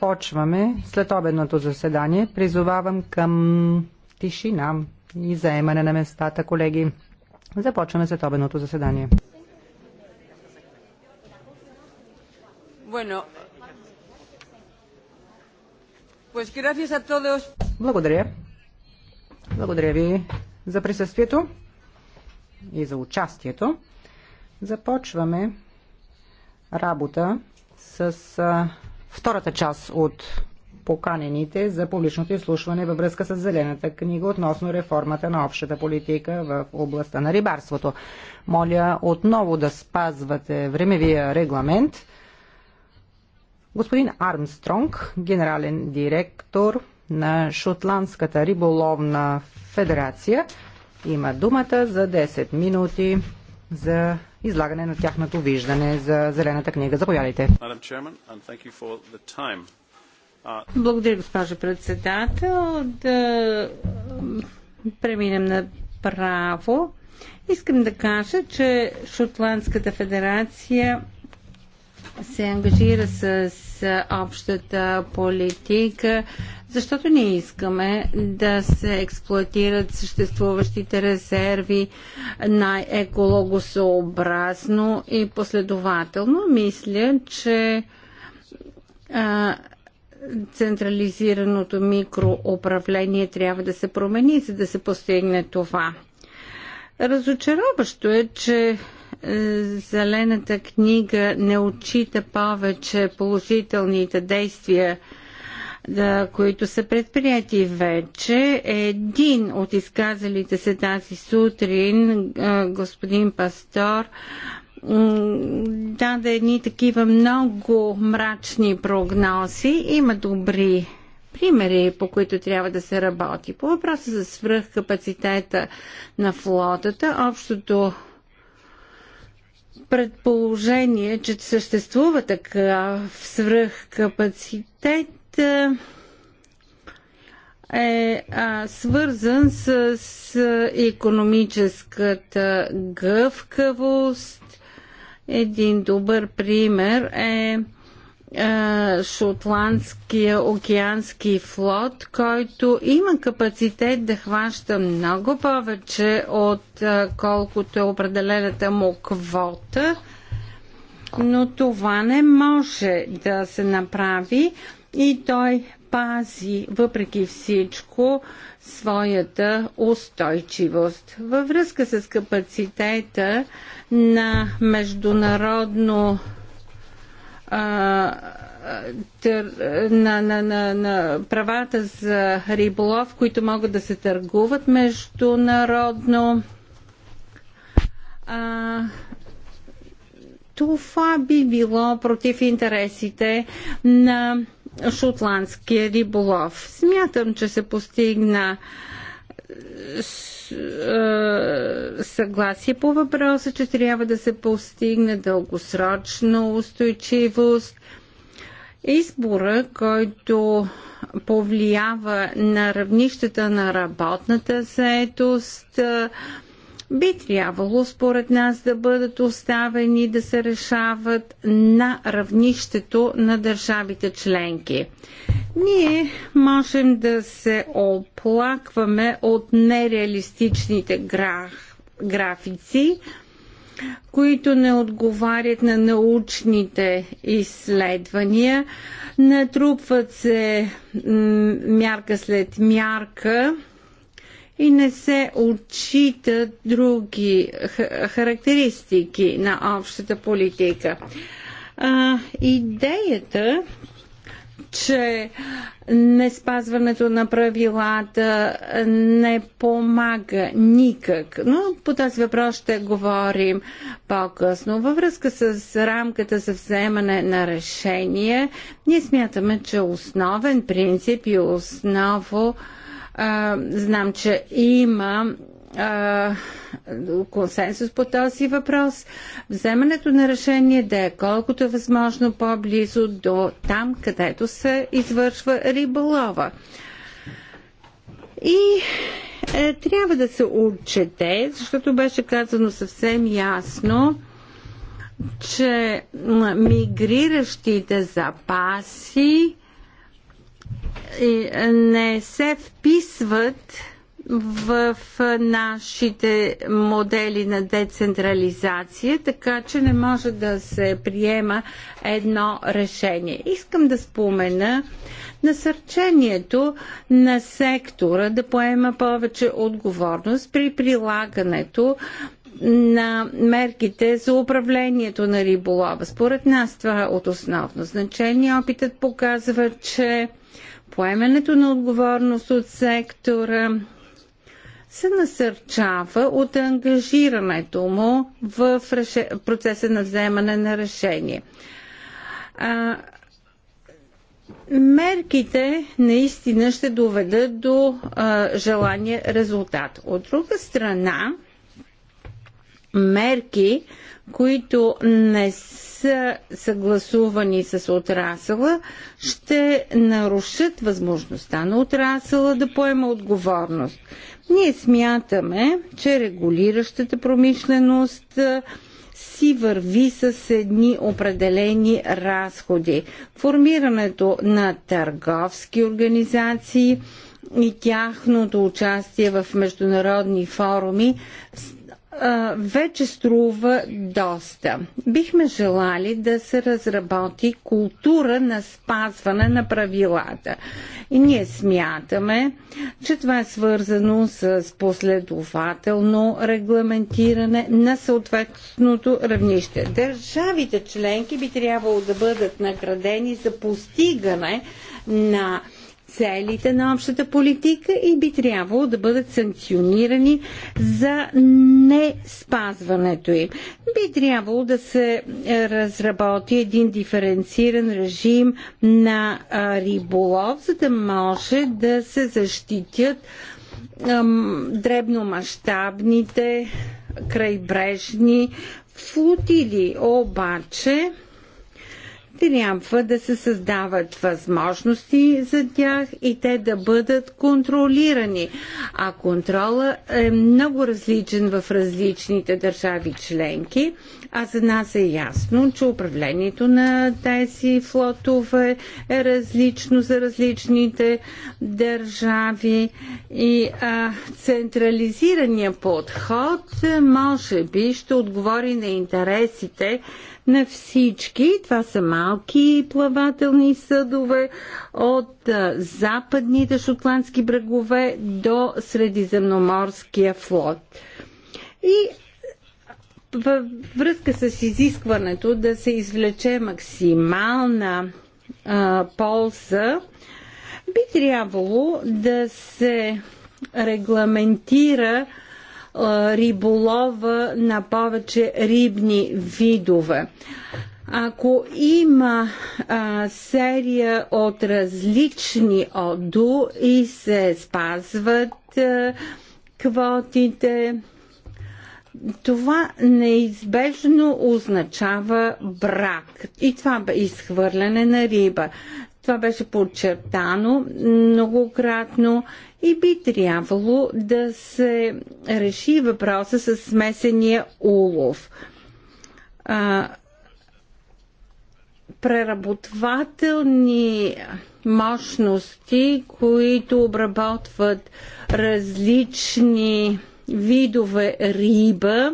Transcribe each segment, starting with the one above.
Почваме след обедното заседание. Призовавам към тишина и заемане на местата, колеги. Започваме след обедното заседание. Благодаря. Благодаря ви за присъствието и за участието. Започваме работа с втората част от поканените за публичното изслушване във връзка с Зелената книга относно реформата на общата политика в областта на рибарството. Моля отново да спазвате времевия регламент. Господин Армстронг, генерален директор на Шотландската риболовна федерация, има думата за 10 минути за излагане на тяхното виждане за Зелената книга. Заповядайте. Uh, Благодаря, госпожо председател. Да преминем на право, Искам да кажа, че Шотландската федерация се ангажира с общата политика, защото ние искаме да се експлуатират съществуващите резерви най-екологосообразно и последователно. Мисля, че а, централизираното микроуправление трябва да се промени, за да се постигне това. Разочароващо е, че Зелената книга не отчита повече положителните действия да, които са предприяти вече. Един от изказалите се тази сутрин, господин Пастор, даде едни такива много мрачни прогнози. Има добри примери, по които трябва да се работи. По въпроса за свръхкапацитета на флотата, общото предположение, че съществува такъв свръхкапацитет е, е а, свързан с, с економическата гъвкавост. Един добър пример е е, шотландския океански флот, който има капацитет да хваща много повече от е, колкото е определената му квота, но това не може да се направи и той пази въпреки всичко своята устойчивост. Във връзка с капацитета на международно на, на, на, на правата за риболов, които могат да се търгуват международно. А, това би било против интересите на шотландския риболов. Смятам, че се постигна а, съгласие по въпроса, че трябва да се постигне дългосрочна устойчивост. Избора, който повлиява на равнищата на работната заетост, би трябвало според нас да бъдат оставени да се решават на равнището на държавите членки. Ние можем да се оплакваме от нереалистичните граф, графици, които не отговарят на научните изследвания. Натрупват се мярка след мярка и не се отчитат други характеристики на общата политика. А, идеята, че не спазването на правилата не помага никак. Но по този въпрос ще говорим по-късно. Във връзка с рамката за вземане на решение, ние смятаме, че основен принцип и осново а, знам, че има консенсус по този въпрос. Вземането на решение да е колкото е възможно по-близо до там, където се извършва риболова. И е, трябва да се отчете, защото беше казано съвсем ясно, че мигриращите запаси не се вписват в нашите модели на децентрализация, така че не може да се приема едно решение. Искам да спомена насърчението на сектора да поема повече отговорност при прилагането на мерките за управлението на риболова. Според нас това е от основно значение. Опитът показва, че поемането на отговорност от сектора се насърчава от ангажирането му в реше... процеса на вземане на решение. А, мерките наистина ще доведат до а, желания резултат. От друга страна, мерки, които не са съгласувани с отрасъла, ще нарушат възможността на отрасъла да поема отговорност. Ние смятаме, че регулиращата промишленост си върви с едни определени разходи. Формирането на търговски организации и тяхното участие в международни форуми вече струва доста. Бихме желали да се разработи култура на спазване на правилата. И ние смятаме, че това е свързано с последователно регламентиране на съответното равнище. Държавите членки би трябвало да бъдат наградени за постигане на целите на общата политика и би трябвало да бъдат санкционирани за не спазването им. Би трябвало да се е, разработи един диференциран режим на риболов, за да може да се защитят дребномащабните крайбрежни флотили. Обаче, трябва да се създават възможности за тях и те да бъдат контролирани. А контрола е много различен в различните държави членки, а за нас е ясно, че управлението на тези флотове е различно за различните държави и а, централизирания подход може би ще отговори на интересите на всички. Това са малки плавателни съдове от западните шотландски брегове до Средиземноморския флот. И във връзка с изискването да се извлече максимална а, полза, би трябвало да се регламентира риболова на повече рибни видове. Ако има а, серия от различни ОДУ и се спазват а, квотите, това неизбежно означава брак. И това бе изхвърляне на риба. Това беше подчертано многократно и би трябвало да се реши въпроса с смесения улов. А, преработвателни мощности, които обработват различни видове риба,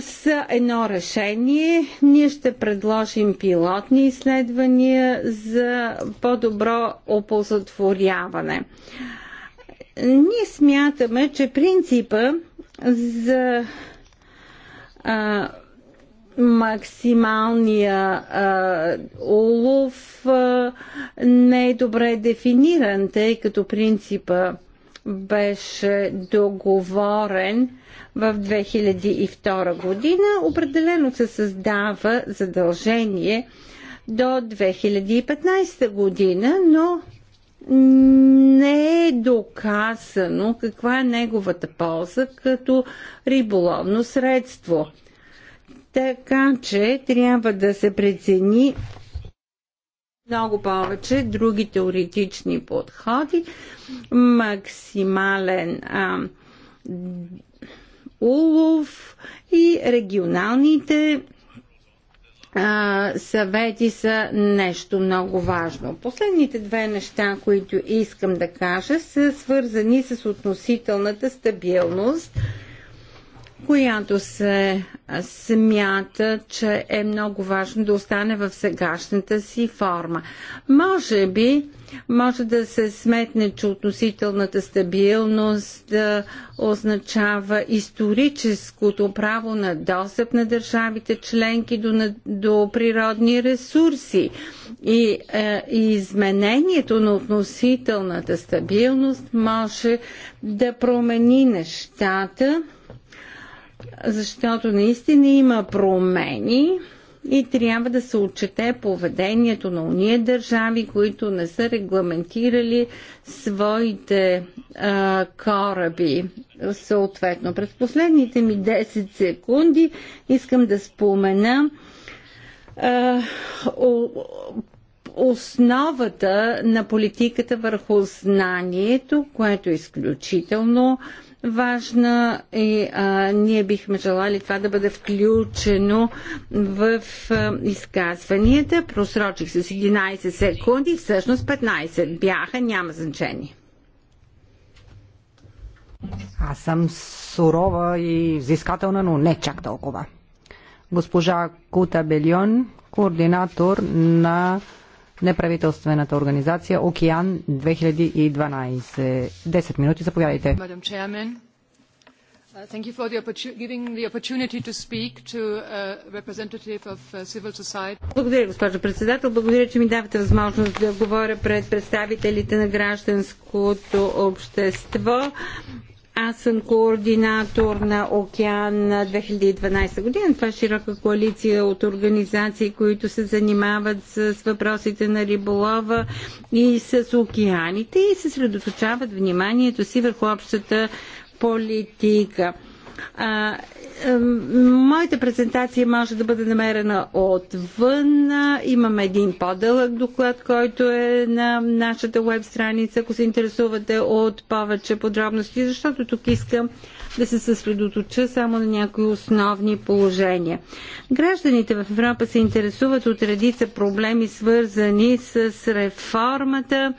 са едно решение. Ние ще предложим пилотни изследвания за по-добро оползотворяване. Ние смятаме, че принципа за а, максималния а, улов а, не е добре дефиниран, тъй като принципа беше договорен в 2002 година, определено се създава задължение до 2015 година, но не е доказано каква е неговата полза като риболовно средство. Така че трябва да се прецени много повече други теоретични подходи, максимален а, улов и регионалните а, съвети са нещо много важно. Последните две неща, които искам да кажа, са свързани с относителната стабилност – която се смята, че е много важно да остане в сегашната си форма. Може би може да се сметне, че относителната стабилност означава историческото право на достъп на държавите членки до, до природни ресурси. И, е, и изменението на относителната стабилност може да промени нещата защото наистина има промени и трябва да се отчете поведението на уния държави, които не са регламентирали своите а, кораби. Съответно, през последните ми 10 секунди искам да спомена а, о, основата на политиката върху знанието, което е изключително а, важна и а, ние бихме желали това да бъде включено в а, изказванията. Просрочих с 11 секунди, всъщност 15 бяха, няма значение. Аз съм сурова и взискателна, но не чак толкова. Госпожа Кута Белион, координатор на неправителствената организация Океан 2012. 10 минути, заповядайте. Uh, thank you for the giving the opportunity to speak to a uh, representative of uh, civil society. Благодаря, госпожо председател. Благодаря, че ми давате възможност да говоря пред представителите на гражданското общество. Аз съм координатор на Океан на 2012 година. Това е широка коалиция от организации, които се занимават с въпросите на риболова и с океаните и се средоточават вниманието си върху общата политика моята презентация може да бъде намерена отвън. Имаме един по-дълъг доклад, който е на нашата веб страница, ако се интересувате от повече подробности, защото тук искам да се съсредоточа само на някои основни положения. Гражданите в Европа се интересуват от редица проблеми, свързани с реформата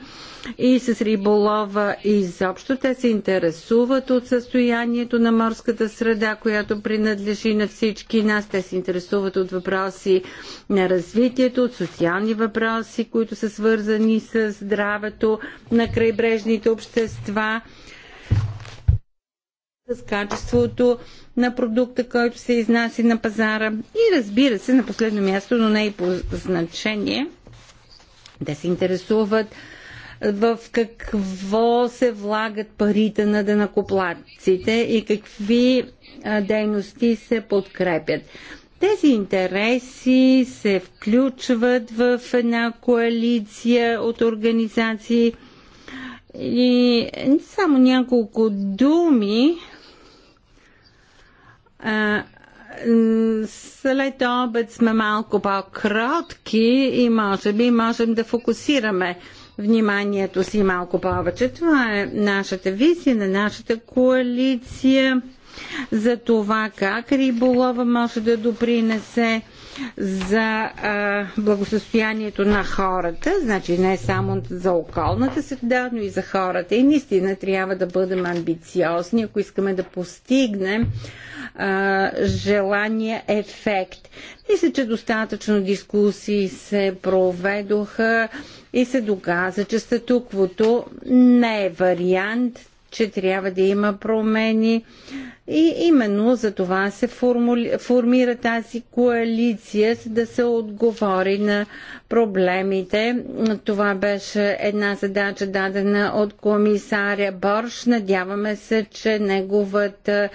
и с риболова изобщо. Те се интересуват от състоянието на морската среда, която принадлежи на всички нас. Те се интересуват от въпроси на развитието, от социални въпроси, които са свързани с здравето на крайбрежните общества с качеството на продукта, който се изнася на пазара и разбира се, на последно място, но не и по значение, да се интересуват в какво се влагат парите на денакоплатците и какви дейности се подкрепят. Тези интереси се включват в една коалиция от организации и само няколко думи след обед сме малко по-кротки и може би можем да фокусираме вниманието си малко повече. Това е нашата визия на нашата коалиция за това как риболова може да допринесе за а, благосостоянието на хората, значи не само за околната среда, но и за хората. И наистина трябва да бъдем амбициозни, ако искаме да постигнем а, желания ефект. Мисля, че достатъчно дискусии се проведоха и се доказа, че статуквото не е вариант, че трябва да има промени. И именно за това се формули, формира тази коалиция, за да се отговори на проблемите. Това беше една задача дадена от комисаря Борш. Надяваме се, че неговата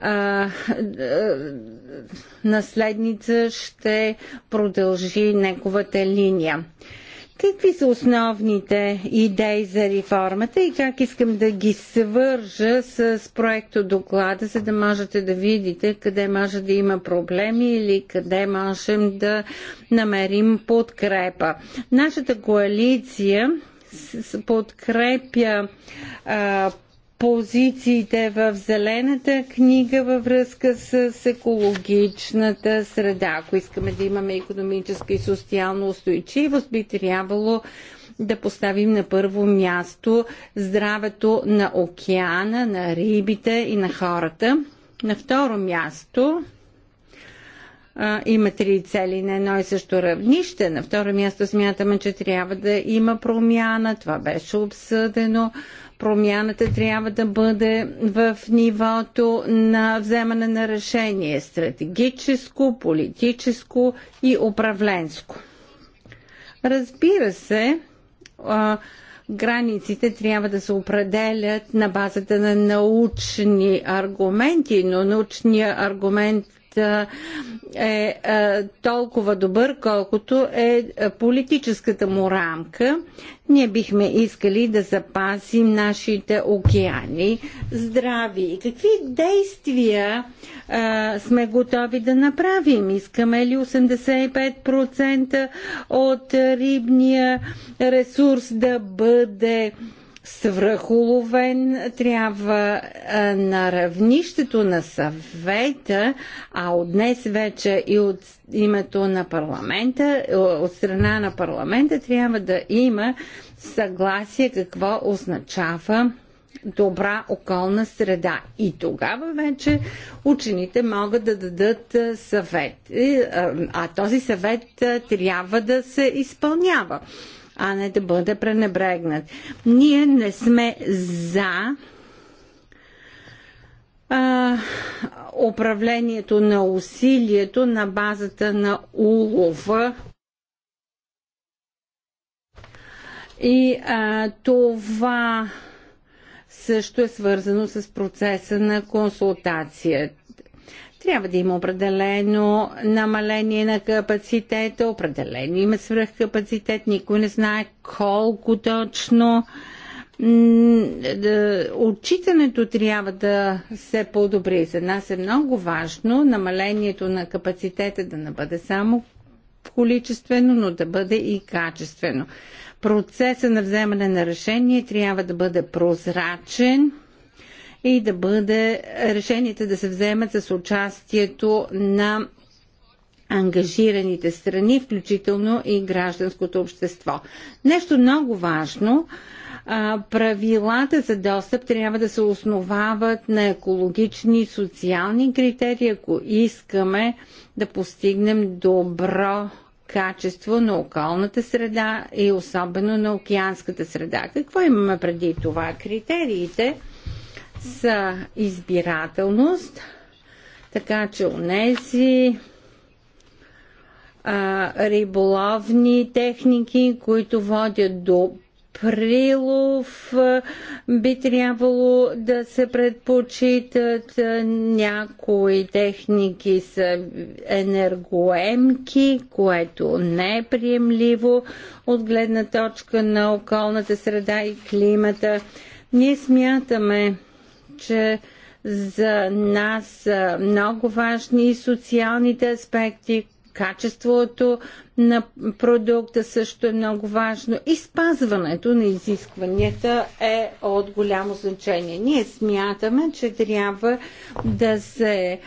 а, наследница ще продължи неговата линия. Какви са основните идеи за реформата и как искам да ги свържа с проекто доклада, за да можете да видите къде може да има проблеми или къде можем да намерим подкрепа. Нашата коалиция подкрепя а, позициите в зелената книга във връзка с екологичната среда. Ако искаме да имаме економическа и социална устойчивост, би трябвало да поставим на първо място здравето на океана, на рибите и на хората. На второ място има три цели на едно и също равнище. На второ място смятаме, че трябва да има промяна. Това беше обсъдено Промяната трябва да бъде в нивото на вземане на решение стратегическо, политическо и управленско. Разбира се, границите трябва да се определят на базата на научни аргументи, но научният аргумент е толкова добър, колкото е, е политическата му рамка. Ние бихме искали да запасим нашите океани здрави. И какви действия а, сме готови да направим? Искаме ли 85% от рибния ресурс да бъде а, свръхоловен, трябва на равнището на съвета, а от днес вече и от името на парламента, е, от страна на парламента трябва да има съгласие какво означава добра околна среда. И тогава вече учените могат да дадат съвет. А този съвет трябва да се изпълнява а не да бъде пренебрегнат. Ние не сме за а, управлението на усилието на базата на улова и а, това също е свързано с процеса на консултацията. Трябва да има определено намаление на капацитета, определено има свръхкапацитет, никой не знае колко точно. Отчитането трябва да се подобри. За нас е много важно намалението на капацитета да не бъде само количествено, но да бъде и качествено. Процесът на вземане на решение трябва да бъде прозрачен, и да бъде решенията да се вземат с участието на ангажираните страни, включително и гражданското общество. Нещо много важно правилата за достъп трябва да се основават на екологични и социални критерии, ако искаме да постигнем добро качество на околната среда и особено на океанската среда. Какво имаме преди това? Критериите за избирателност, така че унези а, риболовни техники, които водят до Прилов би трябвало да се предпочитат. Някои техники са енергоемки, което не е приемливо от гледна точка на околната среда и климата. Ние смятаме, че за нас са много важни и социалните аспекти, качеството на продукта също е много важно и спазването на изискванията е от голямо значение. Ние смятаме, че трябва да се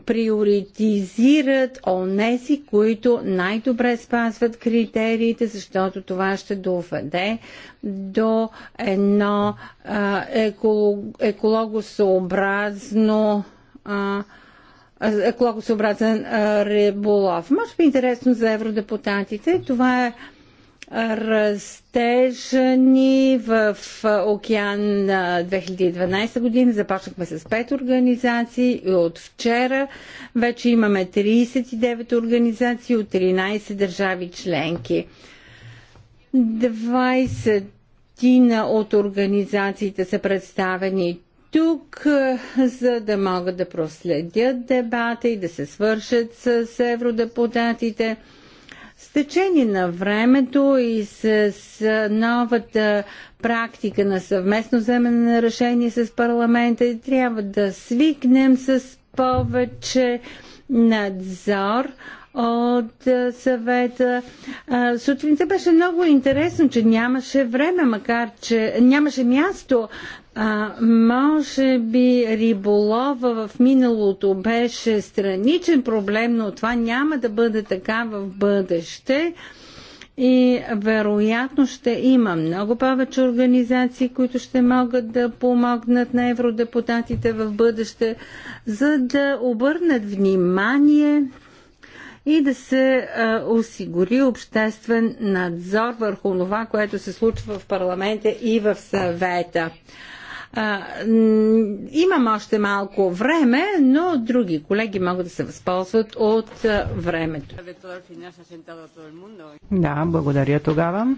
приоритизират онези, които най-добре спазват критериите, защото това ще доведе до едно екологосообразно, екологосообразен екологосъобразно екологосъобразен риболов. Може би интересно за евродепутатите. Това е растежа ни в океан 2012 година. Започнахме с 5 организации и от вчера вече имаме 39 организации от 13 държави членки. 20 от организациите са представени тук, за да могат да проследят дебата и да се свършат с евродепутатите. С течение на времето и с новата практика на съвместно вземане на решение с парламента трябва да свикнем с повече надзор от съвета. Сутринта беше много интересно, че нямаше време, макар че нямаше място. А, може би риболова в миналото беше страничен проблем, но това няма да бъде така в бъдеще. И вероятно ще има много повече организации, които ще могат да помогнат на евродепутатите в бъдеще, за да обърнат внимание и да се а, осигури обществен надзор върху това, което се случва в парламента и в съвета. А, имам още малко време, но други колеги могат да се възползват от а, времето. Да, благодаря тогава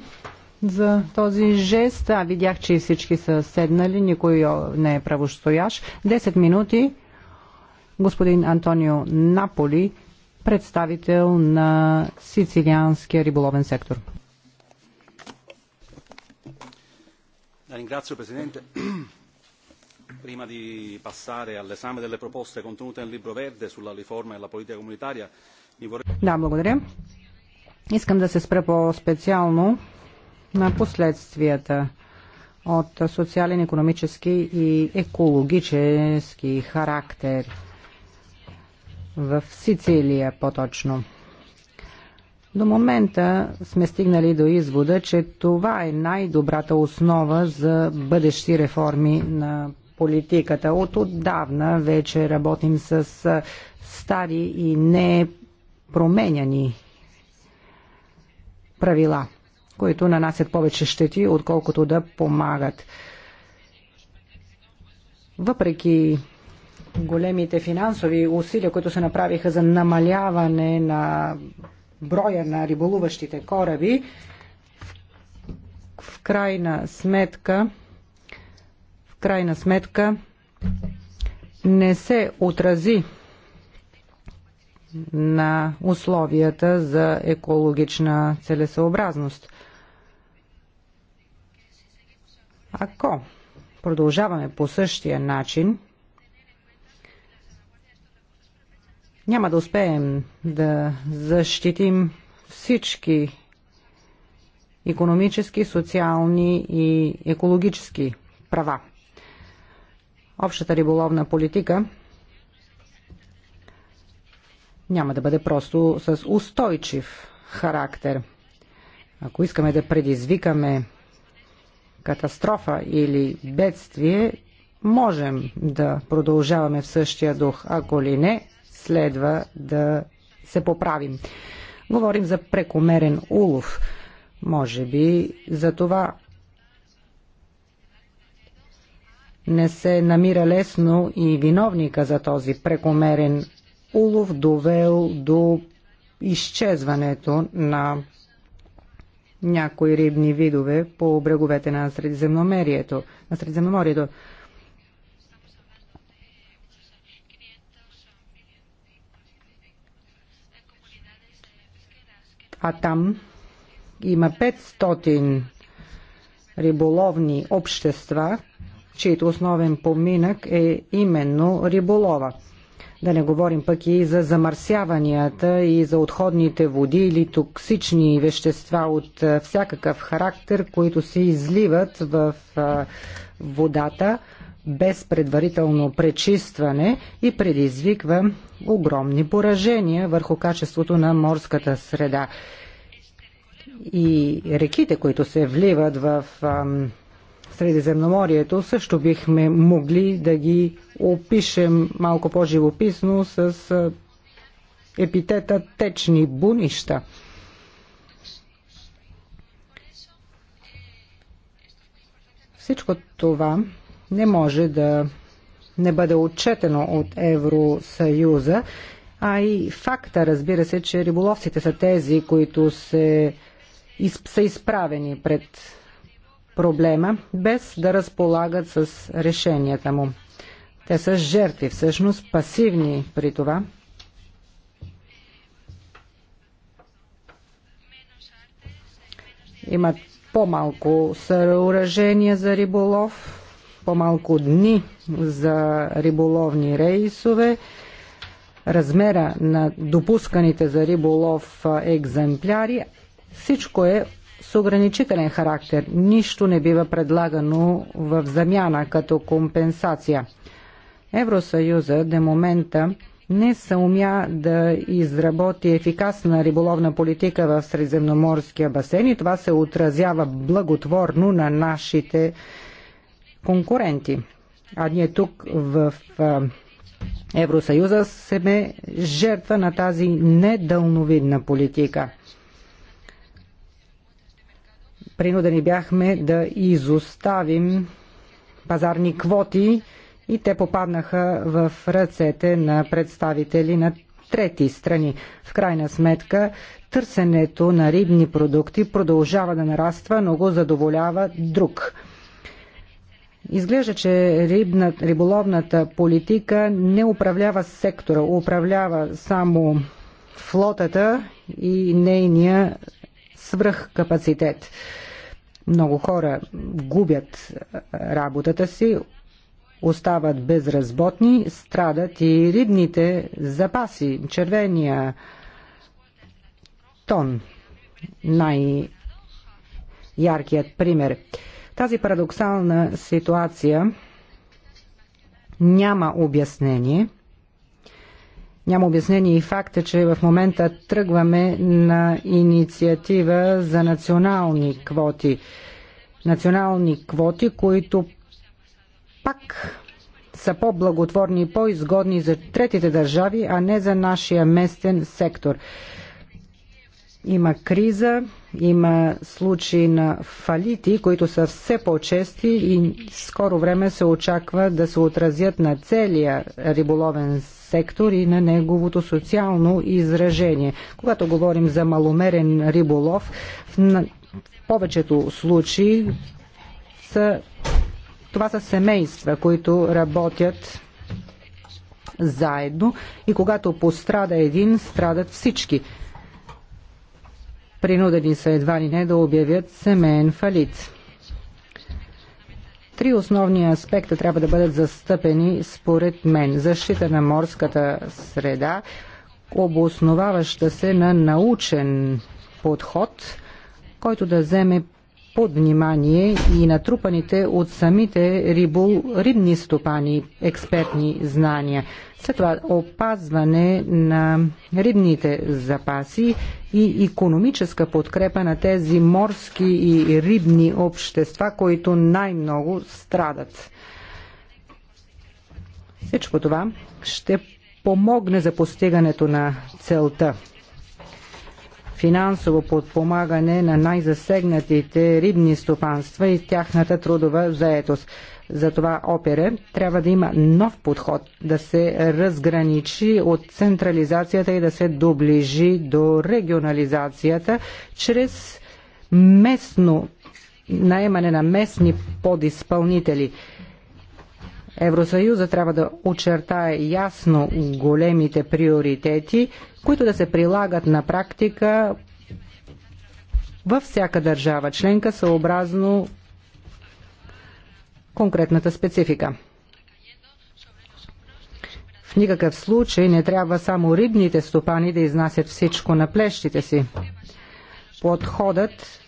за този жест. А, видях, че всички са седнали, никой не е правостоящ. 10 минути господин Антонио Наполи представител на сицилианския риболовен сектор. Prima di passare all'esame delle proposte contenute nel libro verde sulla riforma della politica comunitaria, mi vorrei... Да, благодаря. Искам да се спра по-специално на последствията от социален, економически и екологически характер – в Сицилия по-точно. До момента сме стигнали до извода, че това е най-добрата основа за бъдещи реформи на политиката. От отдавна вече работим с стари и не променяни правила, които нанасят повече щети, отколкото да помагат. Въпреки големите финансови усилия, които се направиха за намаляване на броя на риболуващите кораби, в крайна сметка, в крайна сметка не се отрази на условията за екологична целесообразност. Ако продължаваме по същия начин, няма да успеем да защитим всички економически, социални и екологически права. Общата риболовна политика няма да бъде просто с устойчив характер. Ако искаме да предизвикаме катастрофа или бедствие, можем да продължаваме в същия дух. Ако ли не, следва да се поправим. Говорим за прекомерен улов. Може би за това не се намира лесно и виновника за този прекомерен улов, довел до изчезването на някои рибни видове по бреговете на Средиземноморието. На Средиземноморието. а там има 500 риболовни общества, чието основен поминък е именно риболова. Да не говорим пък и за замърсяванията и за отходните води или токсични вещества от всякакъв характер, които се изливат в водата, без предварително пречистване и предизвиква огромни поражения върху качеството на морската среда. И реките, които се вливат в Средиземноморието, също бихме могли да ги опишем малко по-живописно с епитета течни бунища. Всичко това не може да не бъде отчетено от Евросъюза, а и факта, разбира се, че риболовците са тези, които се, из, са изправени пред проблема, без да разполагат с решенията му. Те са жертви, всъщност пасивни при това. Имат по-малко съоръжения за риболов, по-малко дни за риболовни рейсове. Размера на допусканите за риболов екземпляри. Всичко е с ограничителен характер. Нищо не бива предлагано в замяна като компенсация. Евросъюза до момента не съумя да изработи ефикасна риболовна политика в Средиземноморския басейн и това се отразява благотворно на нашите конкуренти. А ние тук в Евросъюза сме жертва на тази недълновидна политика. Принудени бяхме да изоставим пазарни квоти и те попаднаха в ръцете на представители на трети страни. В крайна сметка, търсенето на рибни продукти продължава да нараства, но го задоволява друг. Изглежда, че рибна, риболовната политика не управлява сектора, управлява само флотата и нейния свръхкапацитет. Много хора губят работата си, остават безразботни, страдат и рибните запаси, червения тон, най-яркият пример – тази парадоксална ситуация няма обяснение. Няма обяснение и факта, че в момента тръгваме на инициатива за национални квоти. Национални квоти, които пак са по-благотворни и по-изгодни за третите държави, а не за нашия местен сектор. Има криза, има случаи на фалити, които са все по-чести и скоро време се очаква да се отразят на целия риболовен сектор и на неговото социално изражение. Когато говорим за маломерен риболов, в повечето случаи са, това са семейства, които работят заедно и когато пострада един, страдат всички. Принудени са едва ли не да обявят семейен фалит. Три основни аспекта трябва да бъдат застъпени според мен. Защита на морската среда, обосноваваща се на научен подход, който да вземе под внимание и натрупаните от самите рибу, рибни стопани експертни знания. След това опазване на рибните запаси и економическа подкрепа на тези морски и рибни общества, които най-много страдат. Всичко това ще помогне за постигането на целта финансово подпомагане на най-засегнатите рибни стопанства и тяхната трудова заетост. Затова опере трябва да има нов подход, да се разграничи от централизацията и да се доближи до регионализацията чрез местно наемане на местни подизпълнители. Евросъюза трябва да очертае ясно големите приоритети, които да се прилагат на практика във всяка държава членка съобразно конкретната специфика. В никакъв случай не трябва само рибните стопани да изнасят всичко на плещите си. Подходът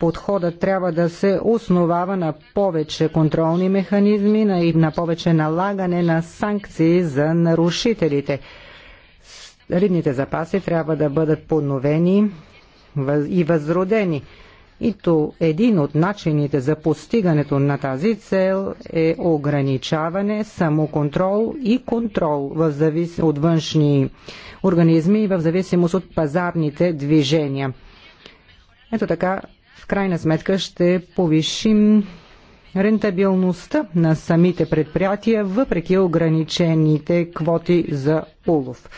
подходът трябва да се основава на повече контролни механизми на и на повече налагане на санкции за нарушителите. Рибните запаси трябва да бъдат подновени и възродени. И то един от начините за постигането на тази цел е ограничаване, самоконтрол и контрол в завис... от външни организми в зависимост от пазарните движения. Ето така, в крайна сметка ще повишим рентабилността на самите предприятия, въпреки ограничените квоти за улов.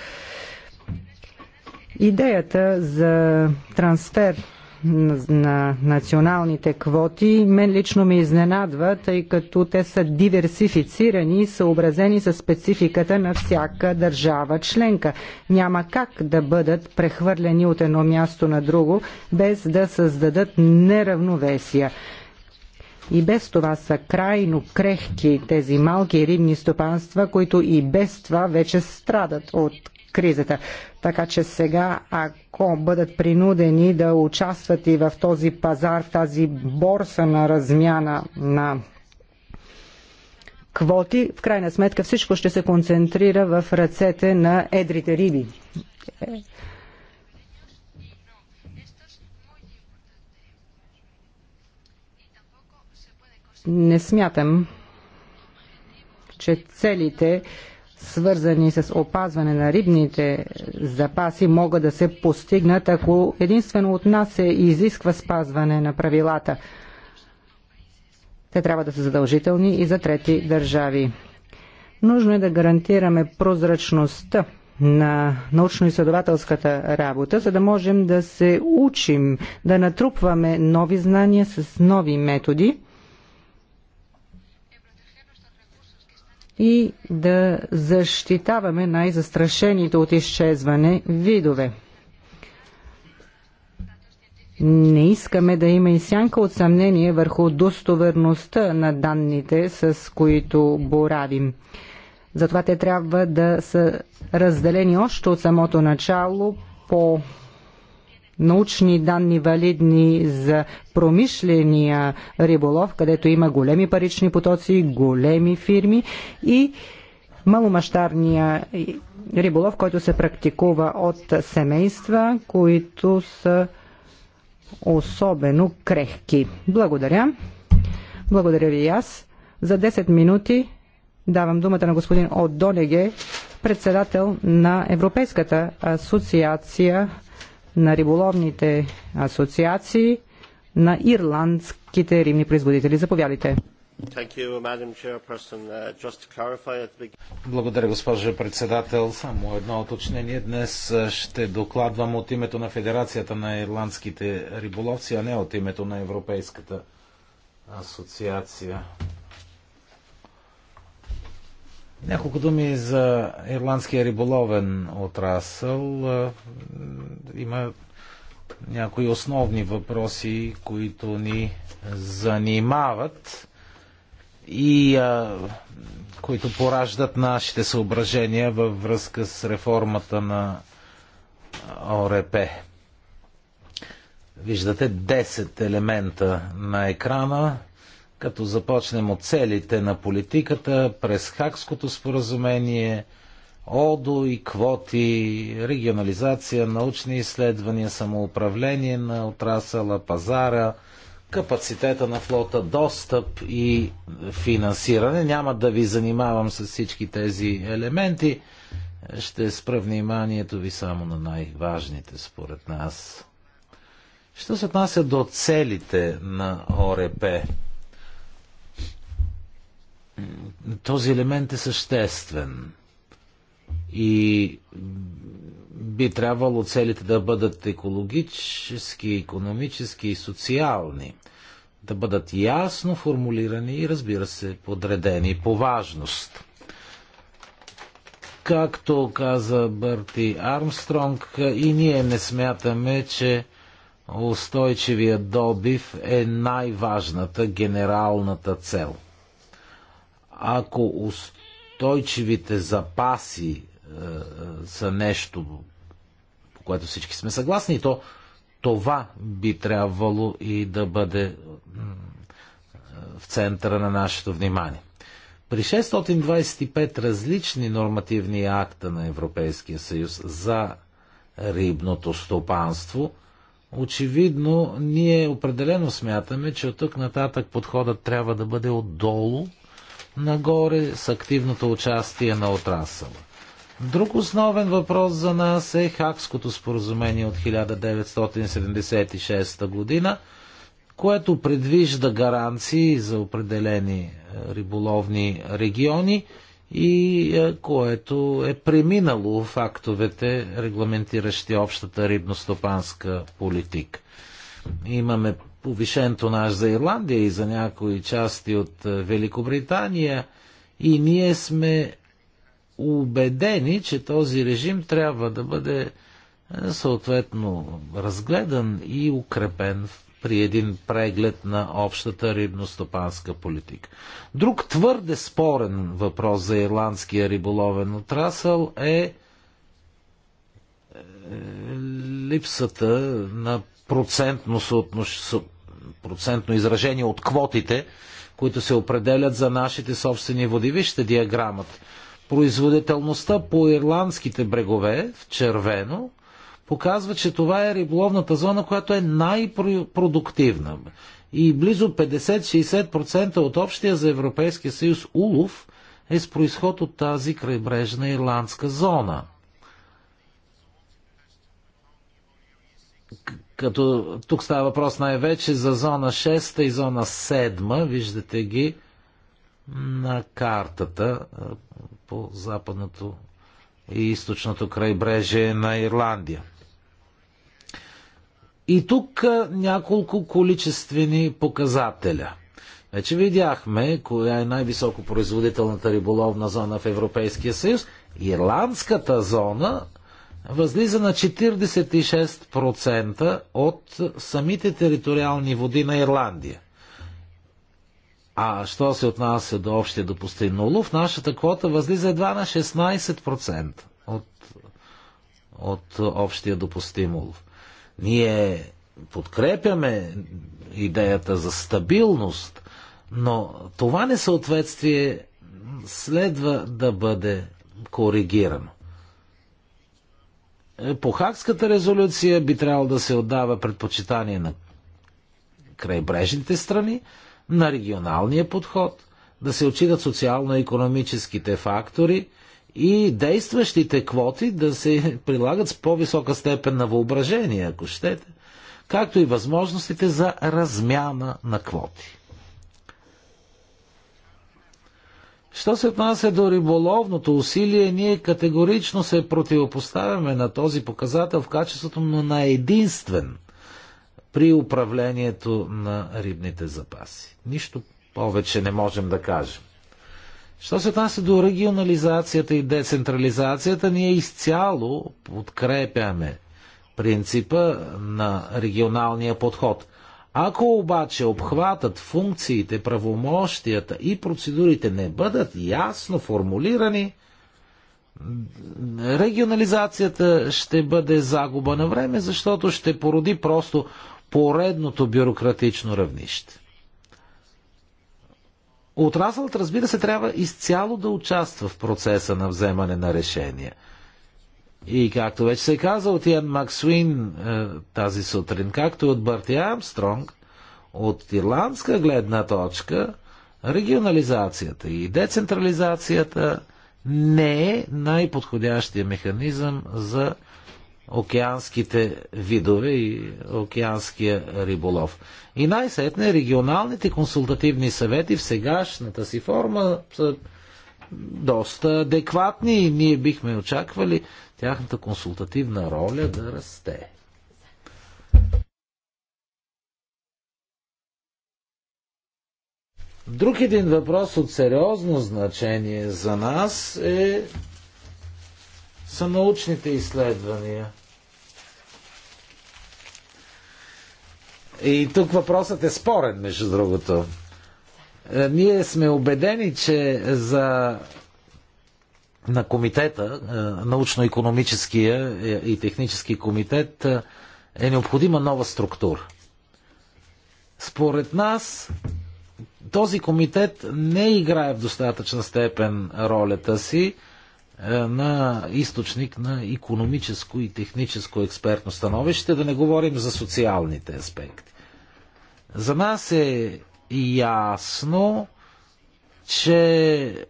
Идеята за трансфер на националните квоти мен лично ме изненадва, тъй като те са диверсифицирани и съобразени с спецификата на всяка държава членка. Няма как да бъдат прехвърлени от едно място на друго, без да създадат неравновесия. И без това са крайно крехки тези малки рибни стопанства, които и без това вече страдат от кризата. Така че сега, ако бъдат принудени да участват и в този пазар, в тази борса на размяна на квоти, в крайна сметка всичко ще се концентрира в ръцете на едрите риби. Не смятам, че целите свързани с опазване на рибните запаси, могат да се постигнат, ако единствено от нас се изисква спазване на правилата. Те трябва да са задължителни и за трети държави. Нужно е да гарантираме прозрачността на научно-изследователската работа, за да можем да се учим, да натрупваме нови знания с нови методи – и да защитаваме най-застрашените от изчезване видове. Не искаме да има и сянка от съмнение върху достоверността на данните, с които боравим. Затова те трябва да са разделени още от самото начало по научни данни валидни за промишления риболов, където има големи парични потоци, големи фирми и маломащарния риболов, който се практикува от семейства, които са особено крехки. Благодаря. Благодаря ви и аз. За 10 минути давам думата на господин Одонеге, председател на Европейската асоциация на риболовните асоциации на ирландските рибни производители. Заповядайте. Uh, Благодаря, госпожо председател. Само едно оточнение. Днес ще докладвам от името на Федерацията на ирландските риболовци, а не от името на Европейската асоциация. Няколко думи за ирландския риболовен отрасъл. Има някои основни въпроси, които ни занимават и а, които пораждат нашите съображения във връзка с реформата на ОРП. Виждате 10 елемента на екрана като започнем от целите на политиката, през Хакското споразумение, ОДО и квоти, регионализация, научни изследвания, самоуправление на отрасъла, пазара, капацитета на флота, достъп и финансиране. Няма да ви занимавам с всички тези елементи. Ще спра вниманието ви само на най-важните, според нас. Що се отнася до целите на ОРП? този елемент е съществен и би трябвало целите да бъдат екологически, економически и социални, да бъдат ясно формулирани и разбира се подредени по важност. Както каза Бърти Армстронг, и ние не смятаме, че устойчивия добив е най-важната генералната цел. Ако устойчивите запаси е, е, са нещо, по което всички сме съгласни, то това би трябвало и да бъде е, в центъра на нашето внимание. При 625 различни нормативни акта на Европейския съюз за рибното стопанство, очевидно ние определено смятаме, че от тук нататък подходът трябва да бъде отдолу нагоре с активното участие на отрасъла. Друг основен въпрос за нас е Хакското споразумение от 1976 година, което предвижда гаранции за определени е, риболовни региони и е, което е преминало в фактовете, регламентиращи общата рибностопанска политика. Имаме повишен тонаж за Ирландия и за някои части от е, Великобритания и ние сме убедени, че този режим трябва да бъде е, съответно разгледан и укрепен при един преглед на общата рибностопанска политика. Друг твърде спорен въпрос за ирландския риболовен отрасъл е, е липсата на процентно процентно изражение от квотите, които се определят за нашите собствени води. Вижте диаграмата. Производителността по ирландските брегове в червено показва, че това е риболовната зона, която е най-продуктивна. И близо 50-60% от общия за Европейския съюз улов е с происход от тази крайбрежна ирландска зона. Като тук става въпрос най-вече за зона 6 и зона 7, виждате ги на картата по западното и източното крайбрежие на Ирландия. И тук няколко количествени показателя. Вече видяхме коя е най-високо производителната риболовна зона в Европейския съюз. Ирландската зона възлиза на 46% от самите териториални води на Ирландия. А що се отнася до общия допустим улов, нашата квота възлиза едва на 16% от, от общия допустим улов. Ние подкрепяме идеята за стабилност, но това несъответствие следва да бъде коригирано. Е, по Хакската резолюция би трябвало да се отдава предпочитание на крайбрежните страни, на регионалния подход, да се отчитат социално-економическите фактори и действащите квоти да се прилагат с по-висока степен на въображение, ако щете, както и възможностите за размяна на квоти. Що се отнася до риболовното усилие, ние категорично се противопоставяме на този показател в качеството му на единствен при управлението на рибните запаси. Нищо повече не можем да кажем. Що се отнася до регионализацията и децентрализацията, ние изцяло подкрепяме принципа на регионалния подход. Ако обаче обхватът, функциите, правомощията и процедурите не бъдат ясно формулирани, регионализацията ще бъде загуба на време, защото ще породи просто поредното бюрократично равнище. Отрасълът, разбира се, трябва изцяло да участва в процеса на вземане на решения – и както вече се каза от Иан Максуин е, тази сутрин, както от Бърти Армстронг, от ирландска гледна точка, регионализацията и децентрализацията не е най-подходящия механизъм за океанските видове и океанския риболов. И най-сетне регионалните консултативни съвети в сегашната си форма са доста адекватни и ние бихме очаквали тяхната консултативна роля да расте. Друг един въпрос от сериозно значение за нас е са научните изследвания. И тук въпросът е спорен, между другото. Е, ние сме убедени, че за на комитета, е, научно-економическия е, и технически комитет, е, е необходима нова структура. Според нас, този комитет не играе в достатъчна степен ролята си на източник на економическо и техническо експертно становище, да не говорим за социалните аспекти. За нас е ясно, че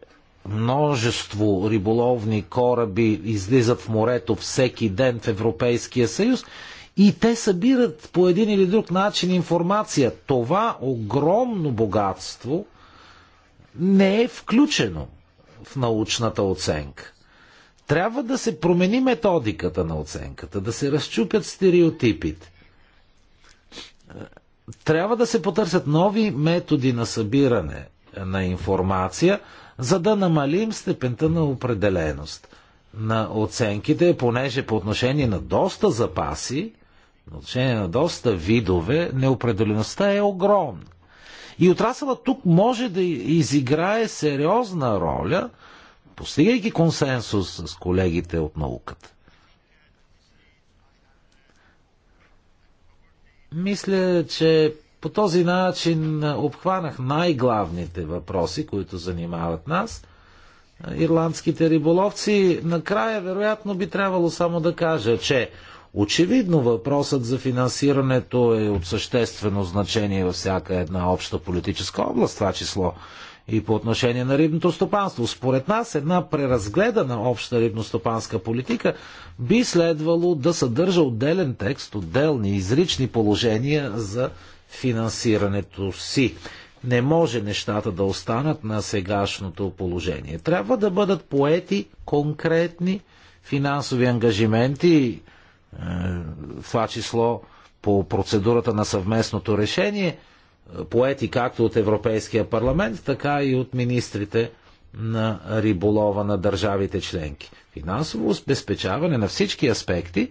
Множество риболовни кораби излизат в морето всеки ден в Европейския съюз и те събират по един или друг начин информация. Това огромно богатство не е включено в научната оценка. Трябва да се промени методиката на оценката, да се разчупят стереотипите. Трябва да се потърсят нови методи на събиране на информация – за да намалим степента на определеност на оценките, понеже по отношение на доста запаси, по отношение на доста видове, неопределеността е огромна. И отрасълът тук може да изиграе сериозна роля, постигайки консенсус с колегите от науката. Мисля, че по този начин обхванах най-главните въпроси, които занимават нас, ирландските риболовци. Накрая, вероятно, би трябвало само да кажа, че очевидно въпросът за финансирането е от съществено значение във всяка една обща политическа област, това число и по отношение на рибното стопанство. Според нас една преразгледана обща рибностопанска политика би следвало да съдържа отделен текст, отделни изрични положения за финансирането си. Не може нещата да останат на сегашното положение. Трябва да бъдат поети конкретни финансови ангажименти, е, в това число по процедурата на съвместното решение, е, поети както от Европейския парламент, така и от министрите на риболова на държавите членки. Финансово обезпечаване на всички аспекти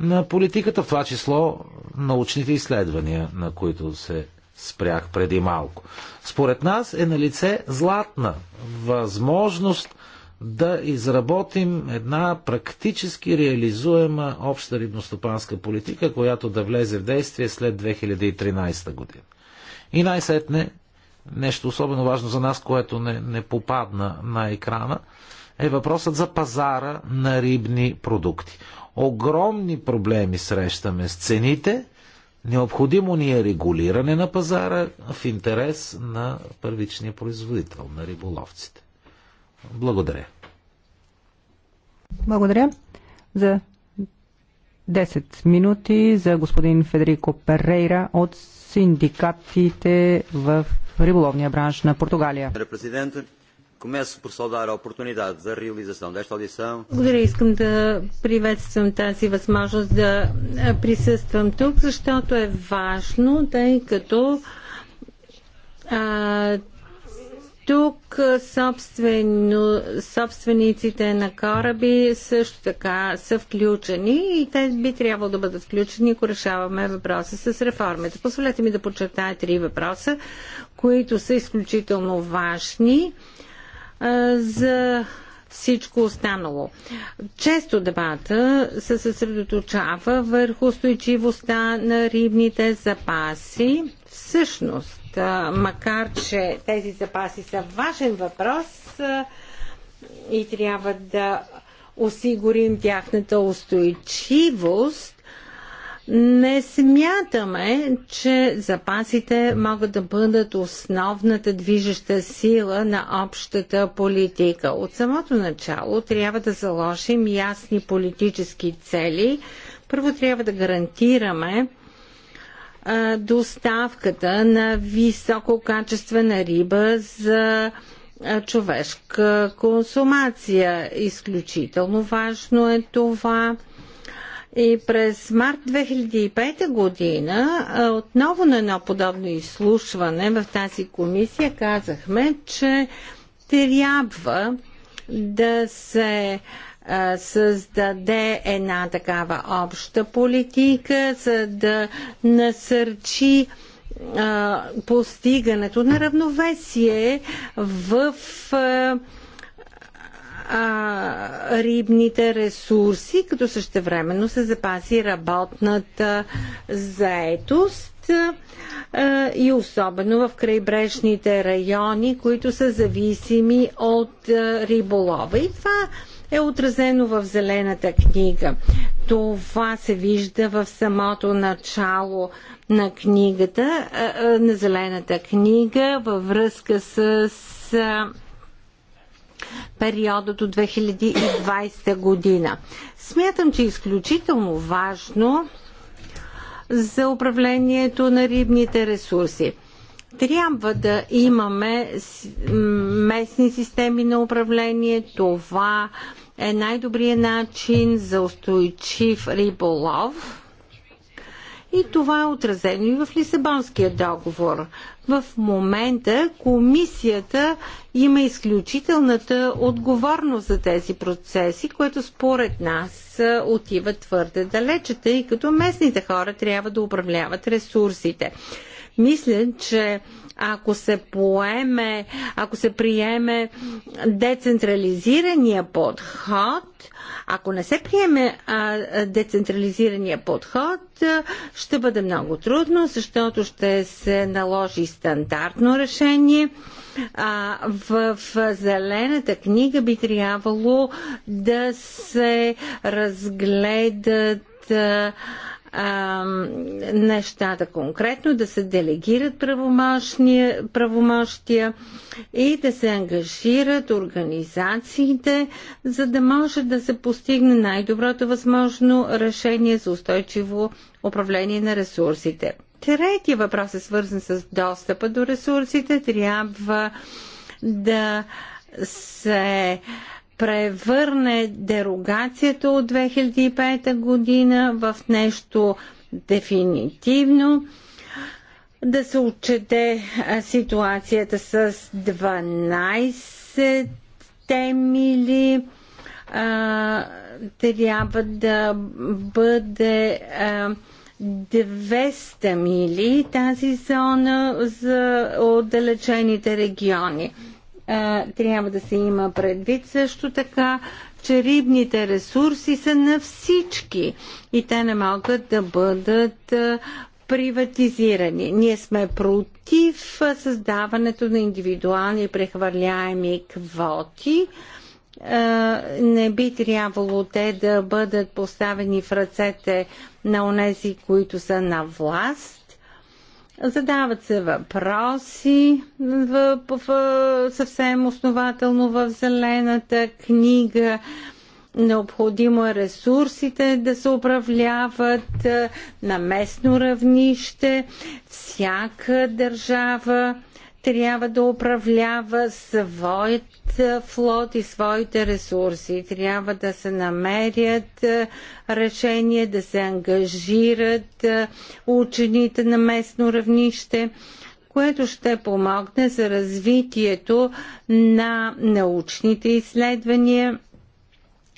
на политиката, в това число научните изследвания, на които се спрях преди малко. Според нас е на лице златна възможност да изработим една практически реализуема обща рибностопанска политика, която да влезе в действие след 2013 година. И най-сетне, нещо особено важно за нас, което не, не попадна на екрана, е въпросът за пазара на рибни продукти. Огромни проблеми срещаме с цените. Необходимо ни е регулиране на пазара в интерес на първичния производител, на риболовците. Благодаря. Благодаря за 10 минути за господин Федерико Перейра от синдикатите в риболовния бранш на Португалия. Começo por saudar a oportunidade da realização desta audição. Благодаря, искам да приветствам тази възможност да присъствам тук, защото е важно, тъй като а, тук собствено, собствениците на кораби също така са включени и те би трябвало да бъдат включени, ако решаваме въпроса с реформите. Позволете ми да подчертая три въпроса, които са изключително важни за всичко останало. Често дебата се съсредоточава върху устойчивостта на рибните запаси. Всъщност, макар че тези запаси са важен въпрос и трябва да осигурим тяхната устойчивост, не смятаме, че запасите могат да бъдат основната движеща сила на общата политика. От самото начало трябва да заложим ясни политически цели. Първо трябва да гарантираме а, доставката на висококачествена риба за а, човешка консумация. Изключително важно е това и през март 2005 година отново на едно подобно изслушване в тази комисия казахме, че трябва да се създаде една такава обща политика, за да насърчи постигането на равновесие в а, рибните ресурси, като същевременно се запази работната заетост а, и особено в крайбрежните райони, които са зависими от а, риболова. И това е отразено в Зелената книга. Това се вижда в самото начало на книгата, на Зелената книга, във връзка с периода до 2020 година. Смятам, че е изключително важно за управлението на рибните ресурси. Трябва да имаме местни системи на управление. Това е най-добрият начин за устойчив риболов и това е отразено и в Лисабонския договор. В момента комисията има изключителната отговорност за тези процеси, което според нас отива твърде далече, тъй като местните хора трябва да управляват ресурсите. Мисля, че ако се поеме, ако се приеме децентрализирания подход, ако не се приеме а, децентрализирания подход, а, ще бъде много трудно, защото ще се наложи стандартно решение. А, в, в зелената книга би трябвало да се разгледат а, а, нещата конкретно, да се делегират правомощия и да се ангажират организациите, за да може да се постигне най-доброто възможно решение за устойчиво управление на ресурсите. Третия въпрос е свързан с достъпа до ресурсите. Трябва да се превърне дерогацията от 2005 година в нещо дефинитивно да се отчете ситуацията с 12 мили. А, трябва да бъде а, 200 мили тази зона за отдалечените региони трябва да се има предвид също така, че рибните ресурси са на всички и те не могат да бъдат приватизирани. Ние сме против създаването на индивидуални прехвърляеми квоти. Не би трябвало те да бъдат поставени в ръцете на онези, които са на власт Задават се въпроси в, в, в, съвсем основателно в зелената книга. Необходимо е ресурсите да се управляват е, на местно равнище. Всяка държава трябва да управлява своят флот и своите ресурси. Трябва да се намерят решения, да се ангажират учените на местно равнище, което ще помогне за развитието на научните изследвания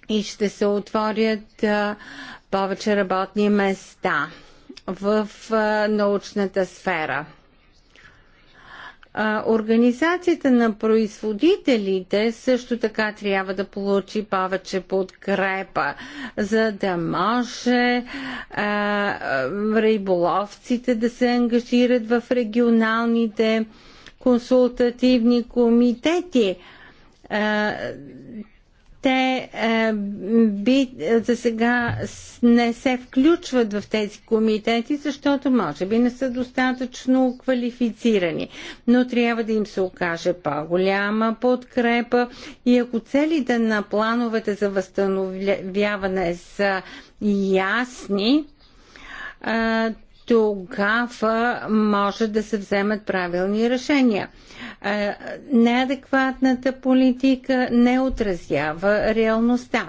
и ще се отворят повече работни места в научната сфера. А, организацията на производителите също така трябва да получи повече подкрепа, за да може а, риболовците да се ангажират в регионалните консултативни комитети. А, те е, би, за сега не се включват в тези комитети, защото може би не са достатъчно квалифицирани. Но трябва да им се окаже по-голяма подкрепа и ако целите на плановете за възстановяване са ясни, е, тогава може да се вземат правилни решения. Е, неадекватната политика не отразява реалността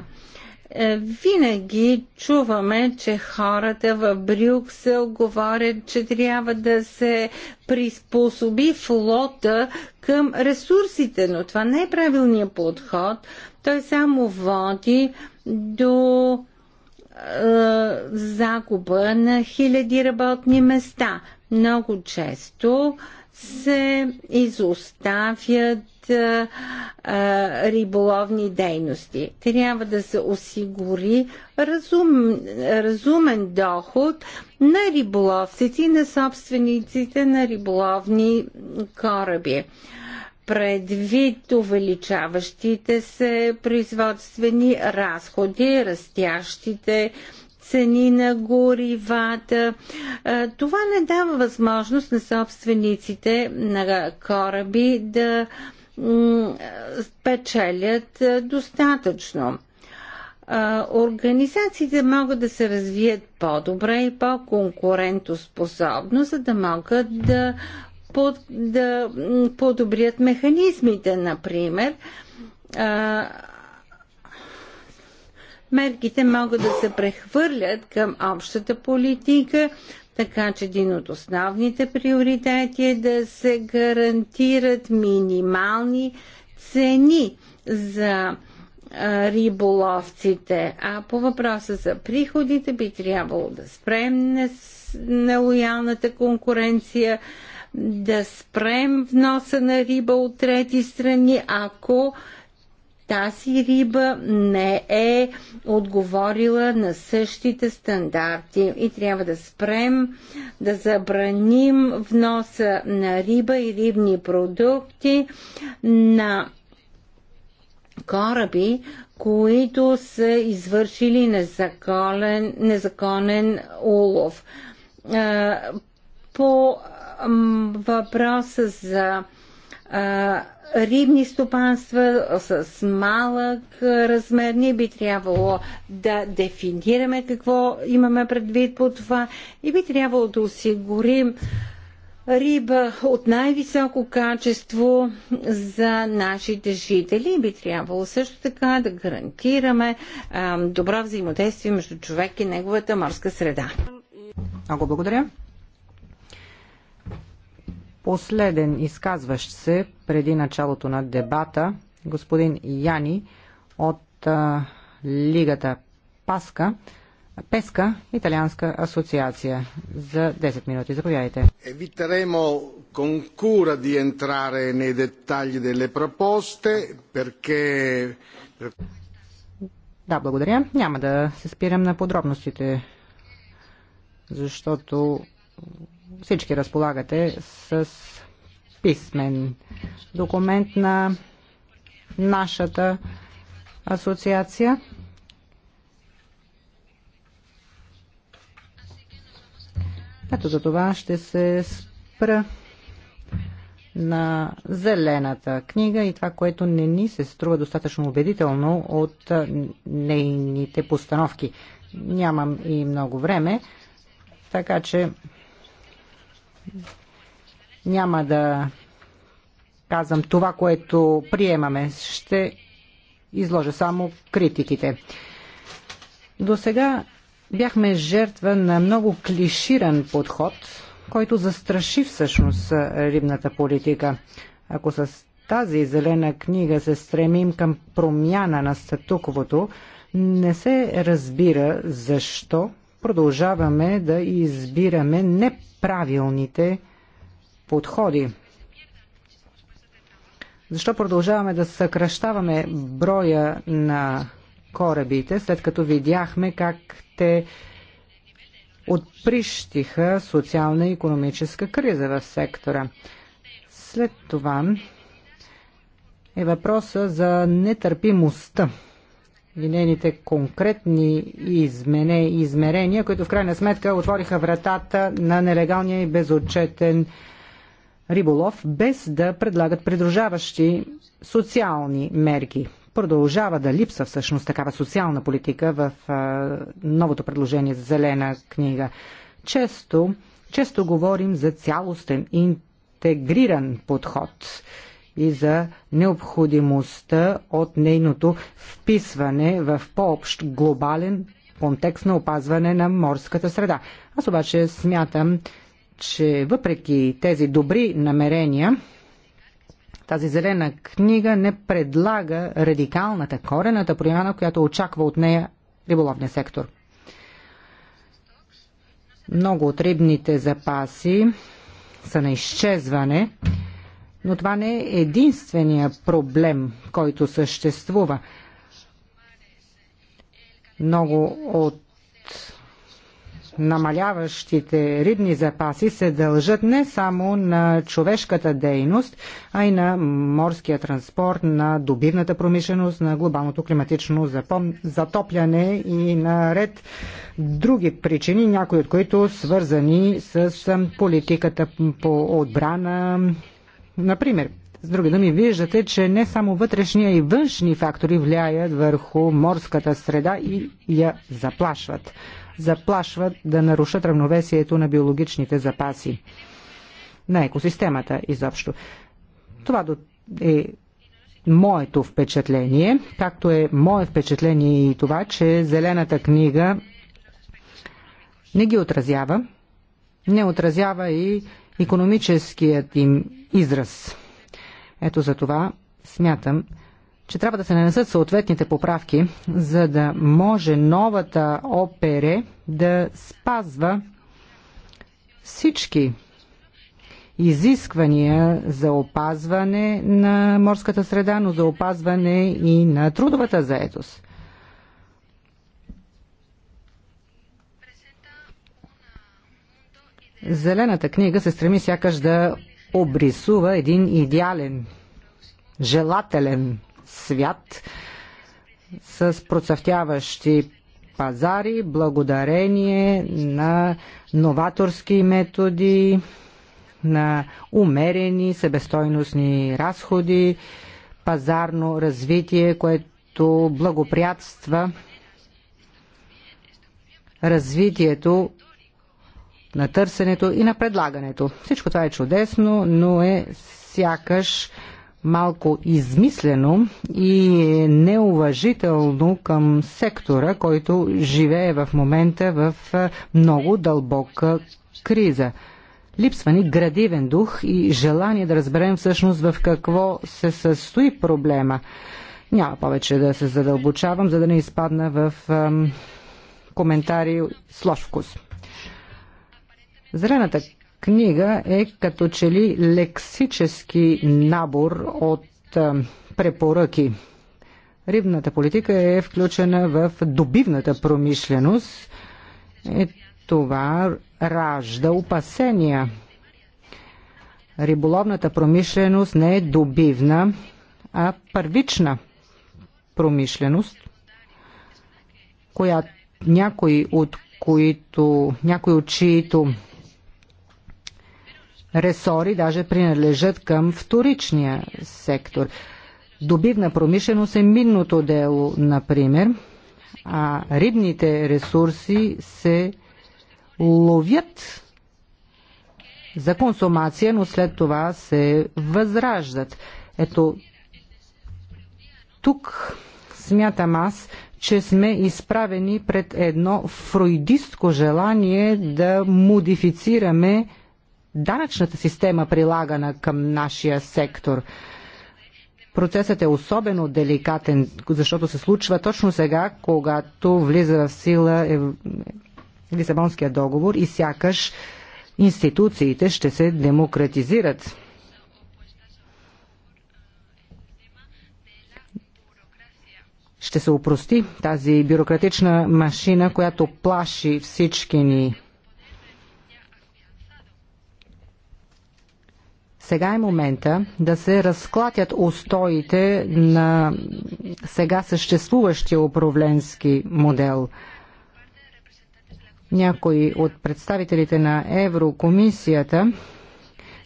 е, винаги чуваме, че хората в Брюксел говорят, че трябва да се приспособи флота към ресурсите, но това не е правилният подход. Той само води до е, загуба на хиляди работни места. Много често се изоставят е, е, риболовни дейности. Трябва да се осигури разум, разумен доход на риболовците и на собствениците на риболовни кораби предвид увеличаващите се производствени разходи, растящите цени на горивата. Това не дава възможност на собствениците на кораби да печелят достатъчно. Организациите могат да се развият по-добре и по-конкурентоспособно, за да могат да под, да подобрят механизмите, например. А, мерките могат да се прехвърлят към общата политика, така че един от основните приоритети е да се гарантират минимални цени за риболовците. А по въпроса за приходите би трябвало да спрем нелоялната конкуренция да спрем вноса на риба от трети страни, ако тази риба не е отговорила на същите стандарти и трябва да спрем да забраним вноса на риба и рибни продукти на кораби, които са извършили незаконен, незаконен улов. По въпроса за рибни стопанства с малък размер. Ние би трябвало да дефинираме какво имаме предвид по това и би трябвало да осигурим риба от най-високо качество за нашите жители. Би трябвало също така да гарантираме добро взаимодействие между човек и неговата морска среда. Много благодаря. Последен изказващ се преди началото на дебата, господин Яни от а, Лигата Паска, Песка, Италианска асоциация. За 10 минути, заповядайте. Eviteremo con cura di entrare nei dettagli delle proposte, perché... Да, благодаря. Няма да се спирам на подробностите, защото всички разполагате с писмен документ на нашата асоциация. Ето за това ще се спра на зелената книга и това, което не ни се струва достатъчно убедително от нейните постановки. Нямам и много време, така че няма да казвам това, което приемаме. Ще изложа само критиките. До сега бяхме жертва на много клиширан подход, който застраши всъщност рибната политика. Ако с тази зелена книга се стремим към промяна на статуквото, не се разбира защо продължаваме да избираме неправилните подходи. Защо продължаваме да съкръщаваме броя на корабите, след като видяхме как те отприщиха социална и економическа криза в сектора? След това е въпроса за нетърпимостта и нейните конкретни измене, измерения, които в крайна сметка отвориха вратата на нелегалния и безотчетен риболов, без да предлагат придружаващи социални мерки. Продължава да липса всъщност такава социална политика в а, новото предложение за зелена книга. Често, често говорим за цялостен интегриран подход и за необходимостта от нейното вписване в по-общ глобален контекст на опазване на морската среда. Аз обаче смятам, че въпреки тези добри намерения, тази зелена книга не предлага радикалната, корената промяна, която очаква от нея риболовния сектор. Много от рибните запаси са на изчезване но това не е единствения проблем, който съществува. Много от намаляващите рибни запаси се дължат не само на човешката дейност, а и на морския транспорт, на добивната промишленост, на глобалното климатично затопляне и на ред други причини, някои от които свързани с политиката по отбрана, Например, с други думи, виждате, че не само вътрешния и външни фактори влияят върху морската среда и я заплашват. Заплашват да нарушат равновесието на биологичните запаси на екосистемата изобщо. Това е моето впечатление, както е мое впечатление и това, че Зелената книга не ги отразява, не отразява и економическият им израз. Ето за това смятам, че трябва да се нанесат съответните поправки, за да може новата ОПР да спазва всички изисквания за опазване на морската среда, но за опазване и на трудовата заедост. Зелената книга се стреми сякаш да обрисува един идеален, желателен свят с процъфтяващи пазари, благодарение на новаторски методи, на умерени себестойностни разходи, пазарно развитие, което благоприятства развитието на търсенето и на предлагането. Всичко това е чудесно, но е сякаш малко измислено и неуважително към сектора, който живее в момента в много дълбока криза. Липсва ни градивен дух и желание да разберем всъщност в какво се състои проблема. Няма повече да се задълбочавам, за да не изпадна в коментари с лош вкус. Зелената книга е като че ли лексически набор от е, препоръки. Рибната политика е включена в добивната промишленост. Е, това ражда опасения. Риболовната промишленост не е добивна, а първична промишленост, която някои от които, някои от чието ресори даже принадлежат към вторичния сектор. Добивна промишленост е минното дело, например, а рибните ресурси се ловят за консумация, но след това се възраждат. Ето, тук смятам аз, че сме изправени пред едно фройдистко желание да модифицираме данъчната система прилагана към нашия сектор. Процесът е особено деликатен, защото се случва точно сега, когато влиза в сила е, Лисабонския договор и сякаш институциите ще се демократизират. Ще се упрости тази бюрократична машина, която плаши всички ни. Сега е момента да се разклатят устоите на сега съществуващия управленски модел. Някои от представителите на Еврокомисията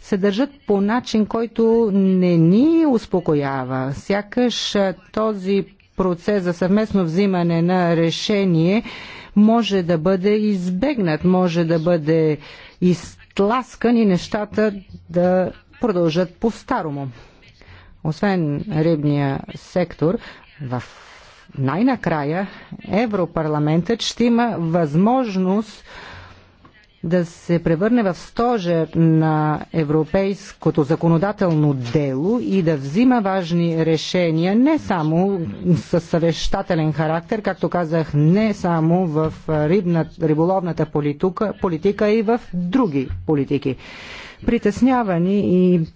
се държат по начин, който не ни успокоява. Сякаш този процес за съвместно взимане на решение може да бъде избегнат, може да бъде изтласкан и нещата да продължат по-старому. Освен рибния сектор, в най-накрая Европарламентът ще има възможност да се превърне в стожер на европейското законодателно дело и да взима важни решения не само с съвещателен характер, както казах, не само в рибна, риболовната политика, политика и в други политики притеснявани и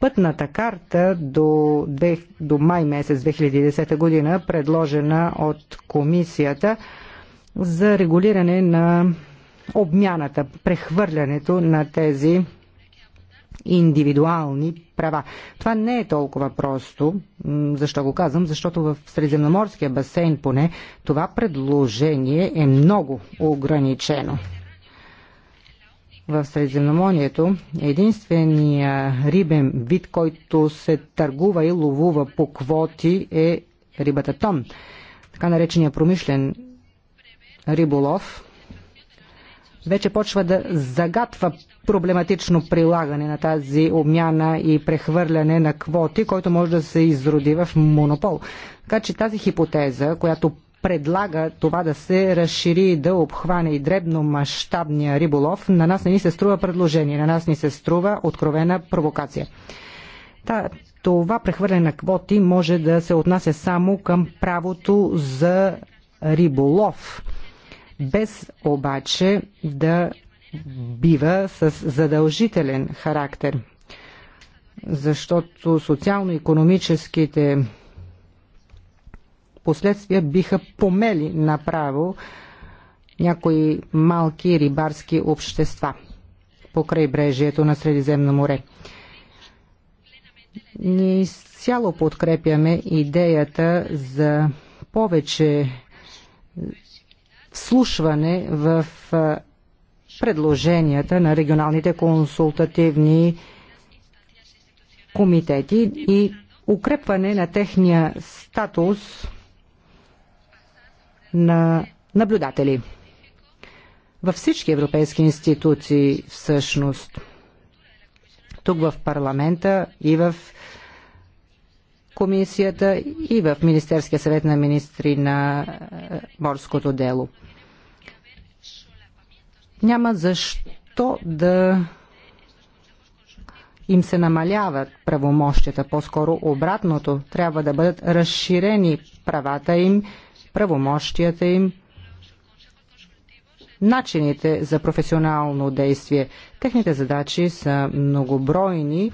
пътната карта до, до май месец 2010 година, предложена от комисията за регулиране на обмяната, прехвърлянето на тези индивидуални права. Това не е толкова просто. Защо го казвам? Защото в Средиземноморския басейн поне това предложение е много ограничено в Средиземноморието единствения рибен вид, който се търгува и ловува по квоти е рибата тон. Така наречения промишлен риболов вече почва да загатва проблематично прилагане на тази обмяна и прехвърляне на квоти, който може да се изроди в монопол. Така че тази хипотеза, която предлага това да се разшири и да обхване и дребно мащабния риболов, на нас не ни се струва предложение, на нас ни се струва откровена провокация. Та, това прехвърляне на квоти може да се отнася само към правото за риболов, без обаче да бива с задължителен характер, защото социално-економическите последствия биха помели направо някои малки рибарски общества по крайбрежието на Средиземно море. Ние изцяло подкрепяме идеята за повече вслушване в предложенията на регионалните консултативни комитети и укрепване на техния статус на наблюдатели. Във всички европейски институции всъщност. Тук в парламента и в комисията и в Министерския съвет на министри на е, морското дело. Няма защо да им се намаляват правомощията, по-скоро обратното. Трябва да бъдат разширени правата им правомощията им, начините за професионално действие. Техните задачи са многобройни,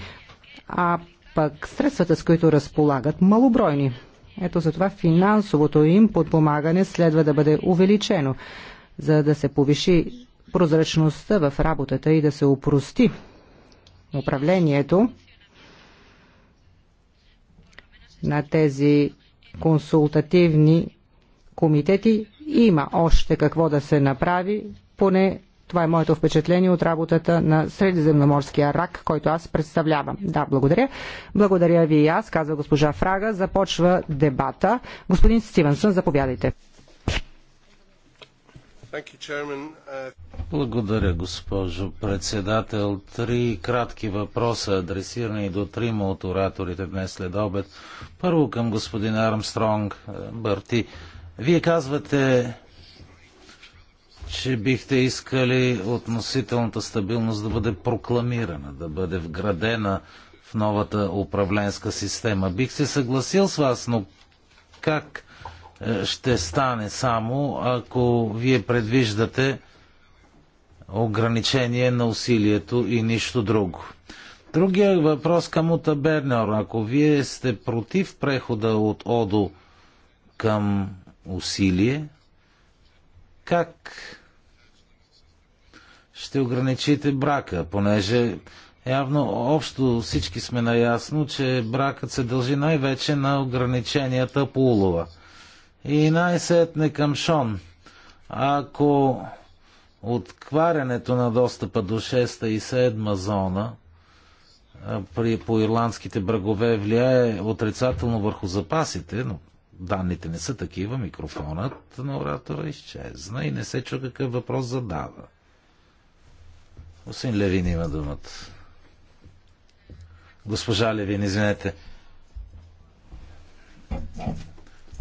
а пък средствата, с които разполагат, малобройни. Ето затова финансовото им подпомагане следва да бъде увеличено, за да се повиши прозрачността в работата и да се упрости управлението на тези консултативни комитети има още какво да се направи, поне това е моето впечатление от работата на Средиземноморския рак, който аз представлявам. Да, благодаря. Благодаря ви и аз, казва госпожа Фрага. Започва дебата. Господин Стивенсън, заповядайте. Uh, благодаря, госпожо председател. Три кратки въпроса, адресирани до трима от ораторите днес след обед. Първо към господин Армстронг Бърти. Вие казвате, че бихте искали относителната стабилност да бъде прокламирана, да бъде вградена в новата управленска система. Бих се съгласил с вас, но как е, ще стане само, ако вие предвиждате ограничение на усилието и нищо друго. Другия въпрос към Ута Бернер. Ако вие сте против прехода от ОДО към усилие. Как ще ограничите брака, понеже явно общо всички сме наясно, че бракът се дължи най-вече на ограниченията по улова. И най-сетне към Шон. Ако откварянето на достъпа до 6 и 7 зона при, по ирландските брагове влияе отрицателно върху запасите, но данните не са такива, микрофонът на оратора изчезна и не се чу какъв въпрос задава. Осин Левин има думата. Госпожа Левин, извинете.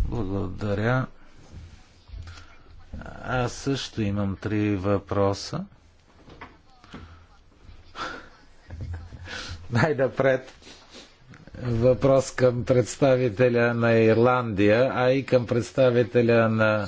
Благодаря. Аз също имам три въпроса. Най-напред въпрос към представителя на Ирландия, а и към представителя на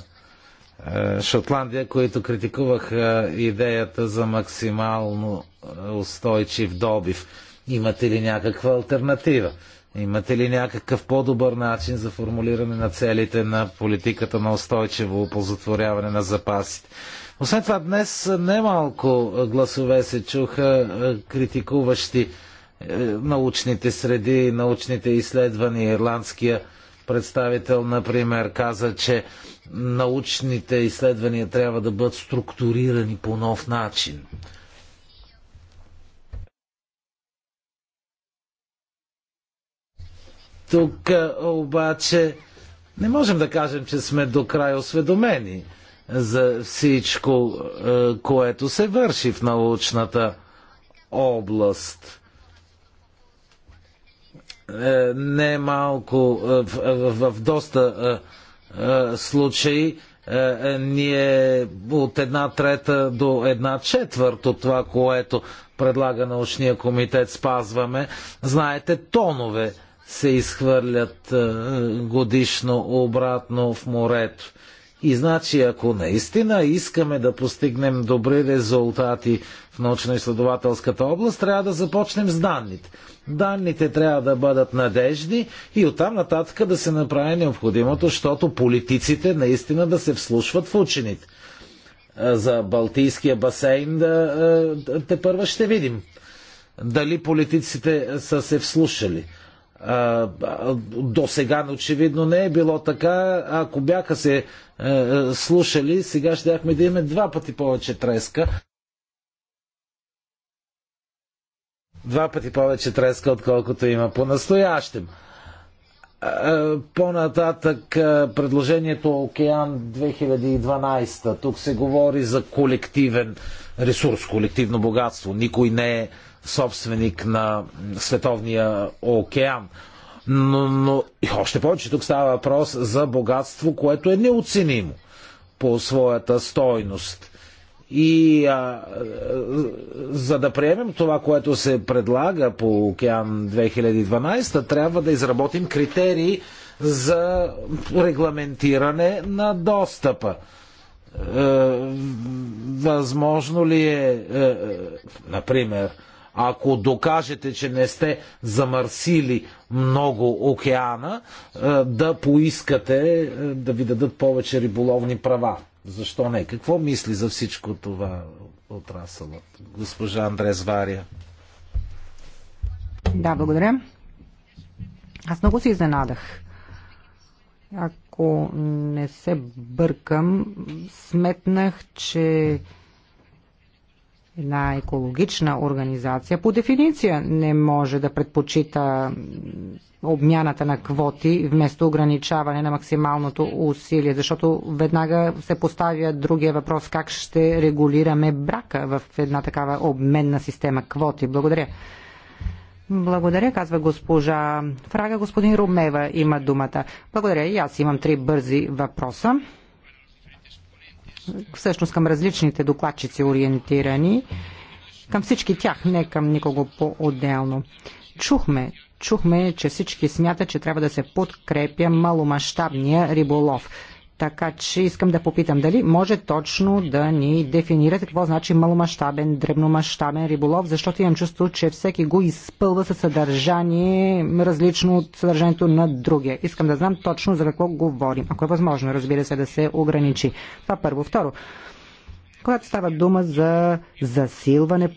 е, Шотландия, които критикуваха идеята за максимално е, устойчив добив. Имате ли някаква альтернатива? Имате ли някакъв по-добър начин за формулиране на целите на политиката на устойчиво оползотворяване на запасите? Освен това, днес немалко гласове се чуха е, критикуващи е, научните среди, научните изследвания. Ирландския представител, например, каза, че научните изследвания трябва да бъдат структурирани по нов начин. Тук е, обаче не можем да кажем, че сме до край осведомени за всичко, е, което се върши в научната област. Е, не малко, е, в, е, в, в доста случаи, ние от една трета до една четвърт от това, което предлага научния комитет, спазваме. Знаете, тонове се изхвърлят годишно обратно в морето. И значи, ако наистина искаме да постигнем добри резултати в научно-изследователската област, трябва да започнем с данните. Данните трябва да бъдат надежни и оттам нататък да се направи необходимото, защото политиците наистина да се вслушват в учените. За Балтийския басейн да, те първа ще видим дали политиците са се вслушали до сега очевидно не е било така. Ако бяха се е, е, слушали, сега ще бяхме да имаме два пъти повече треска. Два пъти повече треска, отколкото има по-настоящем. Е, по-нататък предложението Океан 2012. Тук се говори за колективен ресурс, колективно богатство. Никой не е собственик на Световния океан. Но, но и още повече тук става въпрос за богатство, което е неоценимо по своята стойност. И а, за да приемем това, което се предлага по Океан 2012, трябва да изработим критерии за регламентиране на достъпа. Е, възможно ли е, е например, ако докажете, че не сте замърсили много океана, е, да поискате е, да ви дадат повече риболовни права. Защо не? Какво мисли за всичко това отрасълът? Госпожа Андрес Вария. Да, благодаря. Аз много се изненадах. Ако не се бъркам, сметнах, че една екологична организация по дефиниция не може да предпочита обмяната на квоти вместо ограничаване на максималното усилие, защото веднага се поставя другия въпрос как ще регулираме брака в една такава обменна система квоти. Благодаря. Благодаря, казва госпожа Фрага. Господин Румева има думата. Благодаря и аз имам три бързи въпроса всъщност към различните докладчици ориентирани, към всички тях, не към никого по-отделно. Чухме, чухме, че всички смятат, че трябва да се подкрепя маломащабния риболов. Така че искам да попитам дали може точно да ни дефинирате какво значи маломащабен, дребномащабен риболов, защото имам чувство, че всеки го изпълва със съдържание различно от съдържанието на другия. Искам да знам точно за какво говорим, ако е възможно, разбира се, да се ограничи. Това първо. Второ, когато става дума за засилване,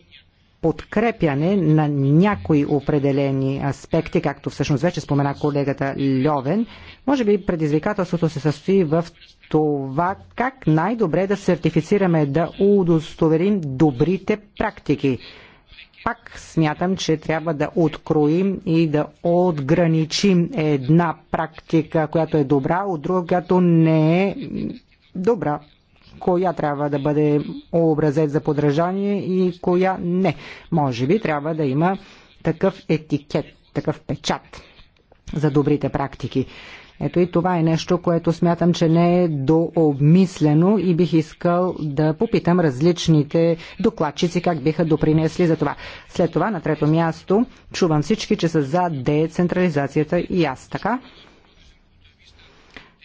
подкрепяне на някои определени аспекти, както всъщност вече спомена колегата Льовен, може би предизвикателството се състои в това как най-добре да сертифицираме, да удостоверим добрите практики. Пак смятам, че трябва да откроим и да отграничим една практика, която е добра, от друга, която не е добра коя трябва да бъде образец за подражание и коя не. Може би трябва да има такъв етикет, такъв печат за добрите практики. Ето и това е нещо, което смятам, че не е дообмислено и бих искал да попитам различните докладчици как биха допринесли за това. След това, на трето място, чувам всички, че са за децентрализацията и аз, така?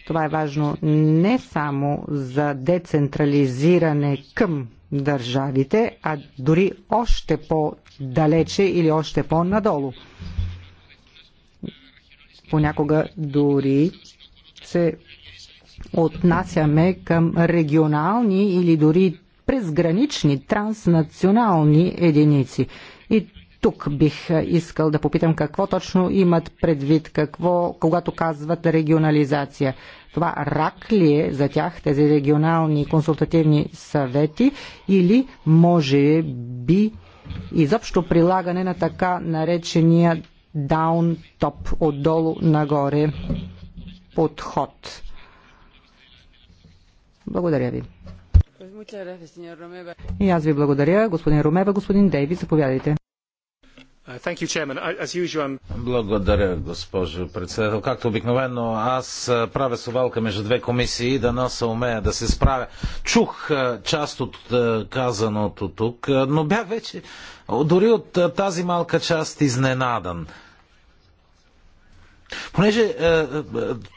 Това е важно не само за децентрализиране към държавите, а дори още по-далече или още по-надолу. Понякога дори се отнасяме към регионални или дори презгранични транснационални единици. И тук бих искал да попитам какво точно имат предвид, какво, когато казват регионализация. Това рак ли е за тях, тези регионални консултативни съвети, или може би изобщо прилагане на така наречения Даунтоп отдолу нагоре подход. Благодаря ви. И аз ви благодаря, господин Ромева, господин Дейви, заповядайте. Uh, Благодаря, госпожо председател. Както обикновено, аз правя совалка между две комисии и дано се умея да се справя. Чух част от казаното тук, но бях вече дори от тази малка част изненадан. Понеже е, е, е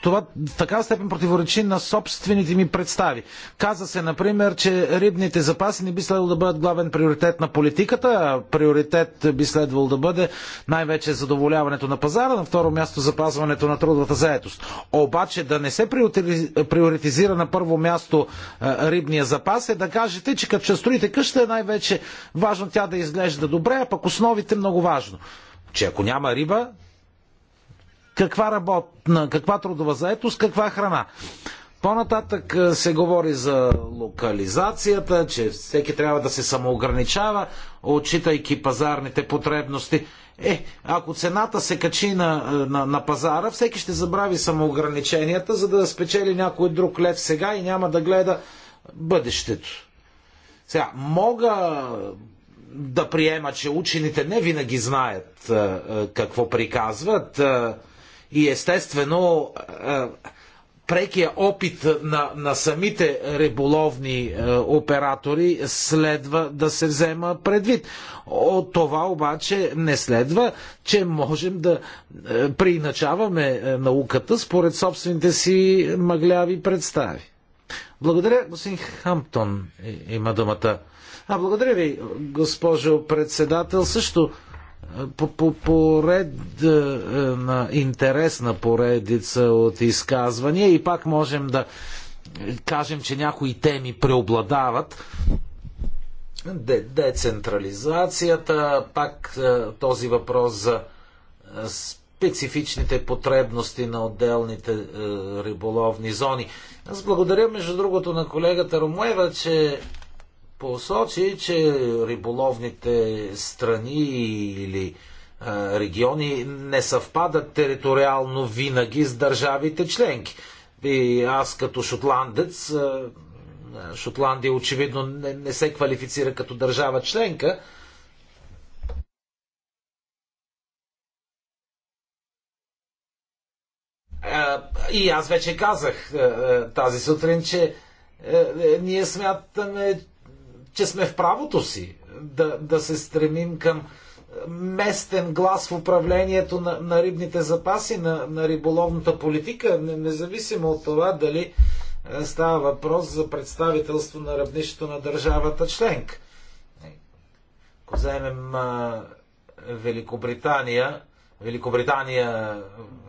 това в такава степен противоречи на собствените ми представи. Каза се, например, че рибните запаси не би следвало да бъдат главен приоритет на политиката, а приоритет би следвало да бъде най-вече задоволяването на пазара, на второ място запазването на трудовата заетост. Обаче да не се приоритизира на първо място е, рибния запас е да кажете, че като ще строите къща е най-вече важно тя да изглежда добре, а пък основите много важно. Че ако няма риба, каква работна, каква трудова заетост, каква храна. По-нататък се говори за локализацията, че всеки трябва да се самоограничава, отчитайки пазарните потребности. Е, ако цената се качи на, на, на пазара, всеки ще забрави самоограниченията, за да спечели някой друг лев сега и няма да гледа бъдещето. Сега, мога да приема, че учените не винаги знаят какво приказват и естествено е, прекия опит на, на самите риболовни е, оператори следва да се взема предвид. От това обаче не следва, че можем да е, приначаваме науката според собствените си мъгляви представи. Благодаря, господин Хамптон има думата. А благодаря ви, госпожо председател. Също по, по, поред е, на интересна поредица от изказвания и пак можем да кажем, че някои теми преобладават. Децентрализацията, пак е, този въпрос за е, специфичните потребности на отделните риболовни зони. Аз благодаря, между другото, на колегата Ромуева, че посочи, че риболовните страни или региони не съвпадат териториално винаги с държавите членки. И аз като шотландец, Шотландия очевидно не, не се квалифицира като държава членка, И аз вече казах тази сутрин, че е, ние смятаме, че сме в правото си да, да се стремим към местен глас в управлението на, на рибните запаси, на, на риболовната политика, независимо от това дали е, става въпрос за представителство на равнището на държавата членка. Ако вземем а, Великобритания, Великобритания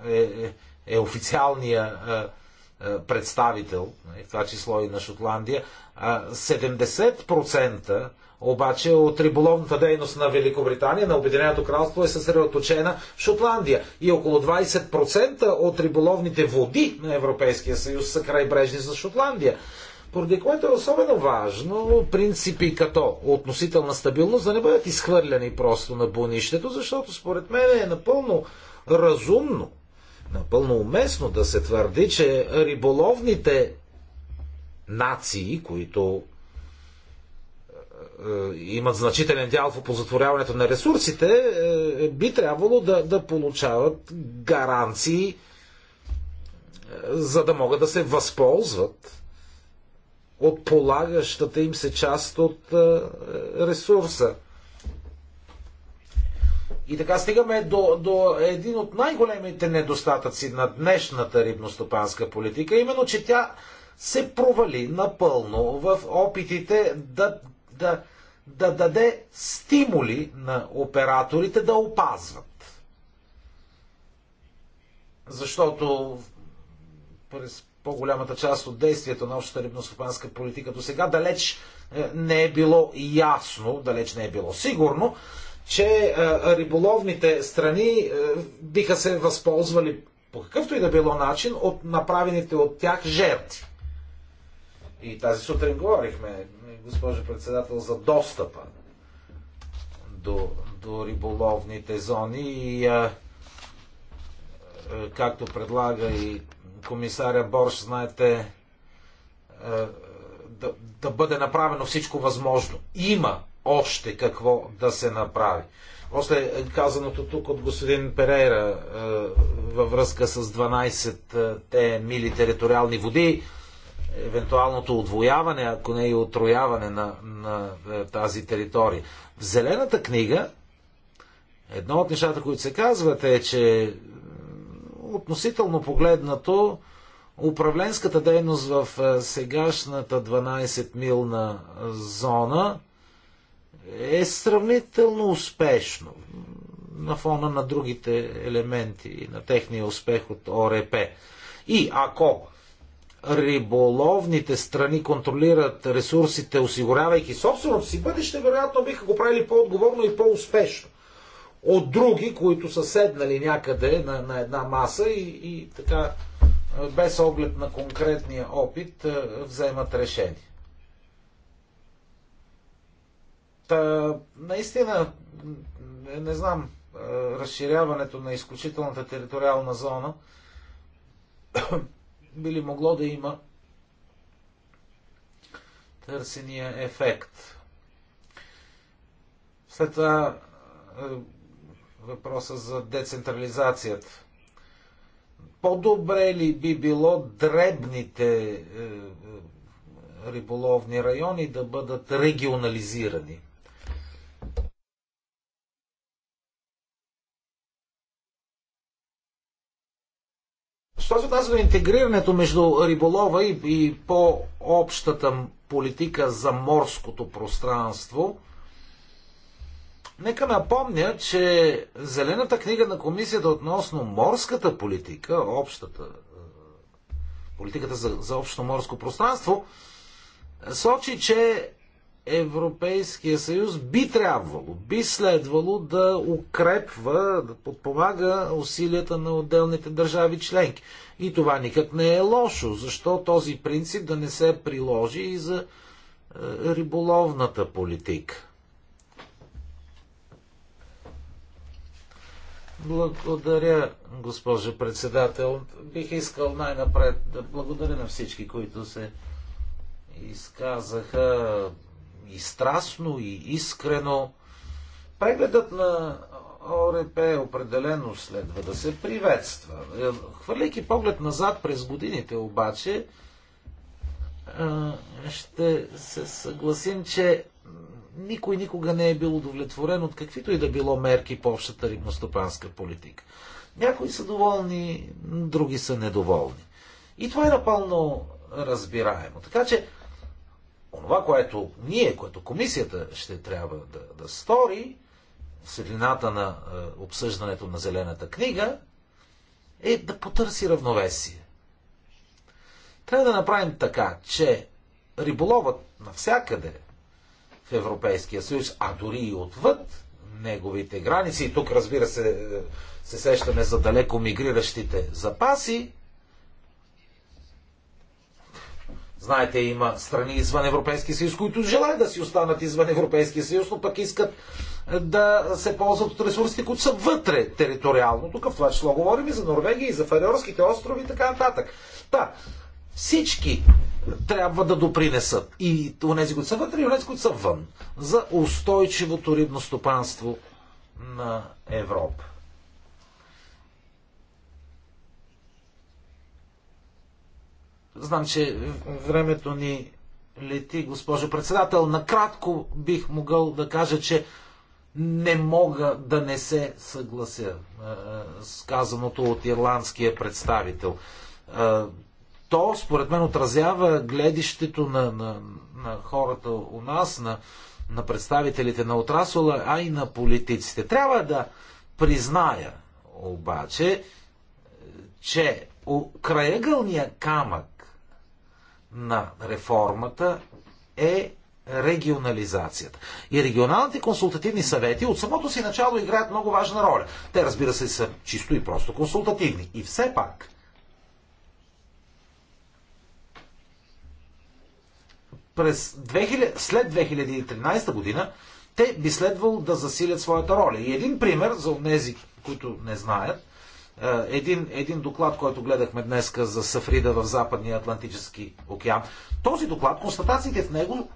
е, е, е официалния а, представител, нали, в това число и на Шотландия, 70% обаче от риболовната дейност на Великобритания, на Обединеното кралство е съсредоточена в Шотландия. И около 20% от риболовните води на Европейския съюз са крайбрежни за Шотландия. Поради което е особено важно принципи като относителна стабилност да не бъдат изхвърляни просто на бунището, защото според мен е напълно разумно, напълно уместно да се твърди, че риболовните нации, които е, е, имат значителен дял в опозатворяването на ресурсите, е, би трябвало да, да получават гаранции, за да могат да се възползват от полагащата им се част от ресурса. И така стигаме до, до един от най-големите недостатъци на днешната рибностопанска политика, именно, че тя се провали напълно в опитите да, да, да даде стимули на операторите да опазват. Защото през по-голямата част от действието на общата рибностопанска политика до сега далеч е, не е било ясно, далеч не е било сигурно, че е, риболовните страни е, биха се възползвали по какъвто и да било начин от направените от тях жертви. И тази сутрин говорихме, госпожо председател, за достъпа до, до риболовните зони и а, както предлага и комисаря Борш, знаете, а, да, да бъде направено всичко възможно. Има още какво да се направи. После казаното тук от господин Перейра във връзка с 12-те мили териториални води, евентуалното отвояване, ако не и отрояване на, на е, тази територия. В Зелената книга едно от нещата, които се казват е, че относително погледнато управленската дейност в е, сегашната 12-милна е, зона е сравнително успешно на фона на другите елементи и на техния успех от ОРП. И ако риболовните страни контролират ресурсите, осигурявайки собственото си бъдеще, вероятно биха го правили по-отговорно и по-успешно. От други, които са седнали някъде на, на една маса и, и така, е, без оглед на конкретния опит, е, вземат решение. Та, наистина, не, не знам, е, разширяването на изключителната териториална зона би ли могло да има търсения ефект? След това е, въпроса за децентрализацията. По-добре ли би било дребните е, е, риболовни райони да бъдат регионализирани? Що се отнася до интегрирането между риболова и, и по-общата политика за морското пространство, нека напомня, че Зелената книга на комисията относно морската политика, общата е, политиката за, за общо морско пространство, сочи, че Европейския съюз би трябвало, би следвало да укрепва, да подпомага усилията на отделните държави членки. И това никак не е лошо. Защо този принцип да не се приложи и за е, риболовната политика? Благодаря, госпожо председател. Бих искал най-напред да благодаря на всички, които се изказаха и страстно, и искрено. Прегледът на ОРП определено следва да се приветства. Е, хвърляйки поглед назад през годините обаче, е, ще се съгласим, че никой никога не е бил удовлетворен от каквито и да било мерки по общата рибностопанска политика. Някои са доволни, други са недоволни. И това е напълно разбираемо. Така че онова, което ние, което комисията ще трябва да, да стори, в светлината на е, обсъждането на Зелената книга, е да потърси равновесие. Трябва да направим така, че риболовът навсякъде в Европейския съюз, а дори и отвъд неговите граници, и тук разбира се е, се сещаме за далеко мигриращите запаси, Знаете, има страни извън Европейския съюз, които желаят да си останат извън Европейския съюз, но пък искат е, да се ползват от ресурсите, които са вътре териториално. Тук в това число говорим и за Норвегия, и за Фариорските острови и така нататък. Та, всички трябва да допринесат. И онези, които са вътре, и онези, които са вън. За устойчивото рибно стопанство на Европа. Знам, че времето ни лети, госпожо председател. Накратко бих могъл да кажа, че не мога да не се съглася е, с казаното от ирландския представител. Е, то, според мен, отразява гледището на, на, на хората у нас, на, на представителите на отрасола, а и на политиците. Трябва да призная обаче, че краегълния камък на реформата е регионализацията. И регионалните консултативни съвети от самото си начало играят много важна роля. Те, разбира се, са чисто и просто консултативни. И все пак, през 2000, след 2013 година, те би следвало да засилят своята роля. И един пример за тези, които не знаят, е, един, един доклад, който гледахме днес за Сафрида в Западния Атлантически океан. Този доклад, констатациите в него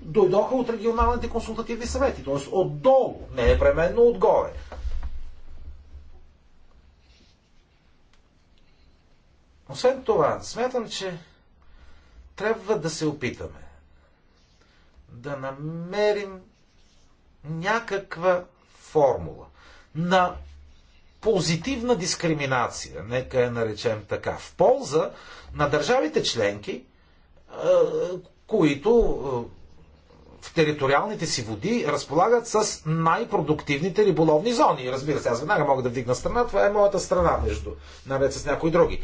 дойдоха от регионалните консултативни съвети, т.е. отдолу, не непременно отгоре. Освен това, смятам, че трябва да се опитаме да намерим някаква формула на позитивна дискриминация, нека я наречем така, в полза на държавите членки, е, които е, в териториалните си води разполагат с най-продуктивните риболовни зони. Разбира се, аз веднага мога да вдигна страна, това е моята страна, между, наред с някои други.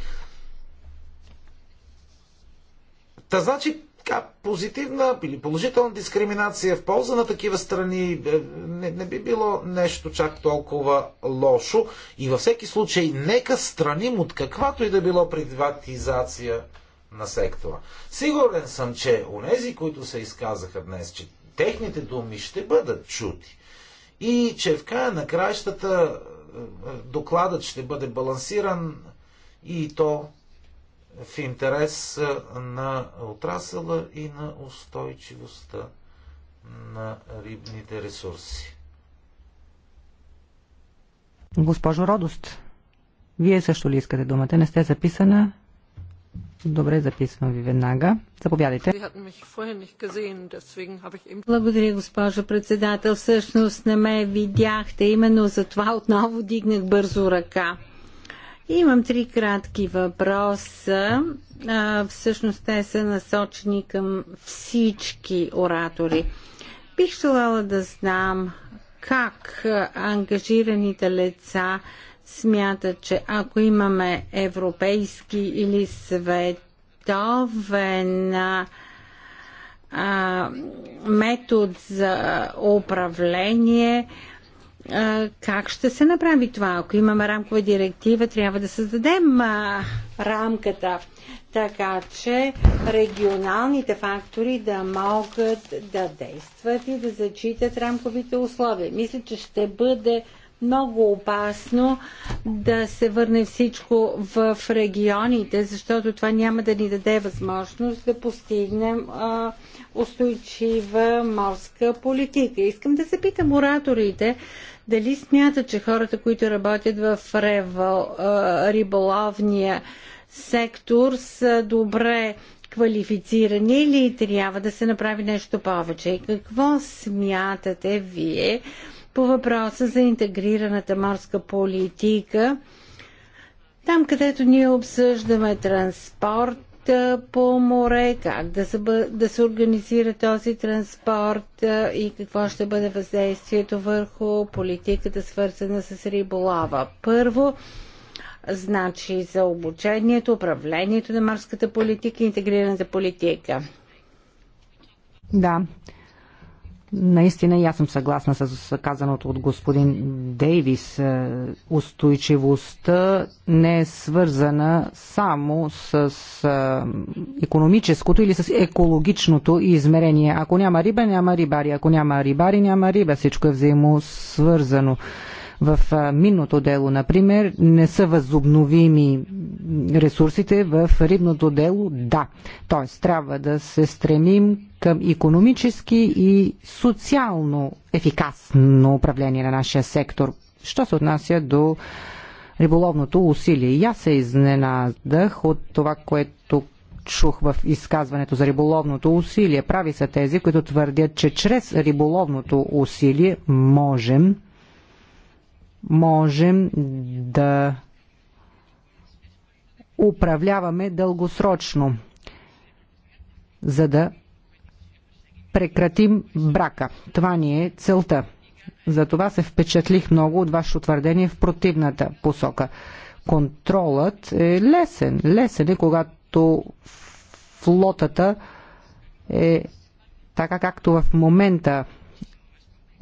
Та значи, така позитивна или положителна дискриминация в полза на такива страни е, не, не би било нещо чак толкова лошо. И във всеки случай, нека страним от каквато и да било приватизация на сектора. Сигурен съм, че онези, които се изказаха днес, че техните думи ще бъдат чути и че в края на краищата е, е, докладът ще бъде балансиран и то в интерес на отрасъла и на устойчивостта на рибните ресурси. Госпожо Родост, вие също ли искате думата? Не сте записана? Добре, записвам ви веднага. Заповядайте. Благодаря, госпожо председател. Всъщност не ме видяхте. Именно за това отново дигнах бързо ръка. Имам три кратки въпроса. А, всъщност те са насочени към всички оратори. Бих желала да знам как ангажираните лица смятат, че ако имаме европейски или световен а, метод за управление, как ще се направи това? Ако имаме рамкова директива, трябва да създадем а, рамката, така че регионалните фактори да могат да действат и да зачитат рамковите условия. Мисля, че ще бъде много опасно да се върне всичко в регионите, защото това няма да ни даде възможност да постигнем а, устойчива морска политика. Искам да запитам ораторите дали смята, че хората, които работят в риболовния сектор, са добре квалифицирани или трябва да се направи нещо повече? И какво смятате вие по въпроса за интегрираната морска политика? Там, където ние обсъждаме транспорт, транспорта по море, как да се, да се организира този транспорт и какво ще бъде въздействието върху политиката, свързана с риболова. Първо, значи за обучението, управлението на морската политика и интегрираната политика. Да. Наистина и аз съм съгласна с казаното от господин Дейвис. Е, устойчивостта не е свързана само с економическото или с екологичното измерение. Ако няма риба, няма рибари. Ако няма рибари, няма риба. Всичко е взаимосвързано. свързано. В минното дело, например, не са възобновими ресурсите, в рибното дело да. Тоест, трябва да се стремим към економически и социално ефикасно управление на нашия сектор. Що се отнася до риболовното усилие. И аз се изненадах от това, което чух в изказването за риболовното усилие. Прави са тези, които твърдят, че чрез риболовното усилие можем можем да управляваме дългосрочно, за да прекратим брака. Това ни е целта. За това се впечатлих много от вашето твърдение в противната посока. Контролът е лесен. Лесен е, когато флотата е така както в момента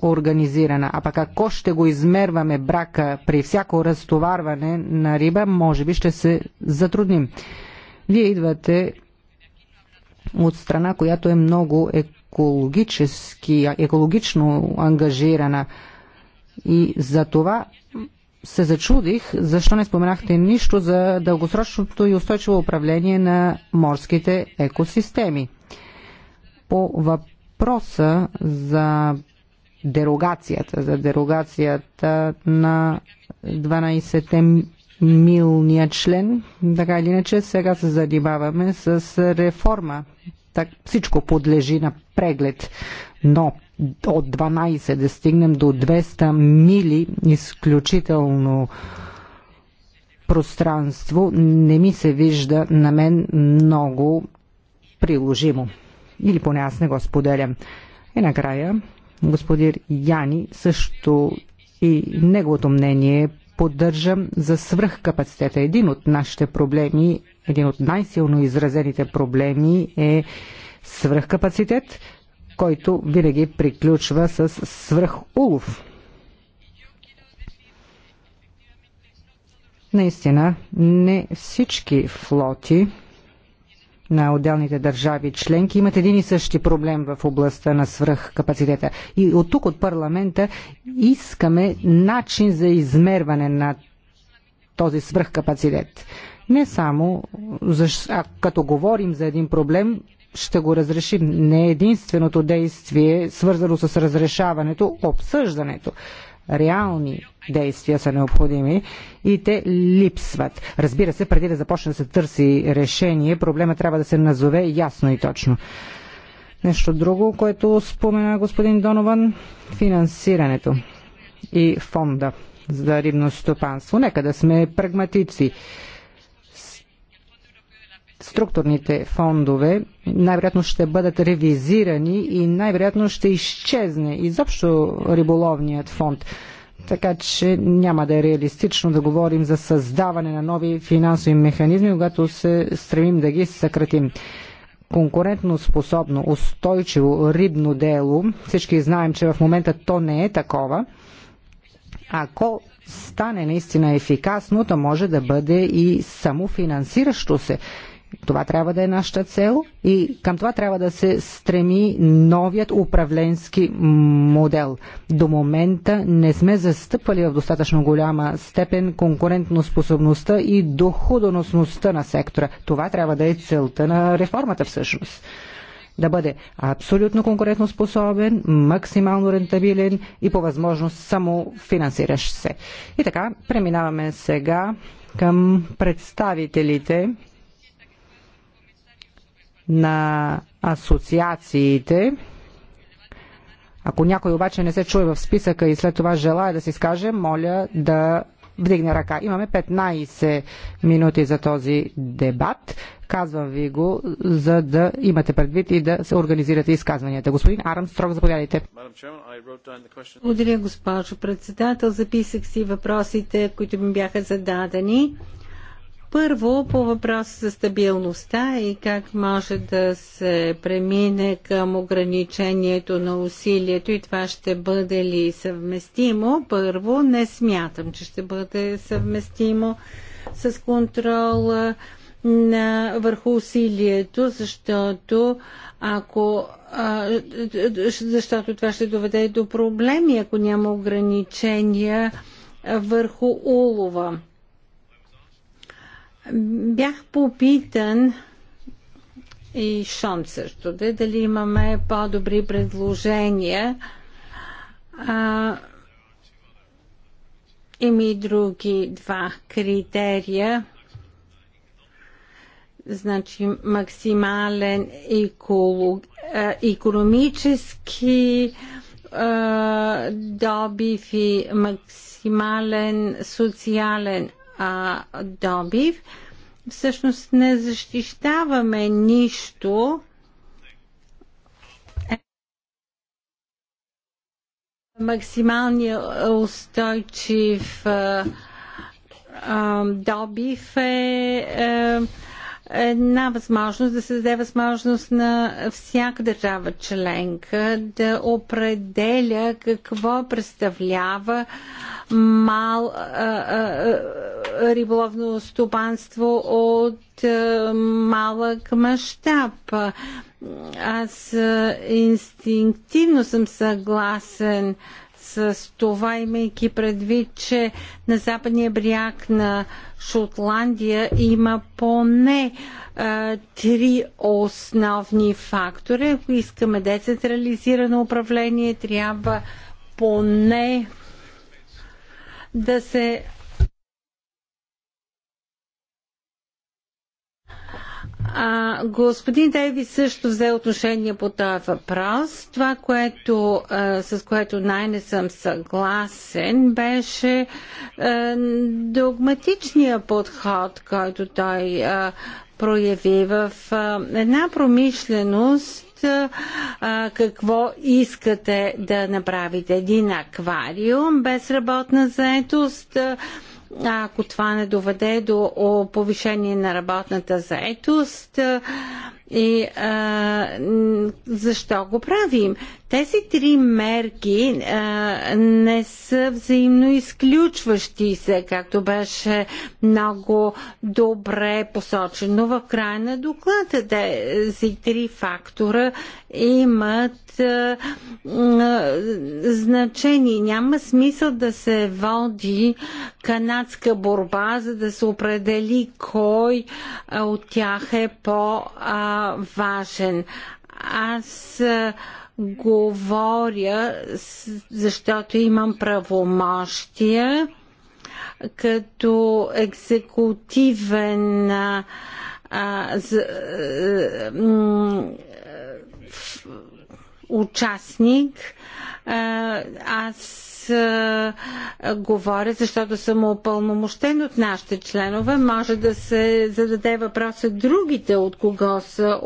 организирана. А пък ако ще го измерваме брака при всяко разтоварване на риба, може би ще се затрудним. Вие идвате от страна, която е много екологически, екологично ангажирана. И за това се зачудих, защо не споменахте нищо за дългосрочното и устойчиво управление на морските екосистеми. По въпроса за дерогацията, за дерогацията на 12-те милния член. Така или иначе, сега се занимаваме с реформа. Так, всичко подлежи на преглед. Но от 12 да стигнем до 200 мили изключително пространство не ми се вижда на мен много приложимо. Или поне аз не го споделям. И накрая господин Яни също и неговото мнение поддържам за свръхкапацитета. Един от нашите проблеми, един от най-силно изразените проблеми е свръхкапацитет, който винаги приключва с свръхулов. Наистина, не всички флоти на отделните държави членки имат един и същи проблем в областта на свръхкапацитета. И от тук, от парламента, искаме начин за измерване на този свръхкапацитет. Не само, защ... а като говорим за един проблем, ще го разрешим. Не е единственото действие, свързано с разрешаването, обсъждането реални действия са необходими и те липсват. Разбира се, преди да започне да се търси решение, проблема трябва да се назове ясно и точно. Нещо друго, което спомена господин Донован, финансирането и фонда за рибно стопанство. Нека да сме прагматици структурните фондове най-вероятно ще бъдат ревизирани и най-вероятно ще изчезне изобщо риболовният фонд. Така че няма да е реалистично да говорим за създаване на нови финансови механизми, когато се стремим да ги съкратим конкурентно способно, устойчиво рибно дело, всички знаем, че в момента то не е такова, ако стане наистина ефикасно, то може да бъде и самофинансиращо се. Това трябва да е нашата цел и към това трябва да се стреми новият управленски модел. До момента не сме застъпвали в достатъчно голяма степен конкурентноспособността и доходоносността на сектора. Това трябва да е целта на реформата всъщност да бъде абсолютно конкурентоспособен, максимално рентабилен и по възможност само финансиращ се. И така, преминаваме сега към представителите на асоциациите. Ако някой обаче не се чуе в списъка и след това желая да се изкаже, моля да вдигне ръка. Имаме 15 минути за този дебат. Казвам ви го, за да имате предвид и да се организирате изказванията. Господин строго заповядайте. Благодаря, госпожо председател. Записах си въпросите, които ми бяха зададени. Първо по въпроса за стабилността и как може да се премине към ограничението на усилието и това ще бъде ли съвместимо. Първо не смятам, че ще бъде съвместимо с контрола на, върху усилието, защото ако а, защото това ще доведе до проблеми, ако няма ограничения върху улова. Бях попитан и Шон също, да, дали имаме по-добри предложения. А, има и други два критерия. Значи максимален еколог, а, економически добив и максимален социален а, добив, всъщност не защищаваме нищо. Максималния устойчив а, а, добив е. А, е, една възможност да се даде възможност на всяка държава членка да определя какво представлява мал а, а, риболовно стопанство от а, малък мащаб. Аз инстинктивно съм съгласен а, с това, имайки предвид, че на западния бряг на Шотландия има поне а, три основни фактора. Ако искаме децентрализирано управление, трябва поне да се А, господин Дейвис също взе отношение по този въпрос. Това, което, а, с което най-не съм съгласен, беше а, догматичния подход, който той а, прояви в а, една промишленост а, какво искате да направите. Един аквариум, без работна заетост, а, ако това не доведе до повишение на работната заетост, и а, защо го правим. Тези три мерки а, не са взаимно изключващи се, както беше много добре посочено в края на доклада. Тези три фактора имат а, а, значение. Няма смисъл да се води канадска борба, за да се определи кой а, от тях е по- а, важен. Аз говоря, защото имам правомощия като екзекутивен а, за, а, участник. А, аз говоря, защото съм опълномощен от нашите членове. Може да се зададе въпроса другите от кого са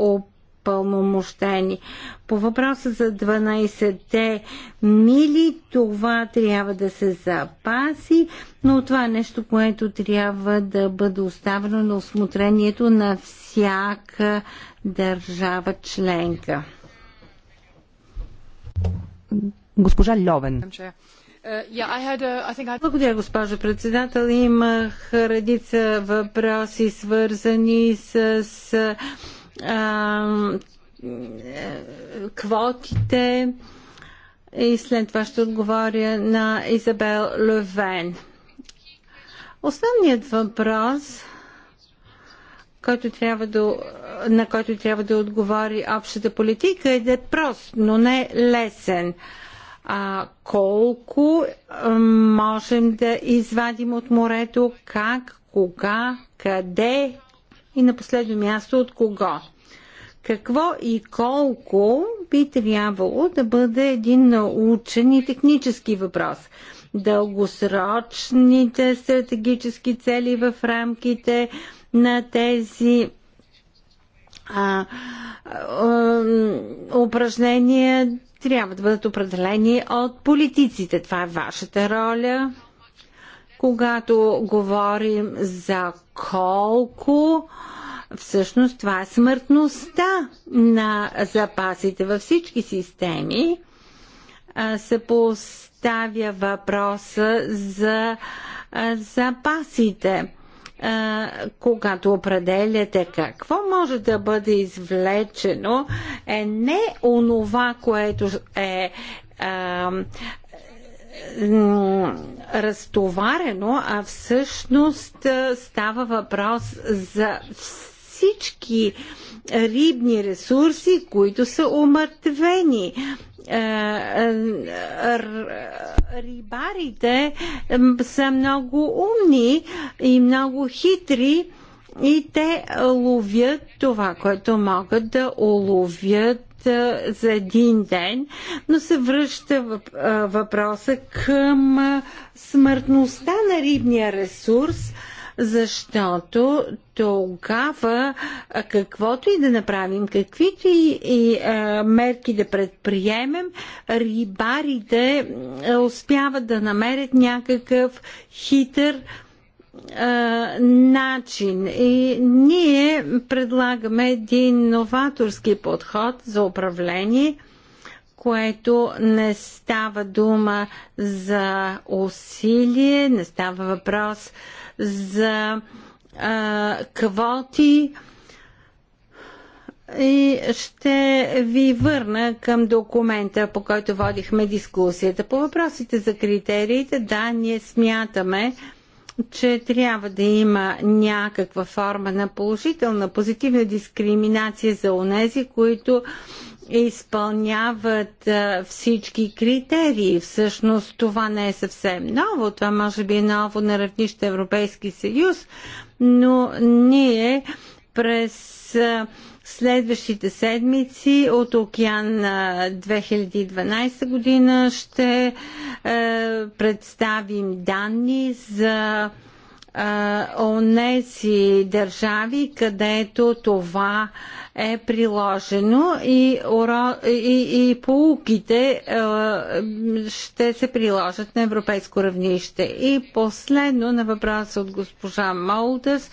пълномощени. По въпроса за 12-те мили, това трябва да се запаси, но това е нещо, което трябва да бъде оставено на осмотрението на всяка държава членка. Госпожа Льовен. Uh, Благодаря, госпожо председател. Имах редица въпроси, свързани с а, квотите и след това ще отговоря на Изабел Левен. Основният въпрос, който трябва да, на който трябва да отговори общата политика е да е прост, но не лесен. А, а, колко можем да извадим от морето, как, кога, къде и на последно място от кого. Какво и колко би трябвало да бъде един научен и технически въпрос. Дългосрочните стратегически цели в рамките на тези а, а, упражнения трябва да бъдат определени от политиците. Това е вашата роля. Когато говорим за колко, всъщност това е смъртността на запасите във всички системи, се поставя въпроса за запасите когато определяте какво може да бъде извлечено, е не онова, което е разтоварено, а всъщност става въпрос за всички рибни ресурси, които са умъртвени. Е, е, рибарите са много умни и много хитри и те ловят това, което могат да уловят е, за един ден, но се връща въпроса към смъртността на рибния ресурс защото тогава каквото и да направим, каквито и, и а, мерки да предприемем, рибарите успяват да намерят някакъв хитър начин. И ние предлагаме един новаторски подход за управление, което не става дума за усилие, не става въпрос за а, квоти и ще ви върна към документа, по който водихме дискусията. По въпросите за критериите, да, ние смятаме, че трябва да има някаква форма на положителна, позитивна дискриминация за онези, които изпълняват всички критерии. Всъщност това не е съвсем ново, това може би е ново на равнище Европейски съюз, но ние през следващите седмици от океан 2012 година ще е, представим данни за е, онези държави, където това е приложено и, уро... и, и полуките е, ще се приложат на европейско равнище. И последно на въпроса от госпожа Молдърс. Е,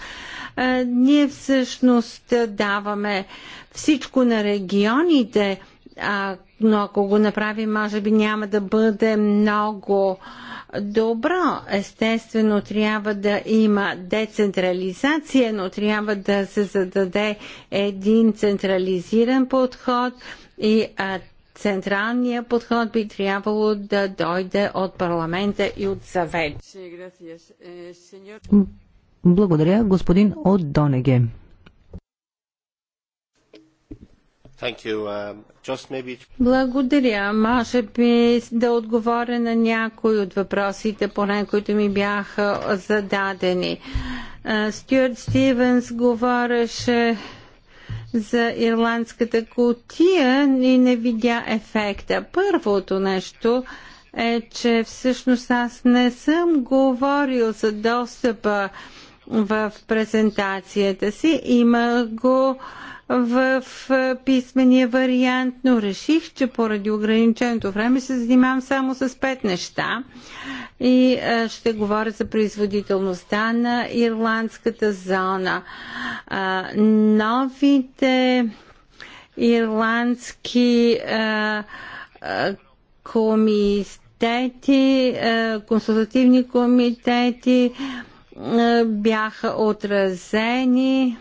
ние всъщност даваме всичко на регионите, а, но ако го направим, може би няма да бъде много добро. Естествено, трябва да има децентрализация, но трябва да се зададе един централизиран подход и а, централният подход би трябвало да дойде от парламента и от съвет. Е, благодаря, господин От Донеге. Uh, Благодаря. Може би да отговоря на някои от въпросите, поне които ми бяха зададени. Стюарт Стивенс говореше за ирландската култия, и не видя ефекта. Първото нещо е, че всъщност аз не съм говорил за достъпа в презентацията си. Има го в писмения вариант, но реших, че поради ограниченото време се занимавам само с пет неща и ще говоря за производителността на ирландската зона. Новите ирландски комитети, консултативни комитети, бяха отразени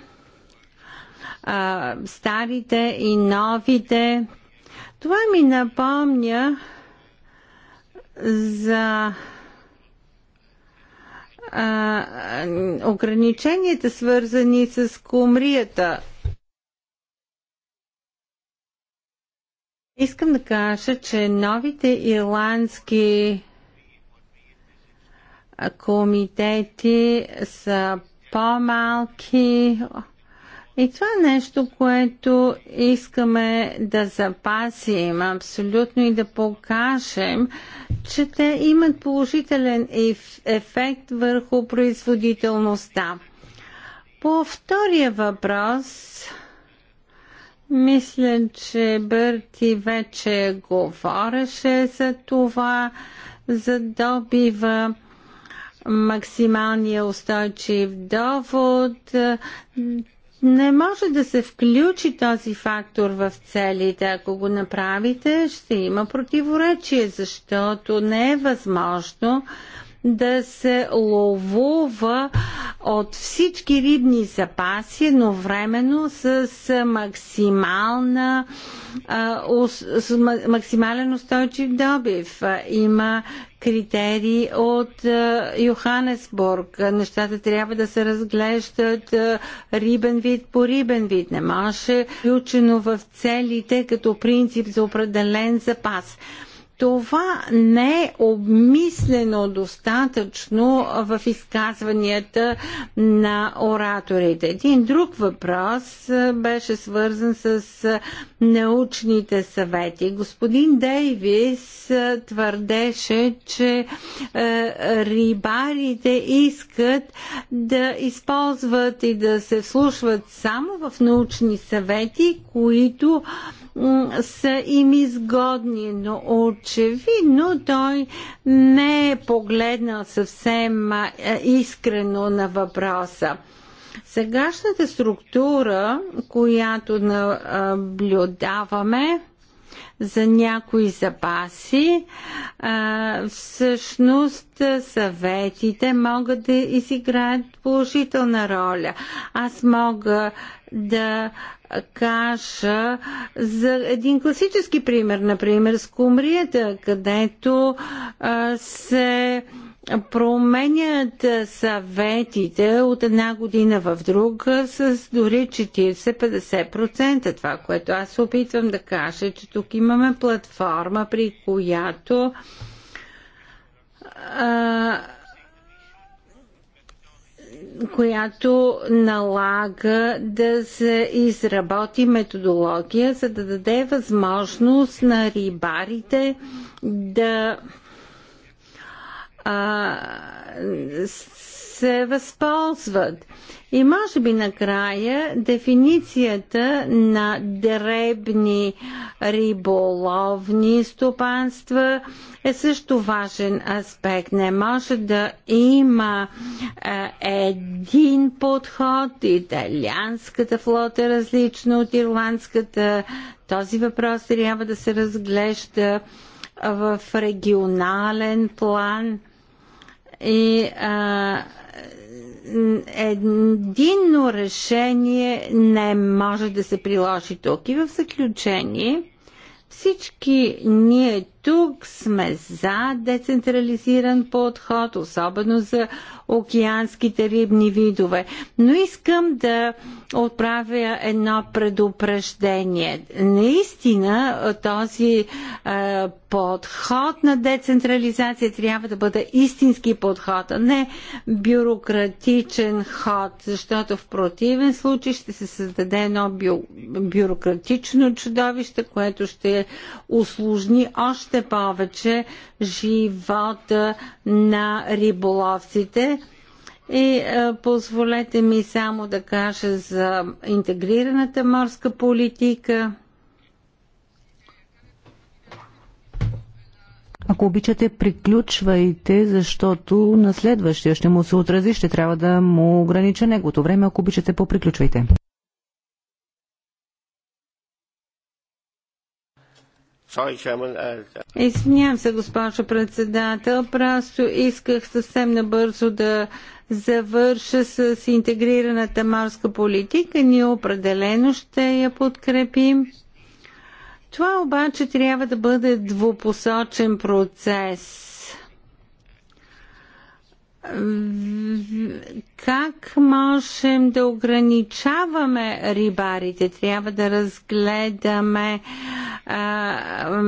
а, старите и новите. Това ми напомня за ограниченията, свързани с кумрията. Искам да кажа, че новите ирландски комитети са по-малки. И това е нещо, което искаме да запасим абсолютно и да покажем, че те имат положителен ефект върху производителността. По втория въпрос, мисля, че Бърти вече говореше за това, за добива максималния устойчив довод, не може да се включи този фактор в целите. Ако го направите, ще има противоречие, защото не е възможно да се ловува от всички рибни запаси, но времено с максимална с максимален устойчив добив. Има критерии от Йоханесбург. Нещата трябва да се разглеждат рибен вид по рибен вид. Не може включено в целите като принцип за определен запас. Това не е обмислено достатъчно в изказванията на ораторите. Един друг въпрос е, беше свързан с е, научните съвети. Господин Дейвис е, твърдеше, че рибарите искат да използват и да се вслушват само в научни съвети, които са им изгодни, но очевидно той не е погледнал съвсем искрено на въпроса. Сегашната структура, която наблюдаваме, за някои запаси, всъщност съветите могат да изиграят положителна роля. Аз мога да каша за един класически пример, например с кумрията, където а, се променят съветите от една година в друга с дори 40-50%. Това, което аз се опитвам да кажа, е, че тук имаме платформа, при която а, която налага да се изработи методология, за да даде възможност на рибарите да а, се възползват. И може би накрая дефиницията на дребни риболовни стопанства е също важен аспект. Не може да има е, един подход. Италианската флота е различна от ирландската. Този въпрос трябва да се разглежда в регионален план – и а, единно решение не може да се приложи тук. И в заключение, всички ние тук сме за децентрализиран подход, особено за океанските рибни видове. Но искам да отправя едно предупреждение. Наистина този е, подход на децентрализация трябва да бъде истински подход, а не бюрократичен ход, защото в противен случай ще се създаде едно бю, бюрократично чудовище, което ще усложни още още повече живота на риболовците. И е, позволете ми само да кажа за интегрираната морска политика. Ако обичате, приключвайте, защото на следващия ще му се отрази, ще трябва да му огранича неговото време. Ако обичате, поприключвайте. Uh, Извинявам се, госпожо председател. Просто исках съвсем набързо да завърша с интегрираната морска политика. Ние определено ще я подкрепим. Това обаче трябва да бъде двупосочен процес как можем да ограничаваме рибарите? Трябва да разгледаме а,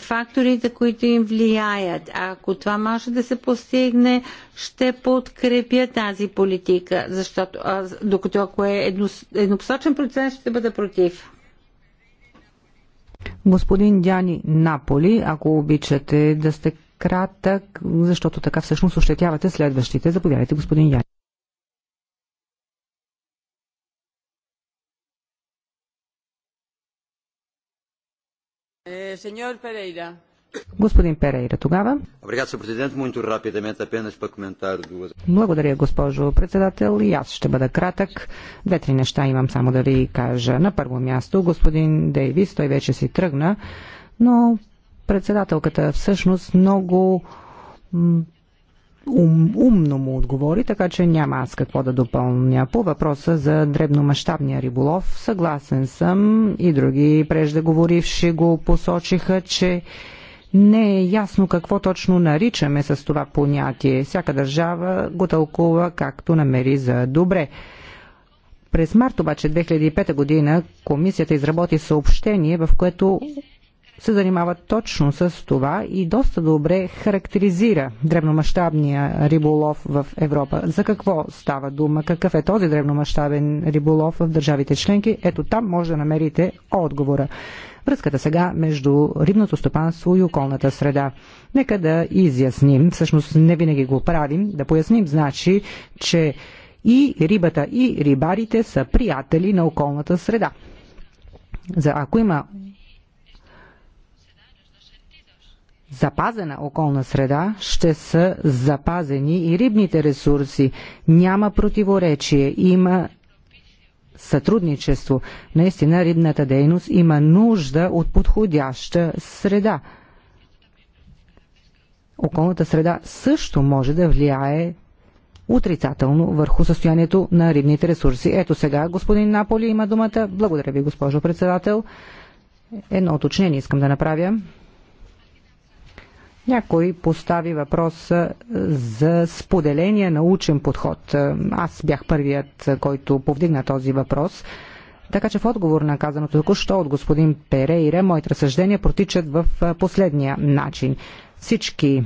факторите, които им влияят. Ако това може да се постигне, ще подкрепя тази политика, защото а, докато ако е едно, еднопосочен процес, ще бъда против. Господин Дяни Наполи, ако обичате да сте кратък, защото така всъщност ощетявате следващите. Заповядайте, господин Яни. Е, господин Перейра тогава. Благодаря, госпожо председател. И аз ще бъда кратък. Две-три неща имам само да ви кажа. На първо място, господин Дейвис, той вече си тръгна, но председателката всъщност много ум, умно му отговори, така че няма аз какво да допълня. По въпроса за дребномащабния риболов, съгласен съм и други преждеговоривши го посочиха, че не е ясно какво точно наричаме с това понятие. Всяка държава го тълкува както намери за добре. През март обаче 2005 година комисията изработи съобщение, в което се занимава точно с това и доста добре характеризира древномащабния риболов в Европа. За какво става дума? Какъв е този древномащабен риболов в държавите членки? Ето там може да намерите отговора. Връзката сега между рибното стопанство и околната среда. Нека да изясним, всъщност не винаги го правим, да поясним значи, че и рибата и рибарите са приятели на околната среда. За ако има запазена околна среда, ще са запазени и рибните ресурси. Няма противоречие, има сътрудничество. Наистина рибната дейност има нужда от подходяща среда. Околната среда също може да влияе отрицателно върху състоянието на рибните ресурси. Ето сега господин Наполи има думата. Благодаря ви, госпожо председател. Едно уточнение искам да направя. Някой постави въпрос е, за споделения научен подход. Е, аз бях първият, е, който повдигна този въпрос. Така че в отговор на казаното току-що от господин Перейре, моите разсъждения протичат в последния начин. Всички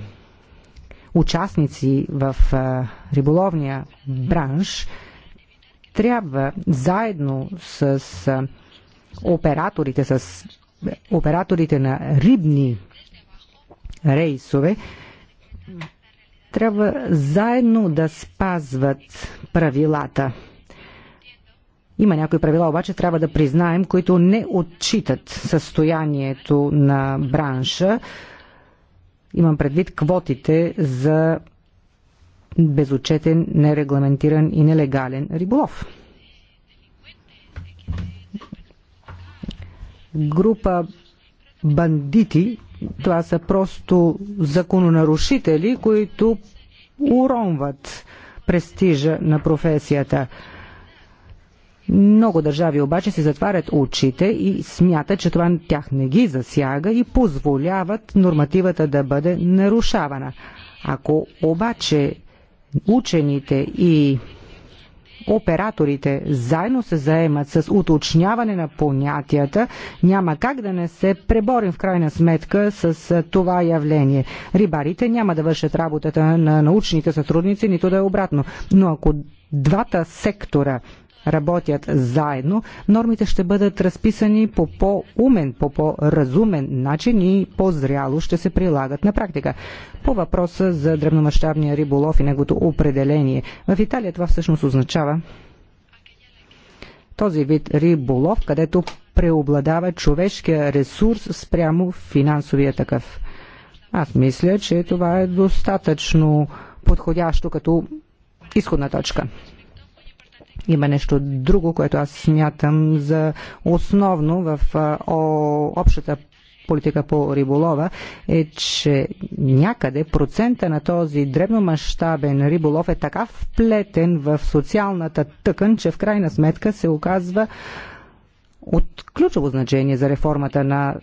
участници в риболовния бранш трябва заедно с операторите, с операторите на рибни рейсове, трябва заедно да спазват правилата. Има някои правила, обаче трябва да признаем, които не отчитат състоянието на бранша. Имам предвид квотите за безочетен, нерегламентиран и нелегален риболов. Група бандити това са просто закононарушители, които уронват престижа на професията. Много държави обаче си затварят очите и смятат, че това тях не ги засяга и позволяват нормативата да бъде нарушавана. Ако обаче учените и операторите заедно се заемат с уточняване на понятията, няма как да не се преборим в крайна сметка с това явление. Рибарите няма да вършат работата на научните сътрудници, нито да е обратно. Но ако двата сектора работят заедно, нормите ще бъдат разписани по по-умен, по по-разумен -по начин и по-зряло ще се прилагат на практика. По въпроса за древномащабния риболов и неговото определение. В Италия това всъщност означава този вид риболов, където преобладава човешкия ресурс спрямо финансовия такъв. Аз мисля, че това е достатъчно подходящо като изходна точка. Има нещо друго, което аз смятам за основно в общата политика по риболова е, че някъде процента на този дребномащабен риболов е така вплетен в социалната тъкан, че в крайна сметка се оказва от ключово значение за реформата на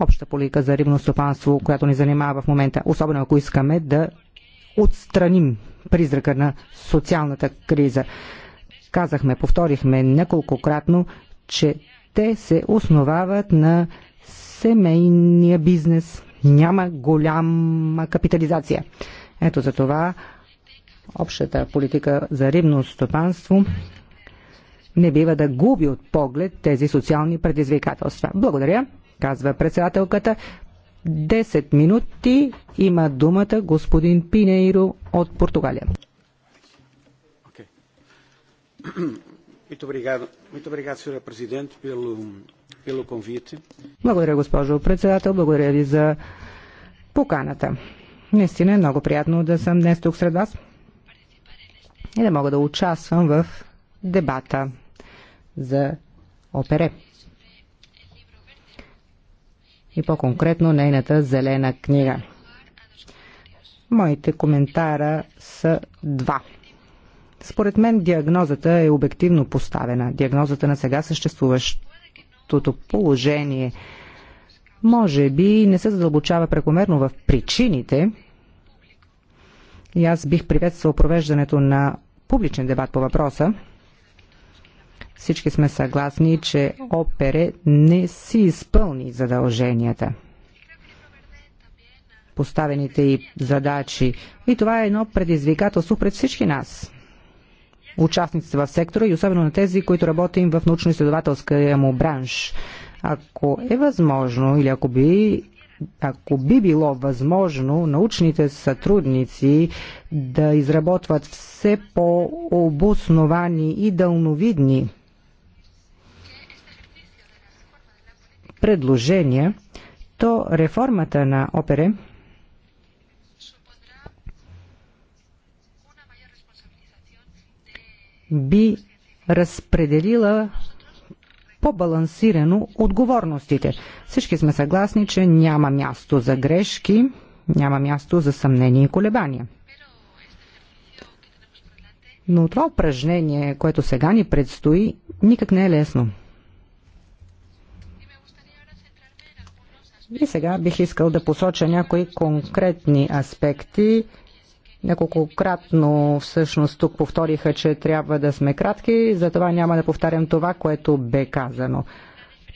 обща политика за рибно стопанство, която ни занимава в момента, особено ако искаме да отстраним призрака на социалната криза. Казахме, повторихме неколкократно, че те се основават на семейния бизнес. Няма голяма капитализация. Ето за това общата политика за рибно стопанство не бива да губи от поглед тези социални предизвикателства. Благодаря, казва председателката. 10 минути има думата господин Пинейро от Португалия. Благодаря, госпожо председател. Благодаря ви за поканата. Наистина е много приятно да съм днес тук сред вас и да мога да участвам в дебата за опере. И по-конкретно нейната зелена книга. Моите коментара са два – според мен диагнозата е обективно поставена. Диагнозата на сега съществуващото положение може би не се задълбочава прекомерно в причините. И аз бих приветствал провеждането на публичен дебат по въпроса. Всички сме съгласни, че опере не си изпълни задълженията поставените и задачи. И това е едно предизвикателство пред всички нас участниците в сектора и особено на тези, които работим в научно-изследователския му бранш. Ако е възможно или ако би ако би било възможно научните сътрудници да изработват все по-обосновани и дълновидни предложения, то реформата на ОПЕРЕ – би разпределила по-балансирано отговорностите. Всички сме съгласни, че няма място за грешки, няма място за съмнение и колебания. Но това упражнение, което сега ни предстои, никак не е лесно. И сега бих искал да посоча някои конкретни аспекти Няколкократно, всъщност тук повториха, че трябва да сме кратки, затова няма да повтарям това, което бе казано.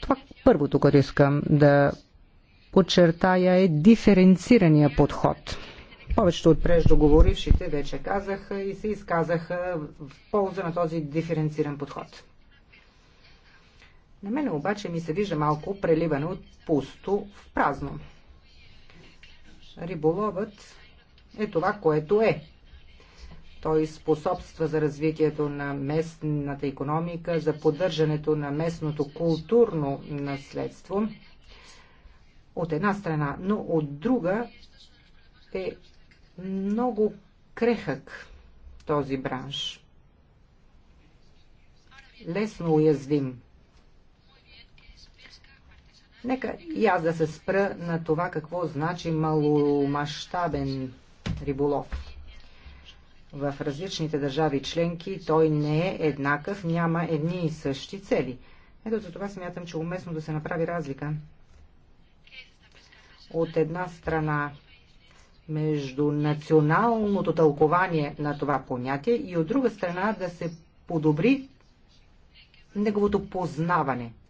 Това първото, което искам да подчертая е диференцирания подход. Повечето от преждоговорившите вече казаха и се изказаха в полза на този диференциран подход. На мен обаче ми се вижда малко преливане от пусто в празно. Риболовът е това, което е. Той способства за развитието на местната економика, за поддържането на местното културно наследство от една страна, но от друга е много крехък този бранш. Лесно уязвим. Нека и аз да се спра на това какво значи маломащабен риболов. В различните държави членки той не е еднакъв, няма едни и същи цели. Ето за това смятам, че уместно да се направи разлика. От една страна между националното тълкование на това понятие и от друга страна да се подобри неговото познаване –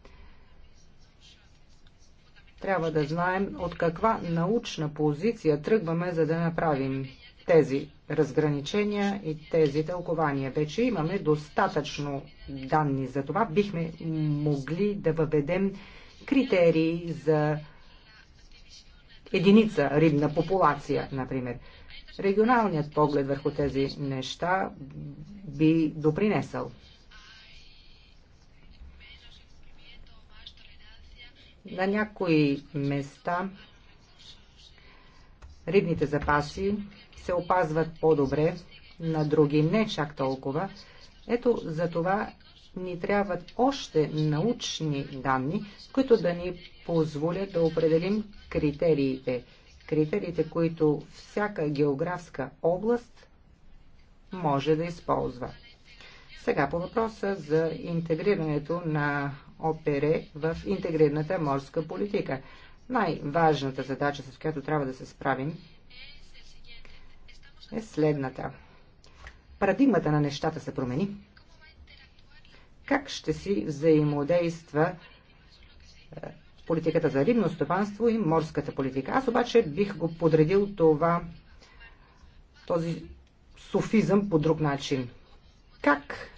трябва да знаем от каква научна позиция тръгваме, за да направим тези разграничения и тези тълкования. Вече имаме достатъчно данни за това. Бихме могли да въведем критерии за единица рибна популация, например. Регионалният поглед върху тези неща би допринесъл На някои места рибните запаси се опазват по-добре, на други не чак толкова. Ето за това ни трябват още научни данни, които да ни позволят да определим критериите. Критериите, които всяка географска област може да използва. Сега по въпроса за интегрирането на опере в интегрираната морска политика. Най-важната задача, с която трябва да се справим, е следната. Парадигмата на нещата се промени. Как ще си взаимодейства е, политиката за рибно стопанство и морската политика? Аз обаче бих го подредил това, този суфизъм по друг начин. Как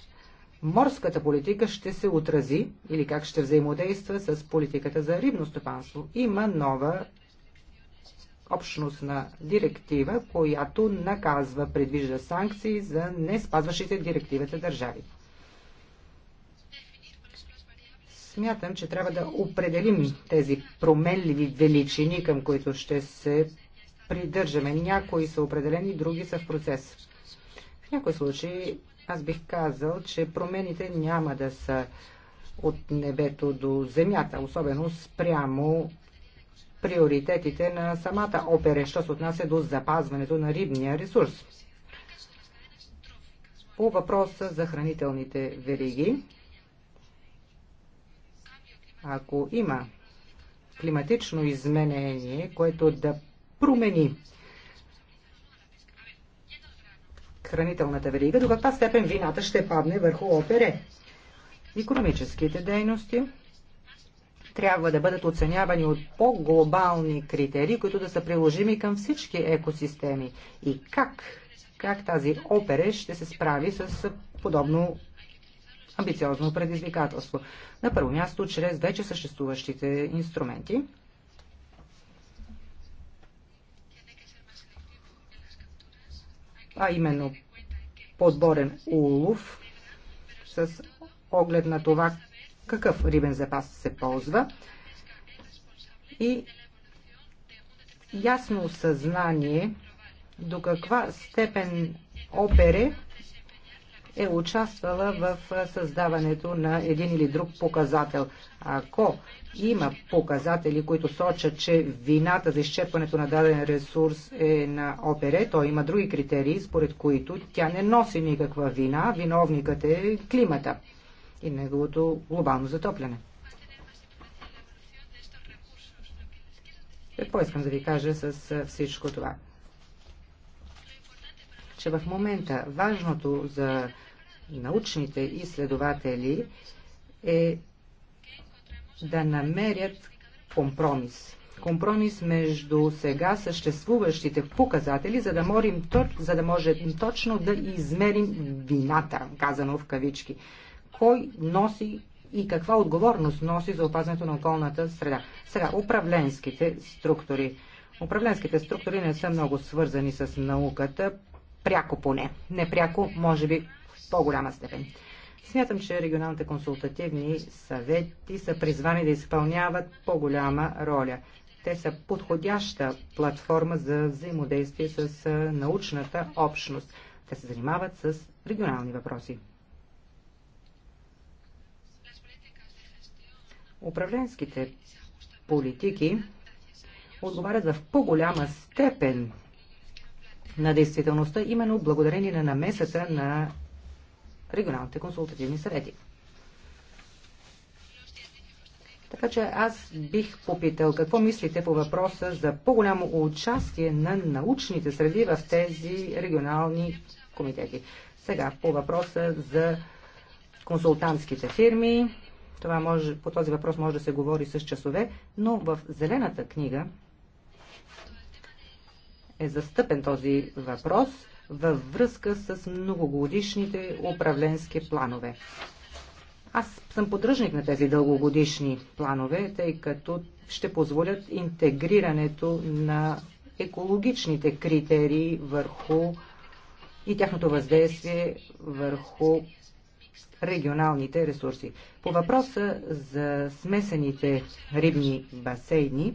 морската политика ще се отрази или как ще взаимодейства с политиката за рибно стопанство. Има нова общностна директива, която наказва, предвижда санкции за не спазващите директивата държави. Смятам, че трябва да определим тези променливи величини, към които ще се придържаме. Някои са определени, други са в процес. В някои случаи аз бих казал, че промените няма да са от небето до земята, особено спрямо приоритетите на самата опера, що се отнася до запазването на рибния ресурс. По въпроса за хранителните вериги, ако има климатично изменение, което да промени хранителната верига, до каква степен вината ще падне върху ОПР. Економическите дейности трябва да бъдат оценявани от по-глобални критерии, които да са приложими към всички екосистеми. И как, как тази ОПР ще се справи с подобно амбициозно предизвикателство. На първо място, чрез вече съществуващите инструменти – а именно подборен улов с оглед на това какъв рибен запас се ползва и ясно съзнание до каква степен опере е участвала в създаването на един или друг показател. Ако има показатели, които сочат, че вината за изчерпването на даден ресурс е на ОПР. Той има други критерии, според които тя не носи никаква вина. Виновникът е климата и неговото глобално затопляне. Какво искам да ви кажа с всичко това? Че в момента важното за научните изследователи е да намерят компромис. Компромис между сега съществуващите показатели, за да, морим, за да можем точно да измерим вината, казано в кавички. Кой носи и каква отговорност носи за опазването на околната среда. Сега, управленските структури. Управленските структури не са много свързани с науката, пряко поне. Непряко, може би, в по-голяма степен. Смятам, че регионалните консултативни съвети са призвани да изпълняват по-голяма роля. Те са подходяща платформа за взаимодействие с научната общност. Те се занимават с регионални въпроси. Управленските политики отговарят в по-голяма степен на действителността, именно благодарение на намесата на регионалните консултативни съвети. Така че аз бих попитал какво мислите по въпроса за по-голямо участие на научните среди в тези регионални комитети. Сега по въпроса за консултантските фирми. Това може, по този въпрос може да се говори с часове, но в Зелената книга е застъпен този въпрос – във връзка с многогодишните управленски планове. Аз съм поддръжник на тези дългогодишни планове, тъй като ще позволят интегрирането на екологичните критерии върху и тяхното въздействие върху регионалните ресурси. По въпроса за смесените рибни басейни,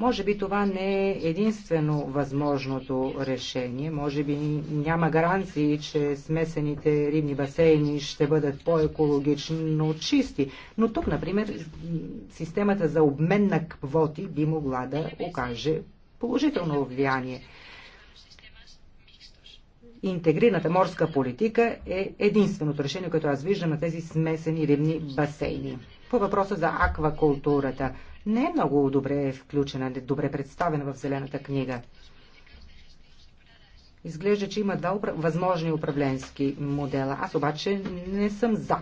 може би това не е единствено възможното решение. Може би няма гаранции, че смесените рибни басейни ще бъдат по-екологично чисти. Но тук, например, системата за обмен на квоти би могла да окаже положително влияние. Интегрираната морска политика е единственото решение, което аз виждам на тези смесени рибни басейни. По въпроса за аквакултурата – не е много добре включена, добре представена в Зелената книга. Изглежда, че има два упра... възможни управленски модела. Аз обаче не съм за.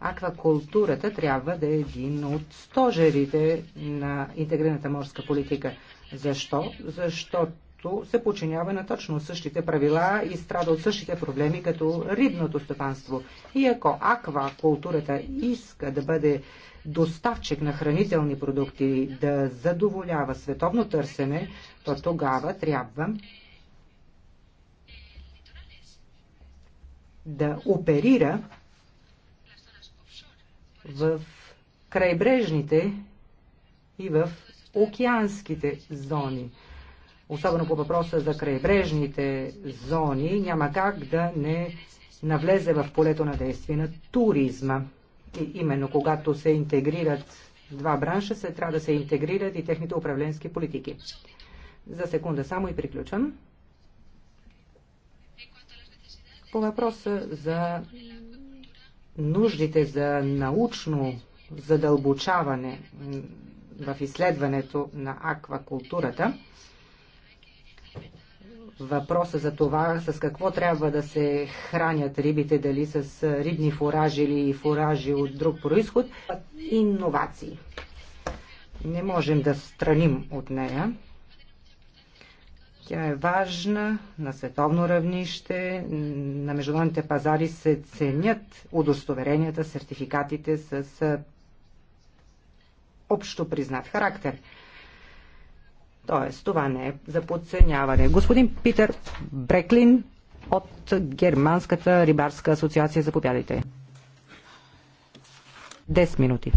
Аквакултурата трябва да е един от стожерите на интегрираната морска политика. Защо? Защото защото се подчинява на точно същите правила и страда от същите проблеми като рибното стопанство. И ако аква културата иска да бъде доставчик на хранителни продукти, да задоволява световно търсене, то тогава трябва да оперира в крайбрежните и в океанските зони особено по въпроса за крайбрежните зони, няма как да не навлезе в полето на действие на туризма. И именно когато се интегрират два бранша, се трябва да се интегрират и техните управленски политики. За секунда само и приключвам. По въпроса за нуждите за научно задълбочаване в изследването на аквакултурата, въпроса за това с какво трябва да се хранят рибите, дали с рибни фуражи или фуражи от друг происход, иновации. Не можем да страним от нея. Тя е важна на световно равнище. На международните пазари се ценят удостоверенията, сертификатите с общо признат характер. Тоест, това не е за подценяване. Господин Питър Бреклин от Германската рибарска асоциация. Заповядайте. 10 минути.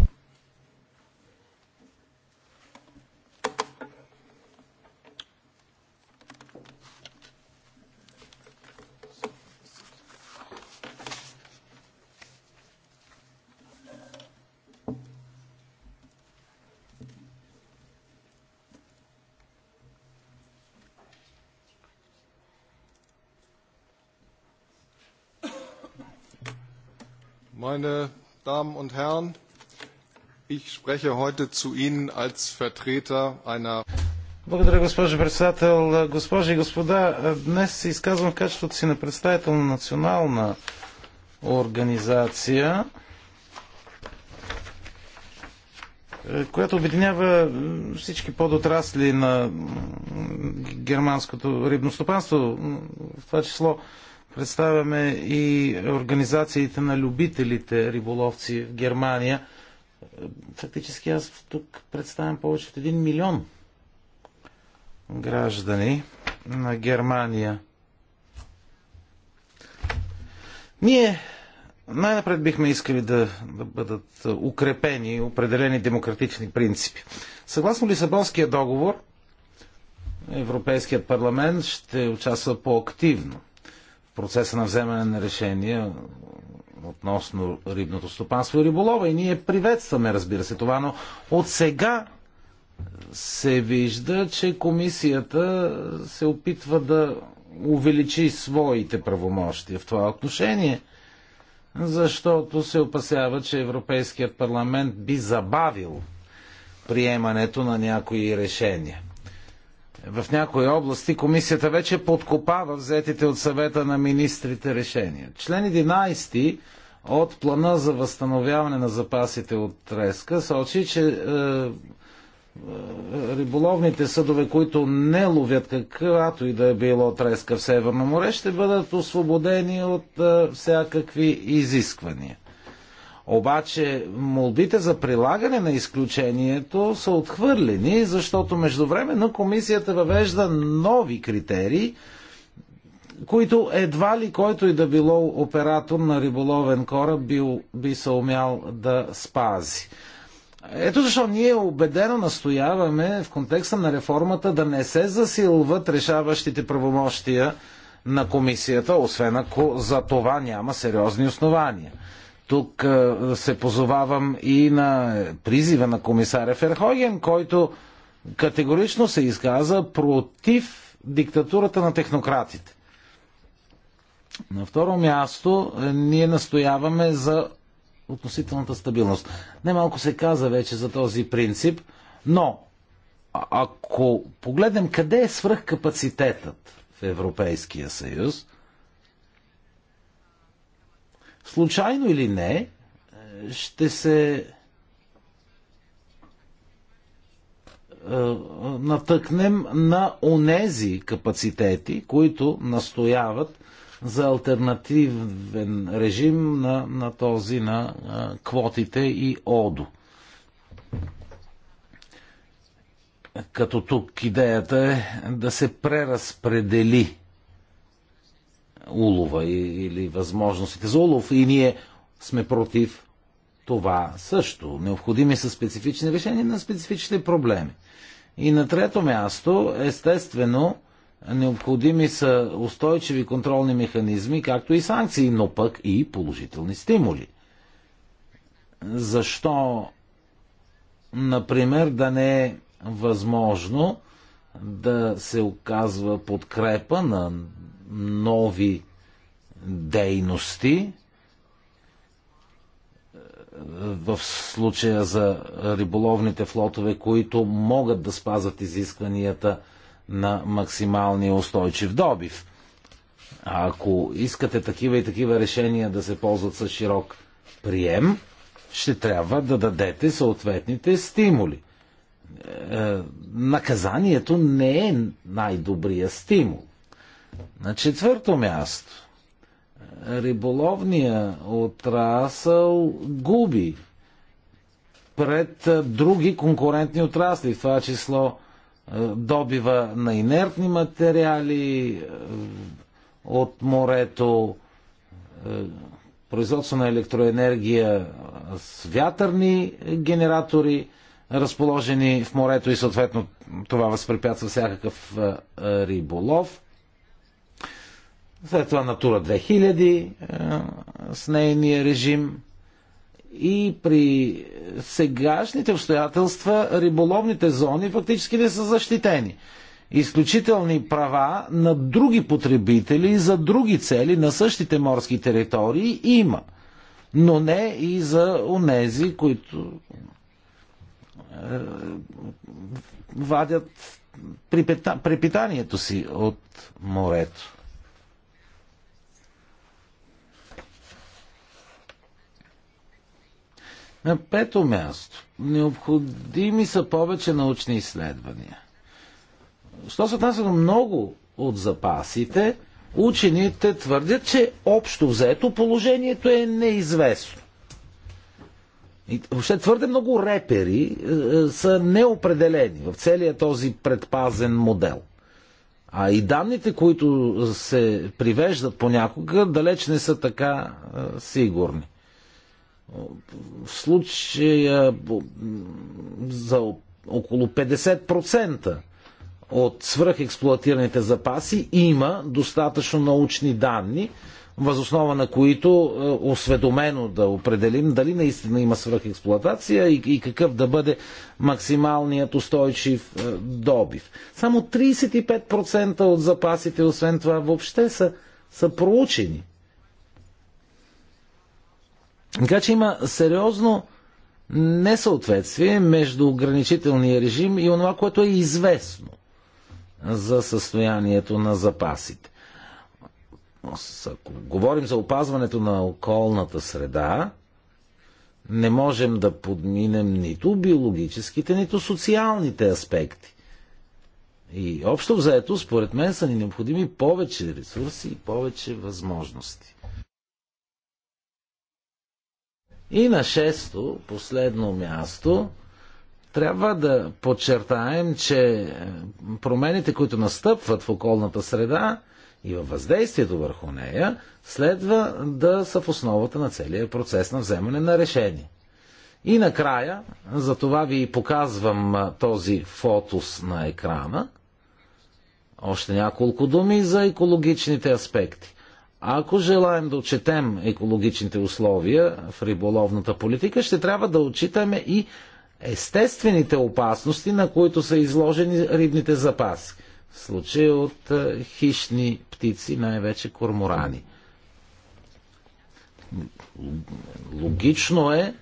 meine Damen und Herren. Ich spreche heute zu Ihnen als Vertreter einer благодаря, госпожо председател. Госпожи и господа, днес се изказвам в качеството си на представител на национална организация, която обединява всички подотрасли на германското рибно стопанство, в това число Представяме и организациите на любителите риболовци в Германия. Фактически аз тук представям повече от 1 милион граждани на Германия. Ние най-напред бихме искали да, да бъдат укрепени определени демократични принципи. Съгласно Лисабонския договор, Европейският парламент ще участва по-активно процеса на вземане на решения относно рибното стопанство и риболова. И ние приветстваме, разбира се, това, но от сега се вижда, че комисията се опитва да увеличи своите правомощия в това отношение, защото се опасява, че Европейският парламент би забавил приемането на някои решения в някои области комисията вече подкопава взетите от съвета на министрите решения. Член 11 от плана за възстановяване на запасите от треска сочи, че е, е, риболовните съдове, които не ловят каквато и да е било треска в Северно море, ще бъдат освободени от е, всякакви изисквания. Обаче молбите за прилагане на изключението са отхвърлени, защото междувременно комисията въвежда нови критерии, които едва ли който и да било оператор на риболовен кораб би, би се умял да спази. Ето защо ние убедено настояваме в контекста на реформата да не се засилват решаващите правомощия на комисията, освен ако за това няма сериозни основания. Тук се позовавам и на призива на комисаря Ферхоген, който категорично се изказа против диктатурата на технократите. На второ място, е, ние настояваме за относителната стабилност. Немалко се каза вече за този принцип, но ако погледнем къде е свръхкапацитетът в Европейския съюз, случайно или не, е, ще се е, натъкнем на онези капацитети, които настояват за альтернативен режим на, на този на е, квотите и ОДО. Като тук идеята е да се преразпредели улова или възможностите за улов. И ние сме против това също. Необходими са специфични решения на специфичните проблеми. И на трето място, естествено, необходими са устойчиви контролни механизми, както и санкции, но пък и положителни стимули. Защо, например, да не е възможно да се оказва подкрепа на нови дейности, в случая за риболовните флотове, които могат да спазват изискванията на максималния устойчив добив. А ако искате такива и такива решения да се ползват с широк прием, ще трябва да дадете съответните стимули. Е, наказанието не е най-добрия стимул. На четвърто място, риболовния отрасъл губи пред други конкурентни отрасли, в това число добива на инертни материали от морето, производство на електроенергия с вятърни генератори, разположени в морето и съответно това възпрепятства всякакъв риболов – след това Натура 2000 е, с нейния режим. И при сегашните обстоятелства риболовните зони фактически не са защитени. Изключителни права на други потребители за други цели на същите морски територии има. Но не и за онези, които е, вадят препитанието си от морето. На пето място, необходими са повече научни изследвания. Що се отнася до много от запасите, учените твърдят, че общо взето положението е неизвестно. И въобще твърде много репери е, е са неопределени в целия този предпазен модел. А и данните, които се привеждат понякога, далеч не са така е, сигурни в случая за около 50% от свръхексплуатираните запаси има достатъчно научни данни, възоснова на които е, осведомено да определим дали наистина има свръхексплуатация и, и какъв да бъде максималният устойчив е, добив. Само 35% от запасите, освен това, въобще са, са проучени. Така че има сериозно несъответствие между ограничителния режим и онова, което е известно за състоянието на запасите. Ако говорим за опазването на околната среда, не можем да подминем нито биологическите, нито социалните аспекти. И общо взето, според мен, са ни необходими повече ресурси и повече възможности. И на шесто, последно място, трябва да подчертаем, че е, промените, които настъпват в околната среда и във въздействието върху нея, следва да са в основата на целия процес на вземане на решение. И накрая, за това ви показвам е, този фотос на екрана, още няколко думи за екологичните аспекти. Ако желаем да отчетем екологичните условия в риболовната политика, ще трябва да отчитаме и естествените опасности, на които са изложени рибните запаси. В случая от е, хищни птици, най-вече корморани. Логично е, е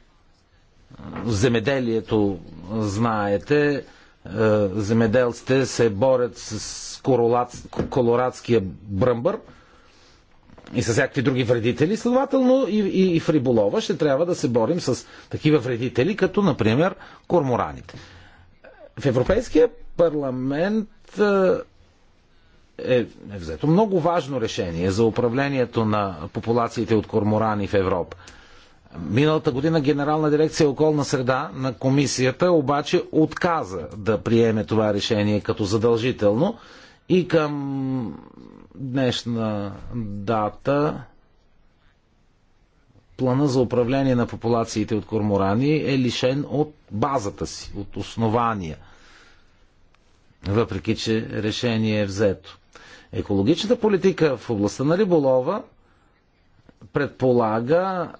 земеделието, знаете, е, земеделците се борят с колорадския бръмбър – и с всякакви други вредители, следователно и, и, и в риболова ще трябва да се борим с такива вредители, като например кормораните. В Европейския парламент е, е, е взето много важно решение за управлението на популациите от корморани в Европа. Миналата година Генерална дирекция околна среда на комисията обаче отказа да приеме това решение като задължително и към днешна дата плана за управление на популациите от корморани е лишен от базата си, от основания. Въпреки, че решение е взето. Екологичната политика в областта на риболова предполага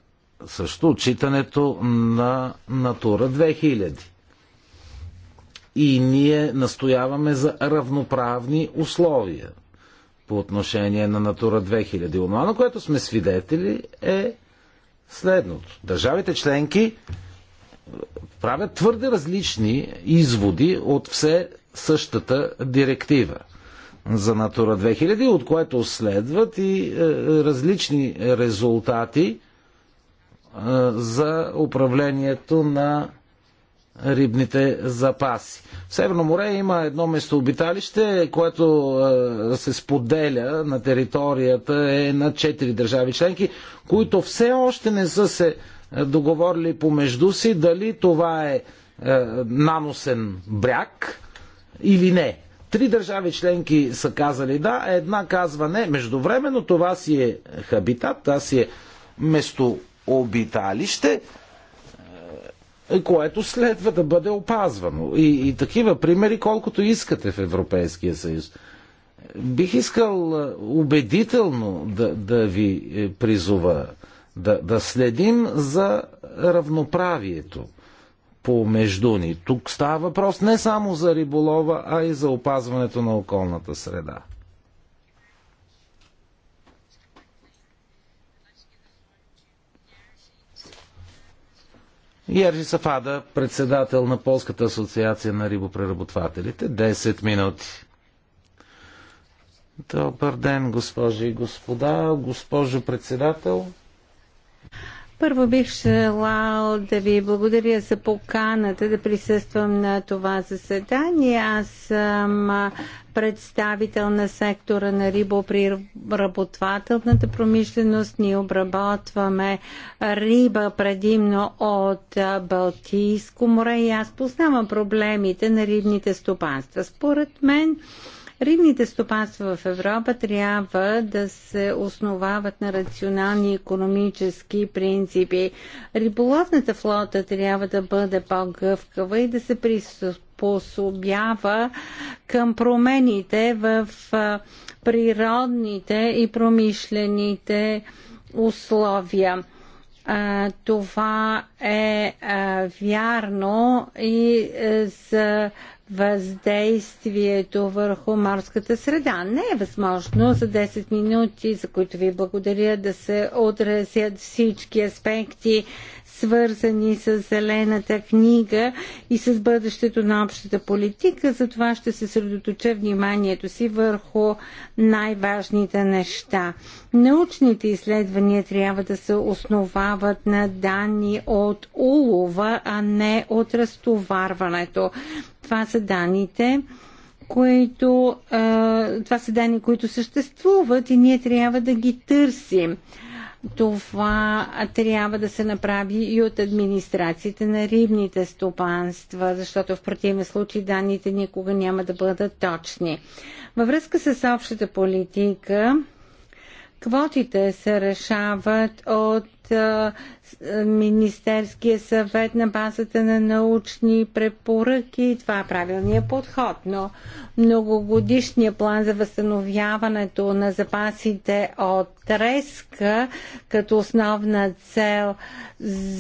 също отчитането на Натура 2000. И ние настояваме за равноправни условия – по отношение на Натура 2000. Онова, на което сме свидетели, е следното. Държавите членки е, правят твърде различни изводи от все същата директива за Натура 2000, от което следват и е, различни резултати е, за управлението на рибните запаси. В Северно море има едно местообиталище, което е, се споделя на територията е на четири държави членки, които все още не са се е, договорили помежду си дали това е, е наносен бряг или не. Три държави членки са казали да, една казва не. Междувременно това си е хабитат, това си е местообиталище което следва да бъде опазвано. И, и такива примери колкото искате в Европейския съюз. Бих искал е, убедително да, да ви е, призова да, да следим за равноправието помежду ни. Тук става въпрос не само за риболова, а и за опазването на околната среда. Ержи Сафада, председател на Полската асоциация на рибопреработвателите. 10 минути. Добър ден, госпожи и господа, госпожо председател, първо бих желал да ви благодаря за поканата да присъствам на това заседание. Аз съм представител на сектора на рибо при работвателната промишленост. Ние обработваме риба предимно от Балтийско море и аз познавам проблемите на рибните стопанства. Според мен Рибните стопанства в Европа трябва да се основават на рационални економически принципи. Риболовната флота трябва да бъде по-гъвкава и да се приспособява към промените в природните и промишлените условия. това е вярно и е, за въздействието върху морската среда. Не е възможно за 10 минути, за които ви благодаря, да се отразят всички аспекти свързани с зелената книга и с бъдещето на общата политика. Затова ще се средоточа вниманието си върху най-важните неща. Научните изследвания трябва да се основават на данни от улова, а не от разтоварването. Това са данните, които, това са данни, които съществуват и ние трябва да ги търсим това трябва да се направи и от администрациите на рибните стопанства, защото в противен случай данните никога няма да бъдат точни. Във връзка с общата политика, квотите се решават от Министерския съвет на базата на научни препоръки. Това е правилният подход, но многогодишния план за възстановяването на запасите от треска като основна цел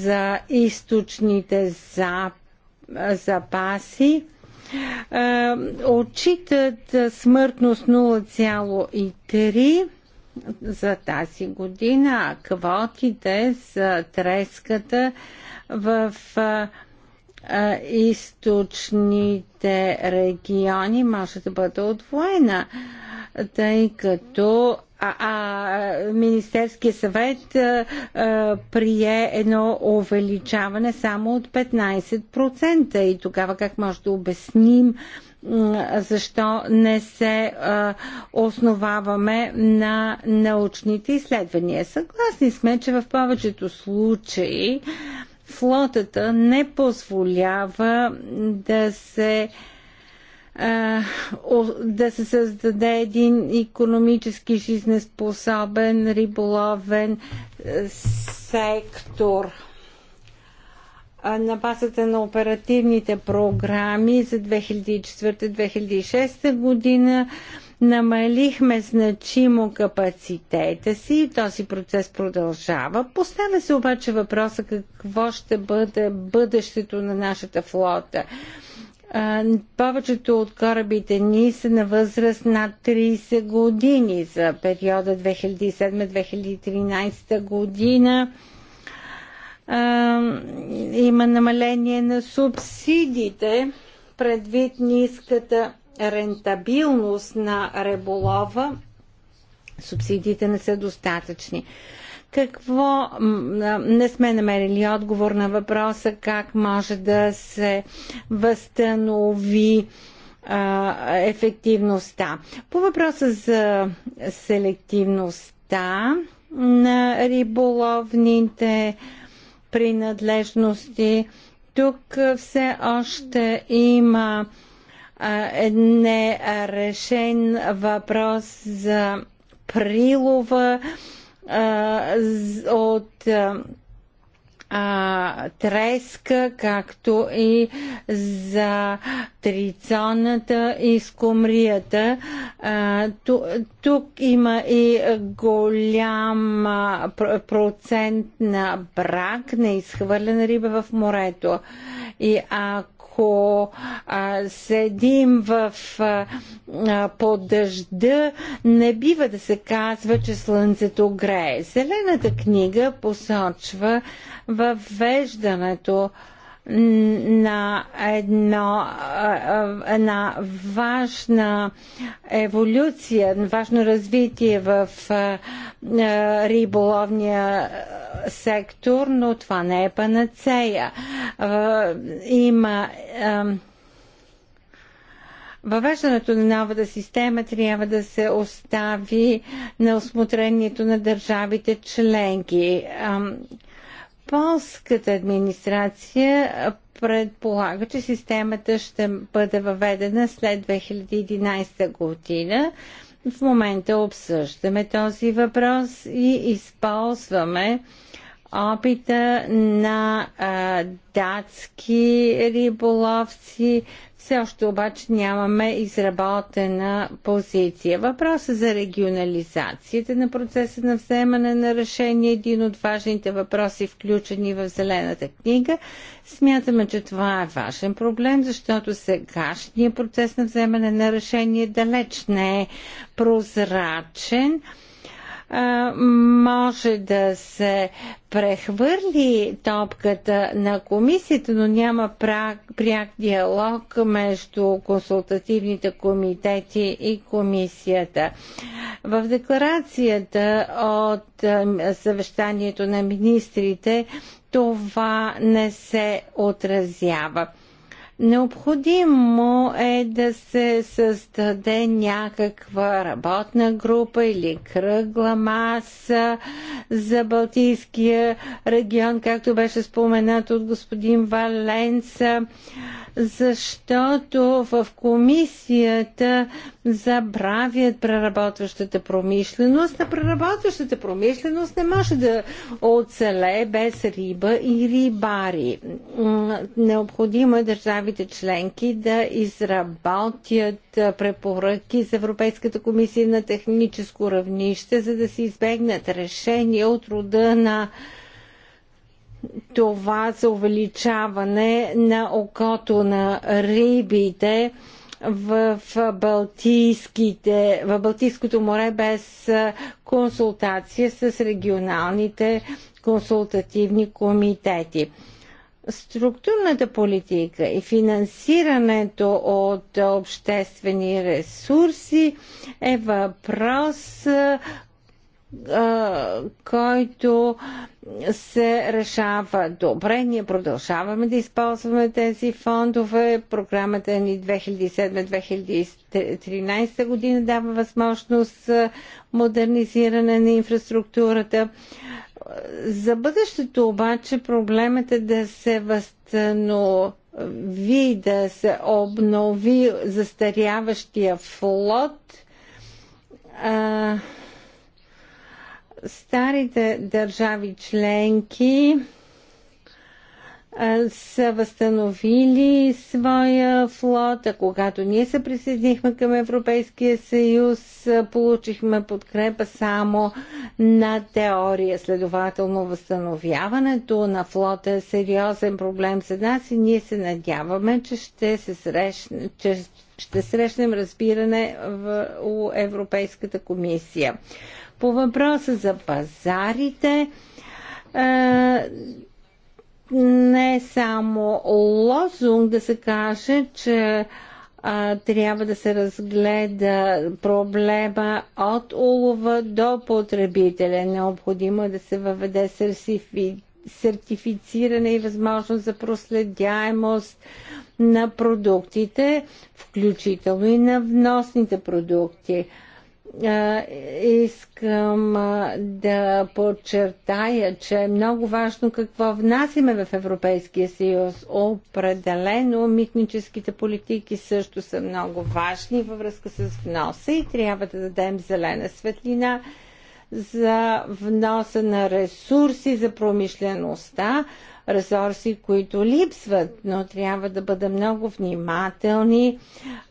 за източните запаси отчитат смъртност 0,3 за тази година. Квотите за треската в източните региони може да бъде отвоена, тъй като а, а, Министерския съвет а, а, прие едно увеличаване само от 15%. И тогава как може да обясним защо не се основаваме на научните изследвания. Съгласни сме, че в повечето случаи флотата не позволява да се да се създаде един економически жизнеспособен риболовен сектор на базата на оперативните програми за 2004-2006 година намалихме значимо капацитета си. и Този процес продължава. Поставя се обаче въпроса какво ще бъде бъдещето на нашата флота. Повечето от корабите ни са на възраст над 30 години за периода 2007-2013 година а, има намаление на субсидиите предвид ниската рентабилност на реболова. Субсидиите не са достатъчни. Какво не сме намерили отговор на въпроса как може да се възстанови а, ефективността. По въпроса за селективността на риболовните а, принадлежности. Тук все още има нерешен въпрос за прилова от а, треска, както и за трицоната и скумрията. А, тук има и голям процент на брак, на изхвърлена риба в морето. И ако ако а, седим в а, под дъжда, не бива да се казва, че слънцето грее. Зелената книга посочва въвеждането на едно, една важна еволюция, важно развитие в риболовния сектор, но това не е панацея. Има Въвеждането на новата система трябва да се остави на осмотрението на държавите членки японската администрация предполага, че системата ще бъде въведена след 2011 година. В момента обсъждаме този въпрос и използваме опита на а, датски риболовци. Все още обаче нямаме изработена позиция. Въпроса за регионализацията на процеса на вземане на решение е един от важните въпроси, включени в Зелената книга. Смятаме, че това е важен проблем, защото сегашният процес на вземане на решение далеч не е прозрачен може да се прехвърли топката на комисията, но няма пряк диалог между консултативните комитети и комисията. В декларацията от съвещанието на министрите това не се отразява. Необходимо е да се създаде някаква работна група или кръгла маса за Балтийския регион, както беше споменато от господин Валенца, защото в комисията забравят преработващата промишленост, а преработващата промишленост не може да оцеле без риба и рибари. Необходимо е държави държавите членки да изработят препоръки за Европейската комисия на техническо равнище, за да се избегнат решения от рода на това за увеличаване на окото на рибите в, Балтийските, в Балтийското море без консултация с регионалните консултативни комитети структурната политика и финансирането от обществени ресурси е въпрос, който се решава добре. Ние продължаваме да използваме тези фондове. Програмата ни 2007-2013 година дава възможност модернизиране на инфраструктурата. За бъдещето обаче проблемът е да се възстанови, да се обнови застаряващия флот. А, старите държави членки са възстановили своя флот, а когато ние се присъединихме към Европейския съюз, получихме подкрепа само на теория. Следователно, възстановяването на флота е сериозен проблем за нас и ние се надяваме, че ще се срещне, че ще срещнем разбиране в, у Европейската комисия. По въпроса за пазарите, е, не само лозунг да се каже, че а, трябва да се разгледа проблема от улова до потребителя. Необходимо е да се въведе сертифициране и възможност за проследяемост на продуктите, включително и на вносните продукти искам да подчертая, че е много важно какво внасяме в Европейския съюз. Определено митническите политики също са много важни във връзка с вноса и трябва да дадем зелена светлина за вноса на ресурси за промишлеността, ресурси, които липсват, но трябва да бъдем много внимателни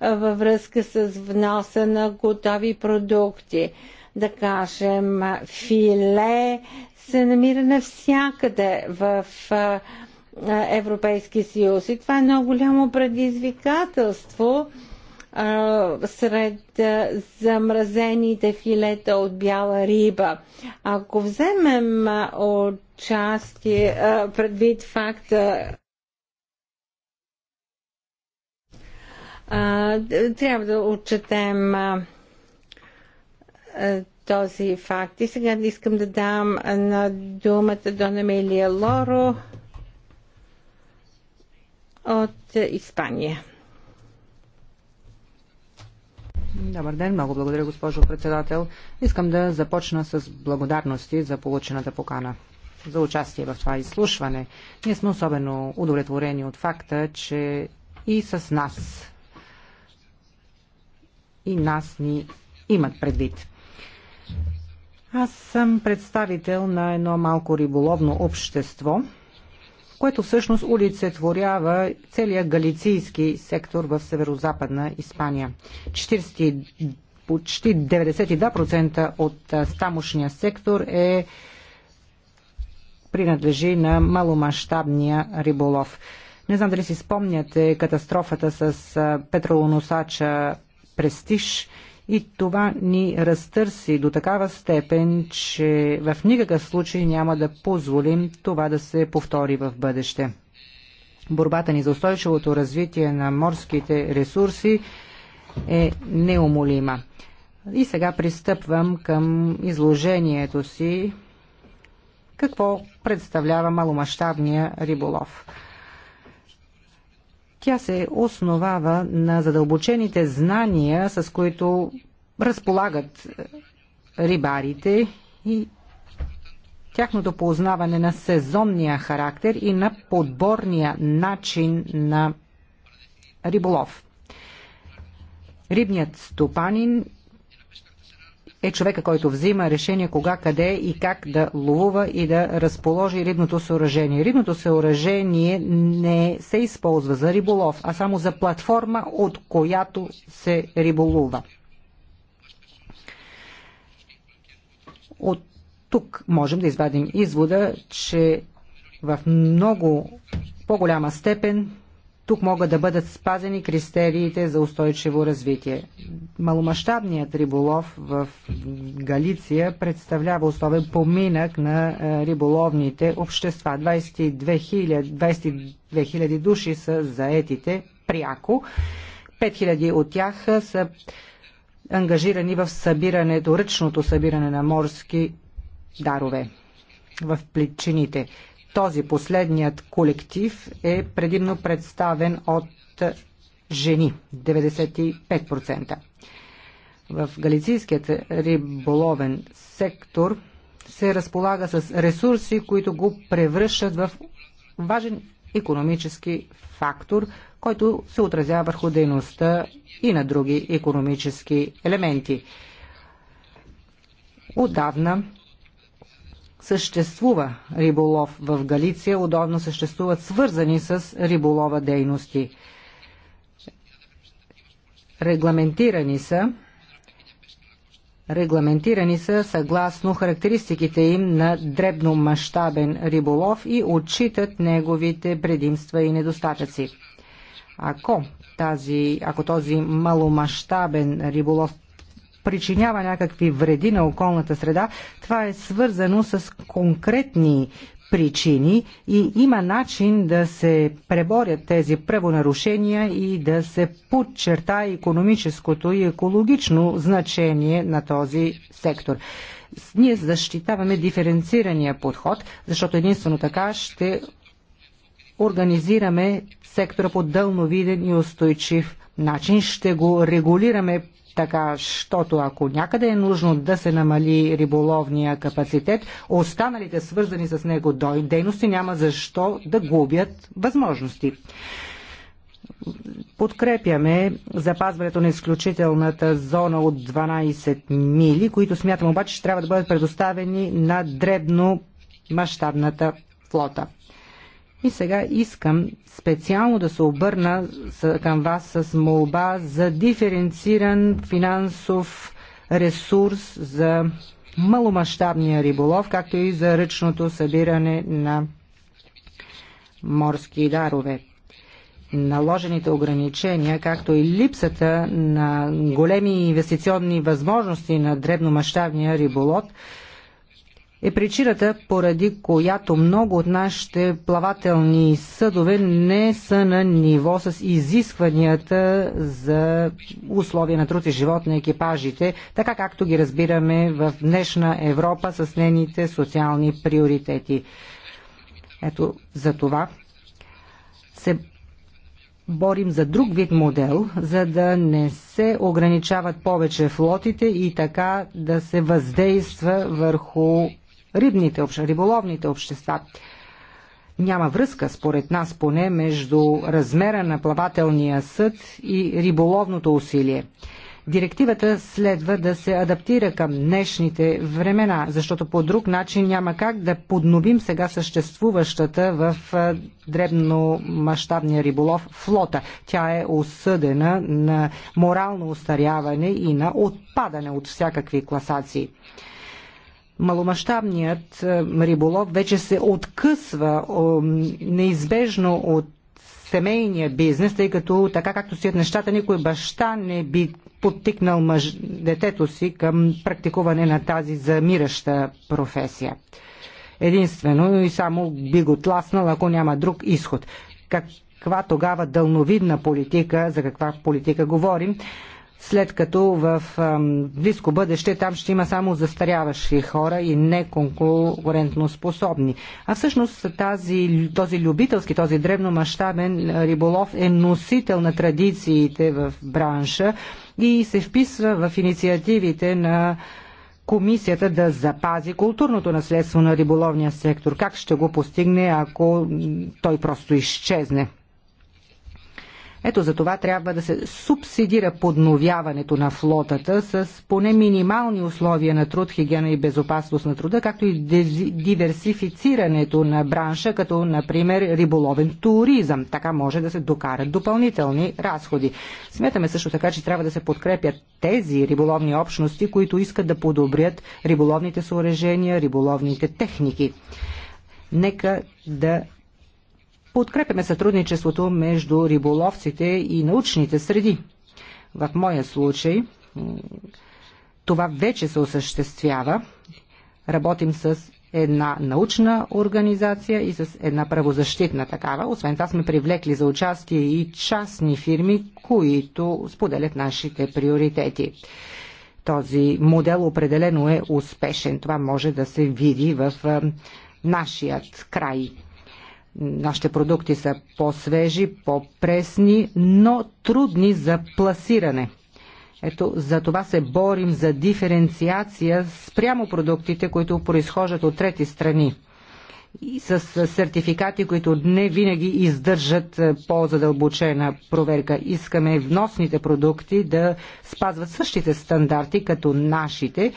във връзка с вноса на готови продукти. Да кажем, филе се намира навсякъде в Европейския съюз и това е много голямо предизвикателство сред замразените филета от бяла риба. Ако вземем части предвид факта, трябва да отчетем този факт. И сега искам да дам на думата Дона намелия Лоро от Испания. Добър ден, много благодаря, госпожо председател. Искам да започна с благодарности за получената покана за участие в това изслушване. Ние сме особено удовлетворени от факта, че и с нас и нас ни имат предвид. Аз съм представител на едно малко риболовно общество – което всъщност улицетворява целия галицийски сектор в северо-западна Испания. 40, почти 92% от тамошния сектор е принадлежи на маломащабния риболов. Не знам дали си спомняте катастрофата с петролоносача Престиж – и това ни разтърси до такава степен, че в никакъв случай няма да позволим това да се повтори в бъдеще. Борбата ни за устойчивото развитие на морските ресурси е неумолима. И сега пристъпвам към изложението си какво представлява маломащабния риболов. Тя се основава на задълбочените знания, с които разполагат е, рибарите и тяхното познаване на сезонния характер и на подборния начин на риболов. Рибният стопанин е човека, който взима решение кога, къде и как да ловува и да разположи рибното съоръжение. Рибното съоръжение не се използва за риболов, а само за платформа, от която се риболува. От тук можем да извадим извода, че в много по-голяма степен тук могат да бъдат спазени критериите за устойчиво развитие. Маломащабният риболов в Галиция представлява особен поминък на е, риболовните общества. 22 000, 22 000 души са заетите пряко. 5000 от тях са ангажирани в събирането, ръчното събиране на морски дарове в плечините. Този последният колектив е предимно представен от жени 95%. В галицийският риболовен сектор се разполага с ресурси, които го превръщат в важен економически фактор, който се отразява върху дейността и на други економически елементи. Отдавна съществува риболов в Галиция, удобно съществуват свързани с риболова дейности. Регламентирани са регламентирани са съгласно характеристиките им на дребномащабен риболов и отчитат неговите предимства и недостатъци. Ако, тази, ако този маломащабен риболов причинява някакви вреди на околната среда, това е свързано с конкретни причини и има начин да се преборят тези правонарушения и да се подчерта економическото и екологично значение на този сектор. Ние защитаваме диференцирания подход, защото единствено така ще организираме сектора по дълновиден и устойчив начин, ще го регулираме така, щото ако някъде е нужно да се намали риболовния капацитет, останалите свързани с него дейности няма защо да губят възможности. Подкрепяме запазването на изключителната зона от 12 мили, които смятам обаче, че трябва да бъдат предоставени на дребно мащабната флота. И сега искам специално да се обърна към вас с молба за диференциран финансов ресурс за маломащабния риболов, както и за ръчното събиране на морски дарове. Наложените ограничения, както и липсата на големи инвестиционни възможности на дребномащабния риболов, е причината, поради която много от нашите плавателни съдове не са на ниво с изискванията за условия на труд и живот на екипажите, така както ги разбираме в днешна Европа с нейните социални приоритети. Ето за това се борим за друг вид модел, за да не се ограничават повече флотите и така да се въздейства върху рибните общества, риболовните общества. Няма връзка, според нас поне, между размера на плавателния съд и риболовното усилие. Директивата следва да се адаптира към днешните времена, защото по друг начин няма как да подновим сега съществуващата в дребномащабния риболов флота. Тя е осъдена на морално устаряване и на отпадане от всякакви класации маломащабният е, риболов вече се откъсва е, неизбежно от семейния бизнес, тъй като така както стоят нещата, никой баща не би подтикнал мъж, детето си към практикуване на тази замираща професия. Единствено и само би го тласнал, ако няма друг изход. Каква тогава дълновидна политика, за каква политика говорим? след като в близко бъдеще там ще има само застаряващи хора и неконкурентно способни. А всъщност тази, този любителски, този дребномащабен риболов е носител на традициите в бранша и се вписва в инициативите на комисията да запази културното наследство на риболовния сектор. Как ще го постигне, ако той просто изчезне? Ето за това трябва да се субсидира подновяването на флотата с поне минимални условия на труд, хигиена и безопасност на труда, както и диверсифицирането на бранша, като например риболовен туризъм. Така може да се докарат допълнителни разходи. Сметаме също така, че трябва да се подкрепят тези риболовни общности, които искат да подобрят риболовните съоръжения, риболовните техники. Нека да Подкрепяме сътрудничеството между риболовците и научните среди. В моя случай това вече се осъществява. Работим с една научна организация и с една правозащитна такава. Освен това сме привлекли за участие и частни фирми, които споделят нашите приоритети. Този модел определено е успешен. Това може да се види в нашият край. Нашите продукти са по-свежи, по-пресни, но трудни за пласиране. Ето, за това се борим за диференциация спрямо продуктите, които произхождат от трети страни и с сертификати, които не винаги издържат е, по-задълбочена проверка. Искаме вносните продукти да спазват същите стандарти като нашите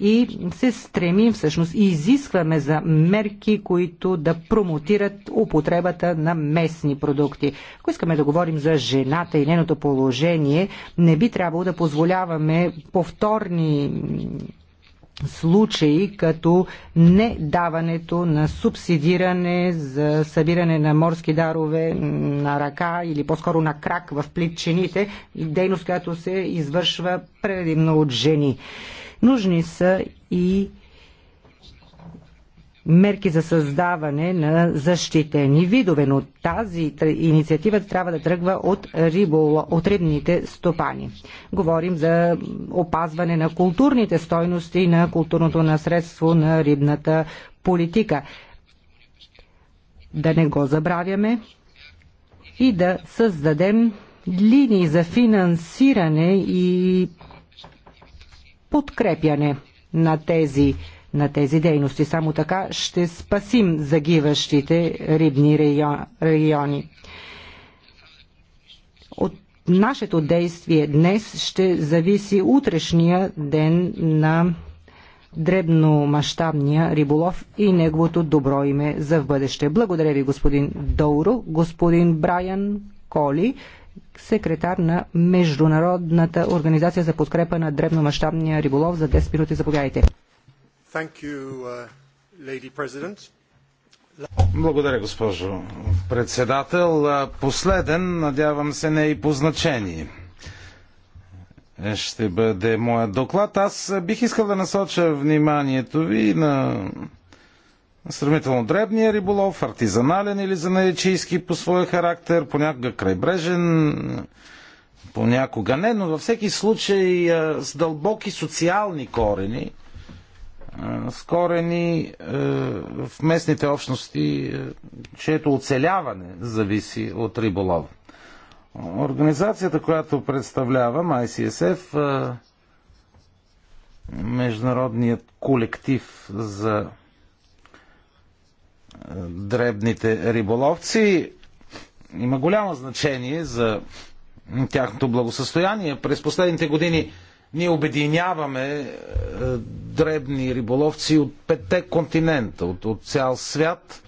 и се стремим всъщност и изискваме за мерки, които да промотират употребата на местни продукти. Ако искаме да говорим за жената и нейното положение, не би трябвало да позволяваме повторни случаи като не даването на субсидиране за събиране на морски дарове на ръка или по-скоро на крак в плитчините, дейност, която се извършва предимно от жени. Нужни са и мерки за създаване на защитени видове, но тази инициатива трябва да тръгва от, риболо, от рибните стопани. Говорим за опазване на културните стойности на културното наследство на рибната политика. Да не го забравяме и да създадем линии за финансиране и подкрепяне на тези на тези дейности. Само така ще спасим загиващите рибни райони. От нашето действие днес ще зависи утрешния ден на дребномащабния риболов и неговото добро име за в бъдеще. Благодаря ви, господин Доуро, господин Брайан Коли, секретар на Международната организация за подкрепа на дребномащабния риболов. За 10 минути заповядайте. Uh, Благодаря, госпожо председател. Последен, надявам се, не е и по значение. Е, ще бъде моят доклад. Аз бих искал да насоча вниманието ви на сравнително дребния риболов, артизанален или занаечийски по своя характер, понякога крайбрежен, понякога не, но във всеки случай с дълбоки социални корени – с корени в местните общности, чието оцеляване зависи от риболов. Организацията, която представлявам, ICSF, Международният колектив за дребните риболовци, има голямо значение за тяхното благосъстояние. През последните години ние обединяваме е, дребни риболовци от петте континента, от, от цял свят,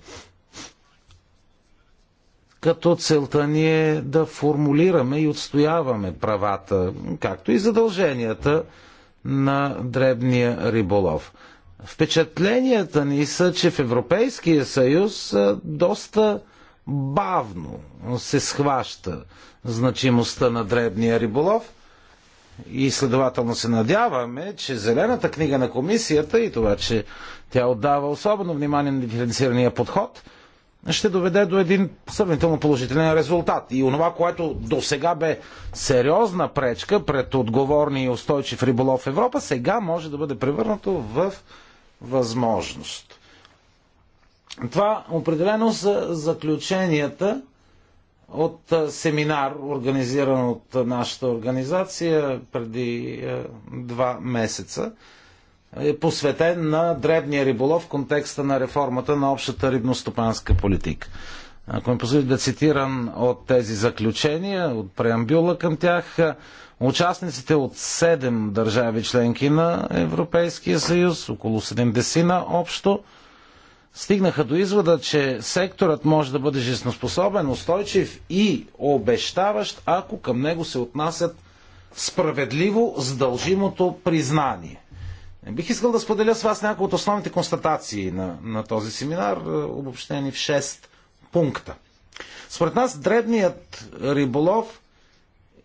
като целта ни е да формулираме и отстояваме правата, както и задълженията на дребния риболов. Впечатленията ни са, че в Европейския съюз е, доста бавно се схваща значимостта на дребния риболов – и следователно се надяваме, че зелената книга на комисията и това, че тя отдава особено внимание на диференцирания подход, ще доведе до един сравнително положителен резултат. И онова, което до сега бе сериозна пречка пред отговорни и устойчив риболов в Европа, сега може да бъде превърнато в възможност. Това определено са заключенията от семинар, организиран от нашата организация преди два месеца, е посветен на дребния риболов в контекста на реформата на общата рибностопанска политика. Ако ми позволите да цитирам от тези заключения, от преамбюла към тях, участниците от 7 държави членки на Европейския съюз, около 70 на общо, стигнаха до извода, че секторът може да бъде жизнеспособен, устойчив и обещаващ, ако към него се отнасят справедливо с дължимото признание. Бих искал да споделя с вас някои от основните констатации на, на този семинар, е, обобщени в 6 пункта. Според нас дребният риболов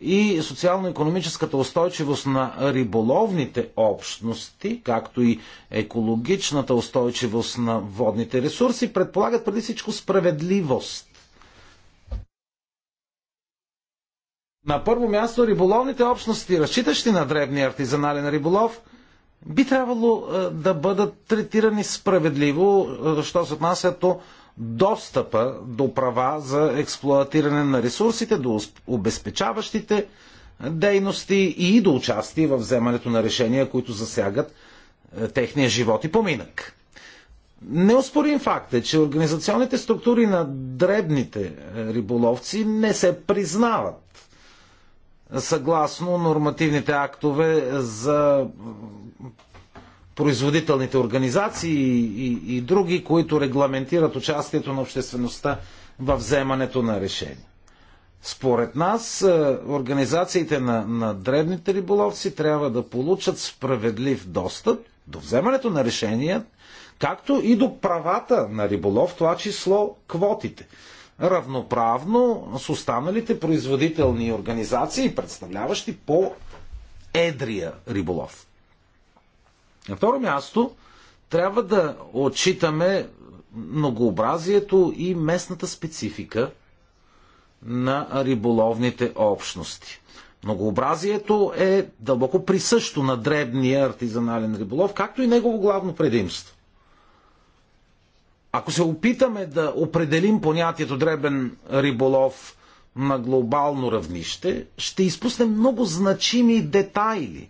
и социално-економическата устойчивост на риболовните общности, както и екологичната устойчивост на водните ресурси, предполагат преди всичко справедливост. На първо място риболовните общности, разчитащи на древния артизанален риболов, би трябвало е, да бъдат третирани справедливо, е, що се отнася до достъпа до права за експлоатиране на ресурсите, до обезпечаващите дейности и до участие в вземането на решения, които засягат е, техния живот и поминък. Неоспорим факт е, че организационните структури на дребните е, риболовци не се признават съгласно нормативните актове за производителните организации и, и, и други, които регламентират участието на обществеността във вземането на решения. Според нас, е, организациите на, на дребните риболовци трябва да получат справедлив достъп до вземането на решения, както и до правата на риболов, това число квотите. Равноправно с останалите производителни организации, представляващи по-едрия риболов. На второ място, трябва да отчитаме многообразието и местната специфика на риболовните общности. Многообразието е дълбоко присъщо на дребния артизанален риболов, както и негово главно предимство. Ако се опитаме да определим понятието дребен риболов на глобално равнище, ще изпуснем много значими детайли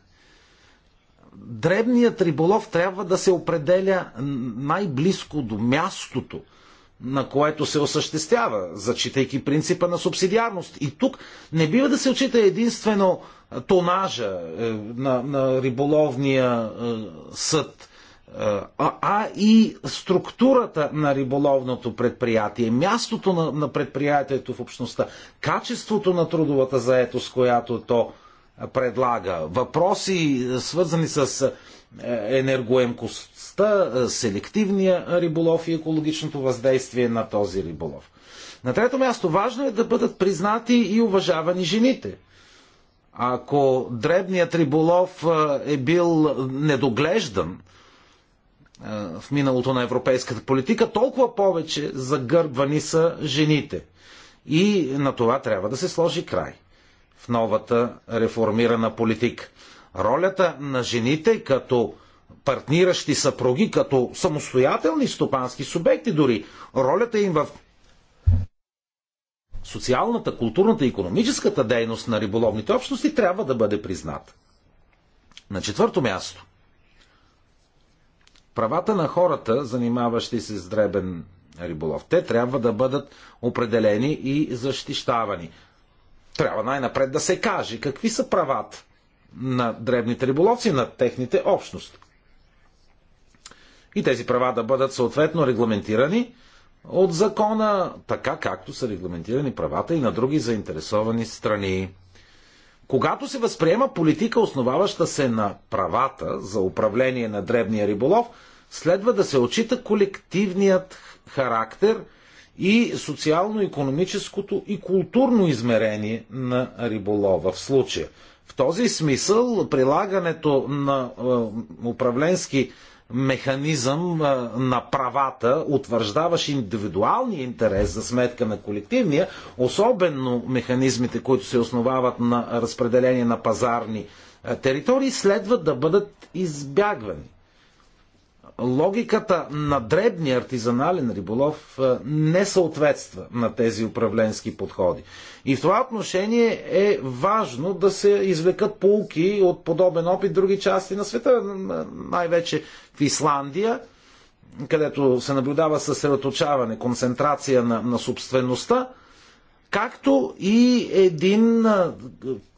дребният риболов трябва да се определя най-близко до мястото, на което се осъществява, зачитайки принципа на субсидиарност. И тук не бива да се отчита единствено тонажа е, на, на риболовния е, съд, е, а, а и структурата на риболовното предприятие, мястото на, на предприятието в общността, качеството на трудовата заетост, която то предлага. Въпроси, е, свързани с е, енергоемкостта, е, селективния риболов и екологичното въздействие на този риболов. На трето място, важно е да бъдат признати и уважавани жените. Ако дребният риболов е бил недоглеждан в миналото на европейската политика, толкова повече загърбвани са жените. И на това трябва да се сложи край в новата реформирана политика. Ролята на жените като партниращи съпруги, като самостоятелни стопански субекти дори, ролята им в социалната, културната и економическата дейност на риболовните общности трябва да бъде призната. На четвърто място. Правата на хората, занимаващи се с дребен риболов, те трябва да бъдат определени и защищавани трябва най-напред да се каже какви са правата на дребните риболовци, на техните общности. И тези права да бъдат съответно регламентирани от закона, така както са регламентирани правата и на други заинтересовани страни. Когато се възприема политика, основаваща се на правата за управление на дребния риболов, следва да се отчита колективният характер – и социално-економическото и културно измерение на риболова в случая. В този смисъл прилагането на е, управленски механизъм е, на правата, утвърждаващ индивидуалния интерес за сметка на колективния, особено механизмите, които се основават на разпределение на пазарни е, територии, следва да бъдат избягвани логиката на дребния артизанален риболов не съответства на тези управленски подходи. И в това отношение е важно да се извлекат полки от подобен опит в други части на света, най-вече в Исландия, където се наблюдава съсредоточаване, концентрация на, на собствеността, както и един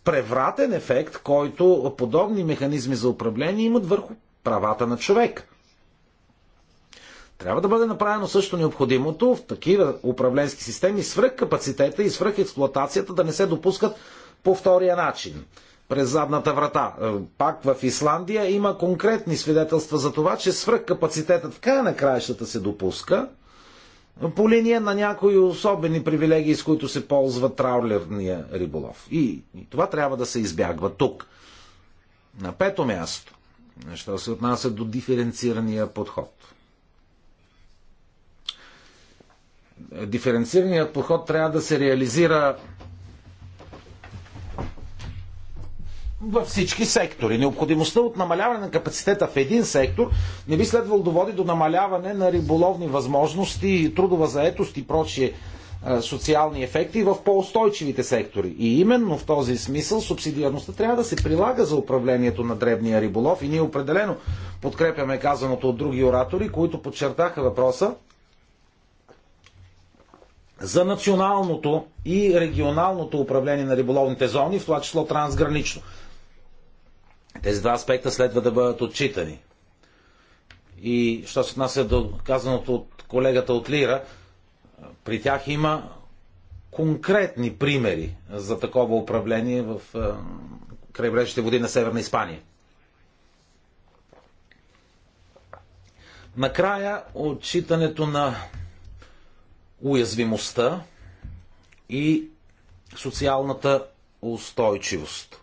превратен ефект, който подобни механизми за управление имат върху правата на човека. Трябва да бъде направено също необходимото в такива управленски системи свръх капацитета и свръх експлуатацията да не се допускат по втория начин. През задната врата. Е, пак в Исландия има конкретни свидетелства за това, че свръхкапацитетът в края на краищата се допуска по линия на някои особени привилегии, с които се ползва траулерния риболов. И, и това трябва да се избягва тук. На пето място, що се отнася до диференцирания подход – диференцираният подход трябва да се реализира във всички сектори. Необходимостта от намаляване на капацитета в един сектор не би следвало да води до намаляване на риболовни възможности, трудова заетост и прочие социални ефекти в по-устойчивите сектори. И именно в този смисъл субсидиарността трябва да се прилага за управлението на дребния риболов и ние определено подкрепяме казаното от други оратори, които подчертаха въпроса за националното и регионалното управление на риболовните зони, в това число трансгранично. Тези два аспекта следва да бъдат отчитани. И що се отнася до казаното от колегата от Лира, при тях има конкретни примери за такова управление в е, крайбрежните води на Северна Испания. Накрая отчитането на уязвимостта и социалната устойчивост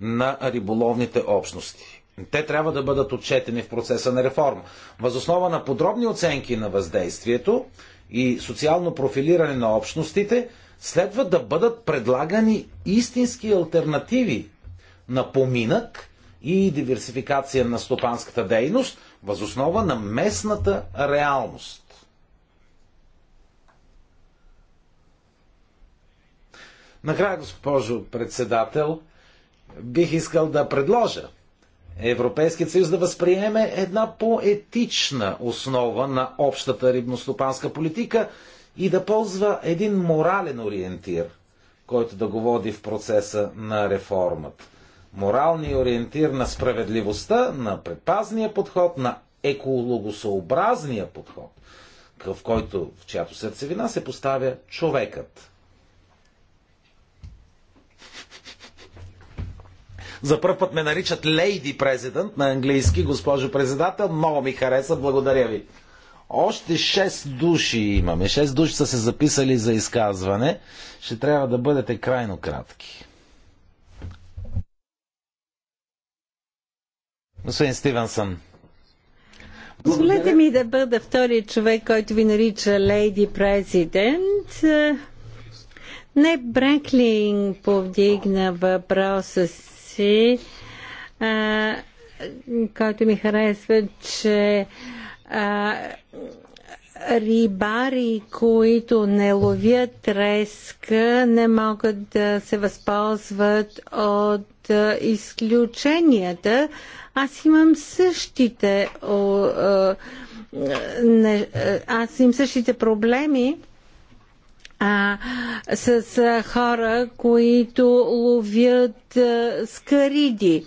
на риболовните общности. Те трябва да бъдат отчетени в процеса на реформа. Възоснова на подробни оценки на въздействието и социално профилиране на общностите, следва да бъдат предлагани истински альтернативи на поминък и диверсификация на стопанската дейност, възоснова на местната реалност. Накрая, госпожо председател, бих искал да предложа Европейският съюз да възприеме една по-етична основа на общата рибностопанска политика и да ползва един морален ориентир, който да го води в процеса на реформата. Моралния ориентир на справедливостта, на предпазния подход, на екологосъобразния подход, в който, в чиято сърцевина се поставя човекът. За първ път ме наричат Lady President на английски, госпожо председател. Много ми хареса, благодаря ви. Още 6 души имаме. 6 души са се записали за изказване. Ще трябва да бъдете крайно кратки. Господин Стивенсън. Позволете ми да бъда втори човек, който ви нарича Лейди Президент. Не Бреклин повдигна въпроса си, а, който ми харесва, че а, рибари, които не ловят треска, не могат да се възползват от а, изключенията. Аз имам същите. О, а, не, аз имам същите проблеми а, с а, хора, които ловят а, скариди.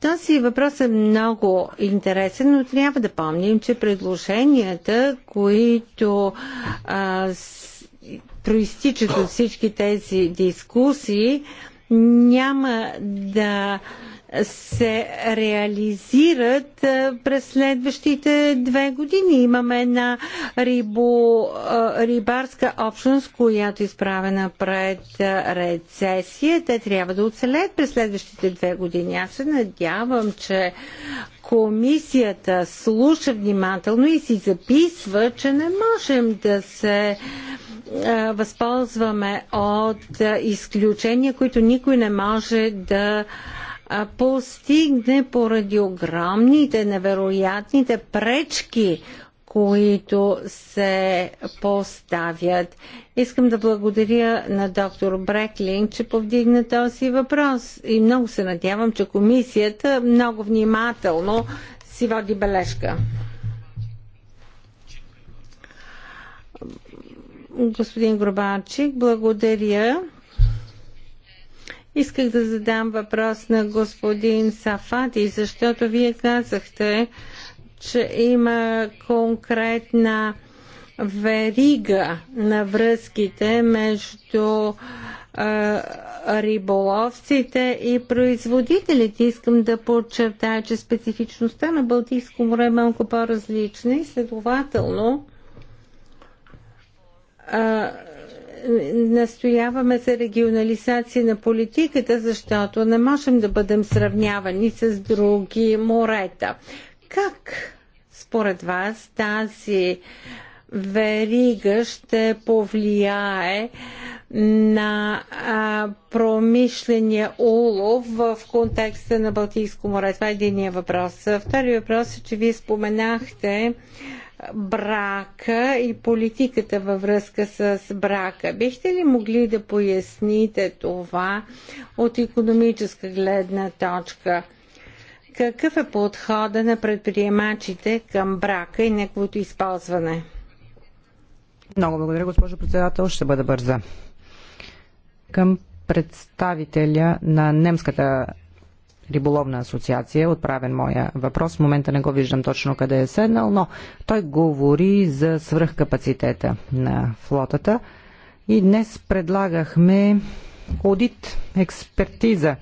Този въпрос е много интересен, но трябва да помним, че предложенията, които а, с, проистичат от всички тези дискусии, няма да а, се реализират през следващите две години. Имаме една рибо, рибарска общност, която е изправена пред рецесия. Те трябва да оцелеят през следващите две години. Аз се надявам, че комисията слуша внимателно и си записва, че не можем да се възползваме от изключения, които никой не може да постигне поради огромните, невероятните пречки, които се поставят. Искам да благодаря на доктор Бреклин, че повдигна този въпрос и много се надявам, че комисията много внимателно си води бележка. Господин Гробачик, благодаря. Исках да задам въпрос на господин Сафати, защото вие казахте, че има конкретна верига на връзките между риболовците и производителите. Искам да подчертая, че специфичността на Балтийско море е малко по-различна и следователно а, настояваме за регионализация на политиката, защото не можем да бъдем сравнявани с други морета. Как според вас тази верига ще повлияе на а, промишления улов в контекста на Балтийско море? Това е единия въпрос. Втори въпрос е, че вие споменахте а, брака и политиката във връзка с брака. Бихте ли могли да поясните това от економическа гледна точка? Какъв е подхода на предприемачите към брака и неговото използване? Много благодаря, госпожо председател. Ще бъда бърза. Към представителя на немската риболовна асоциация, отправен моя въпрос. В момента не го виждам точно къде е седнал, но той говори за свръхкапацитета на флотата. И днес предлагахме аудит, експертиза.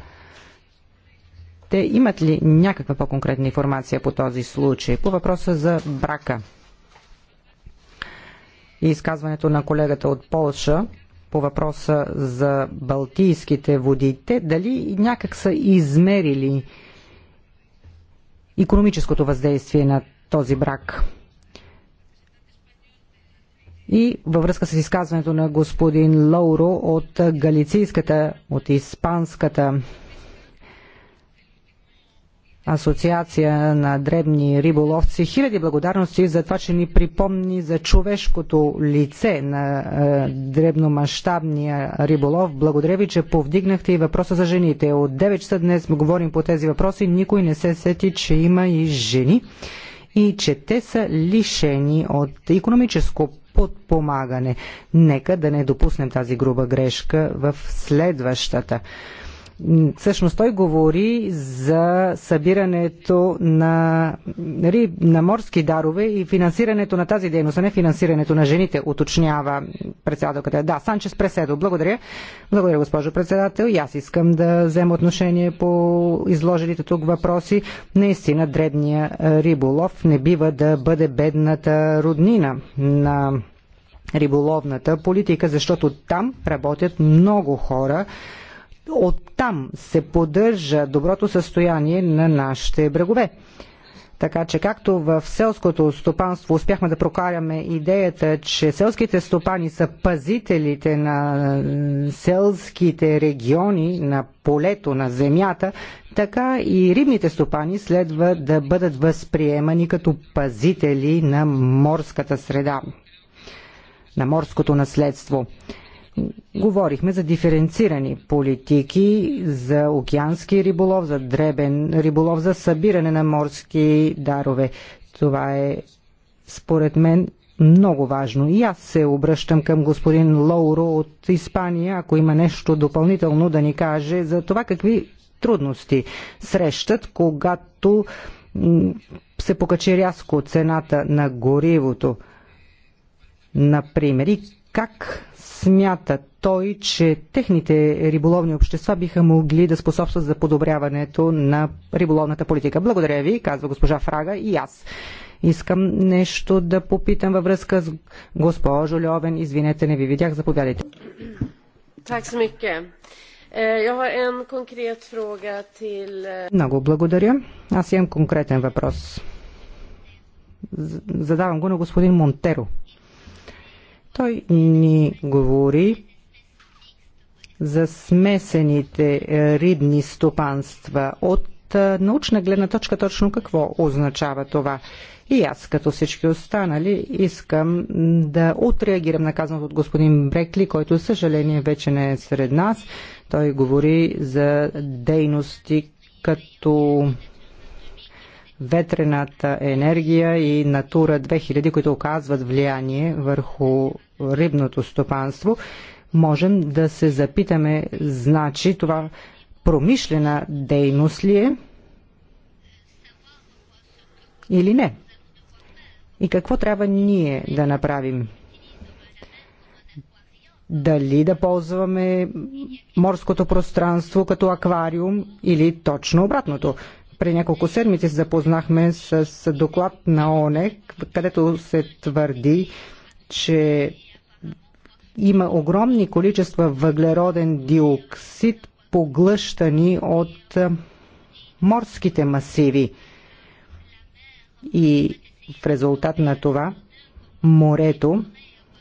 Те имат ли някаква по-конкретна информация по този случай? По въпроса за брака и изказването на колегата от Полша – по въпроса за Балтийските води. Те дали някак са измерили економическото въздействие на този брак? И във връзка с изказването на господин Лоуро от галицийската, от испанската асоциация на дребни риболовци. Хиляди благодарности за това, че ни припомни за човешкото лице на е, дребномащабния риболов. Благодаря ви, че повдигнахте и въпроса за жените. От 9 часа днес говорим по тези въпроси. Никой не се сети, че има и жени и че те са лишени от економическо подпомагане. Нека да не допуснем тази груба грешка в следващата. Всъщност той говори за събирането на, нали, на морски дарове и финансирането на тази дейност, а не финансирането на жените, уточнява председателката. Да, Санчес Преседо, благодаря. Благодаря, госпожо председател. И аз искам да взема отношение по изложените тук въпроси. Наистина, дребния риболов не бива да бъде бедната роднина на риболовната политика, защото там работят много хора, оттам се поддържа доброто състояние на нашите брегове. Така че както в селското стопанство успяхме да прокараме идеята, че селските стопани са пазителите на селските региони, на полето, на земята, така и рибните стопани следва да бъдат възприемани като пазители на морската среда, на морското наследство. Говорихме за диференцирани политики, за океански риболов, за дребен риболов, за събиране на морски дарове. Това е, според мен, много важно. И аз се обръщам към господин Лоуро от Испания, ако има нещо допълнително да ни каже за това какви трудности срещат, когато се покачи рязко цената на горивото, например, и как смята той, че техните риболовни общества биха могли да способстват за подобряването на риболовната политика. Благодаря ви, казва госпожа Фрага и аз. Искам нещо да попитам във връзка с госпожо Льовен. Извинете, не ви видях. Заповядайте. Eh, eh, Много благодаря. Аз имам конкретен въпрос. Задавам го на господин Монтеро. Той ни говори за смесените е, рибни стопанства. От е, научна гледна точка точно какво означава това? И аз, като всички останали, искам да отреагирам наказаното от господин Брекли, който, съжаление, вече не е сред нас. Той говори за дейности като ветрената енергия и Натура 2000, които оказват влияние върху рибното стопанство, можем да се запитаме, значи това промишлена дейност ли е или не? И какво трябва ние да направим? Дали да ползваме морското пространство като аквариум или точно обратното – при няколко седмици се запознахме с доклад на ОНЕ, където се твърди, че има огромни количества въглероден диоксид, поглъщани от морските масиви. И в резултат на това морето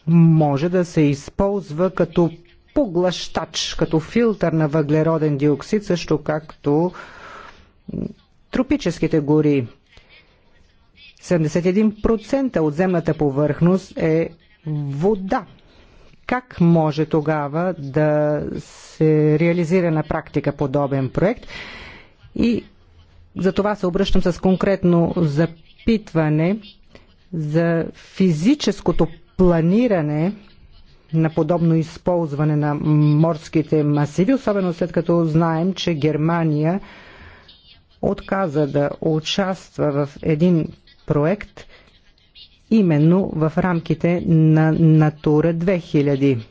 може да се използва като поглъщач, като филтър на въглероден диоксид, също както тропическите гори. 71% от земната повърхност е вода. Как може тогава да се реализира на практика подобен проект? И за това се обръщам с конкретно запитване за физическото планиране на подобно използване на морските масиви, особено след като знаем, че Германия отказа да участва в един проект именно в рамките на Натура 2000.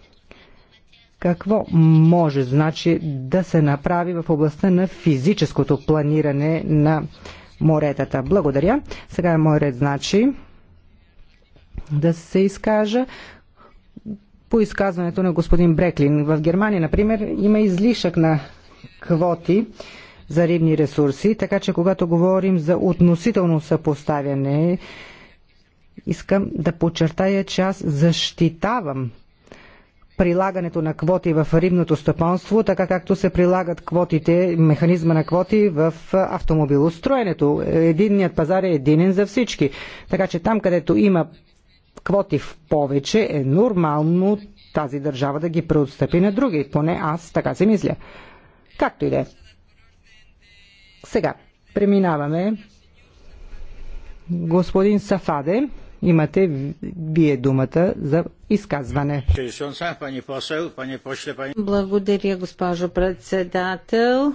Какво може значи да се направи в областта на физическото планиране на моретата? Благодаря. Сега е мой ред значи да се изкажа по изказването на господин Бреклин. В Германия, например, има излишък на квоти за рибни ресурси, така че когато говорим за относително съпоставяне, искам да подчертая, че аз защитавам прилагането на квоти в рибното стъпанство, така както се прилагат квотите, механизма на квоти в автомобилостроенето. Единният пазар е единен за всички. Така че там, където има квоти в повече, е нормално тази държава да ги преотстъпи на други. Поне аз така си мисля. Както и да е. Сега, преминаваме. Господин Сафаде, имате вие думата за изказване. Благодаря, госпожо председател.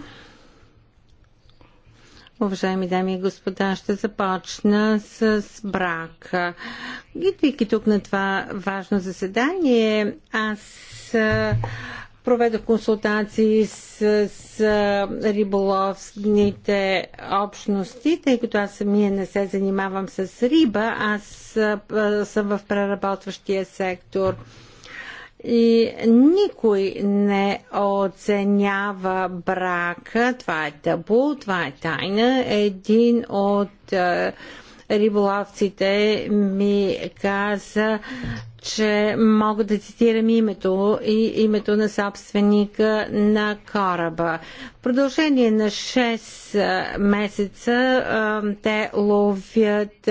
Уважаеми дами и господа, ще започна с брак. Идвайки тук на това важно заседание, аз проведох консултации с, с риболовните общности, тъй като аз самия не се занимавам с риба, аз съм в преработващия сектор. И никой не оценява брака. Това е табу, това е тайна. Един от риболовците ми каза, че мога да цитирам името и името на собственика на кораба. В продължение на 6 месеца те ловят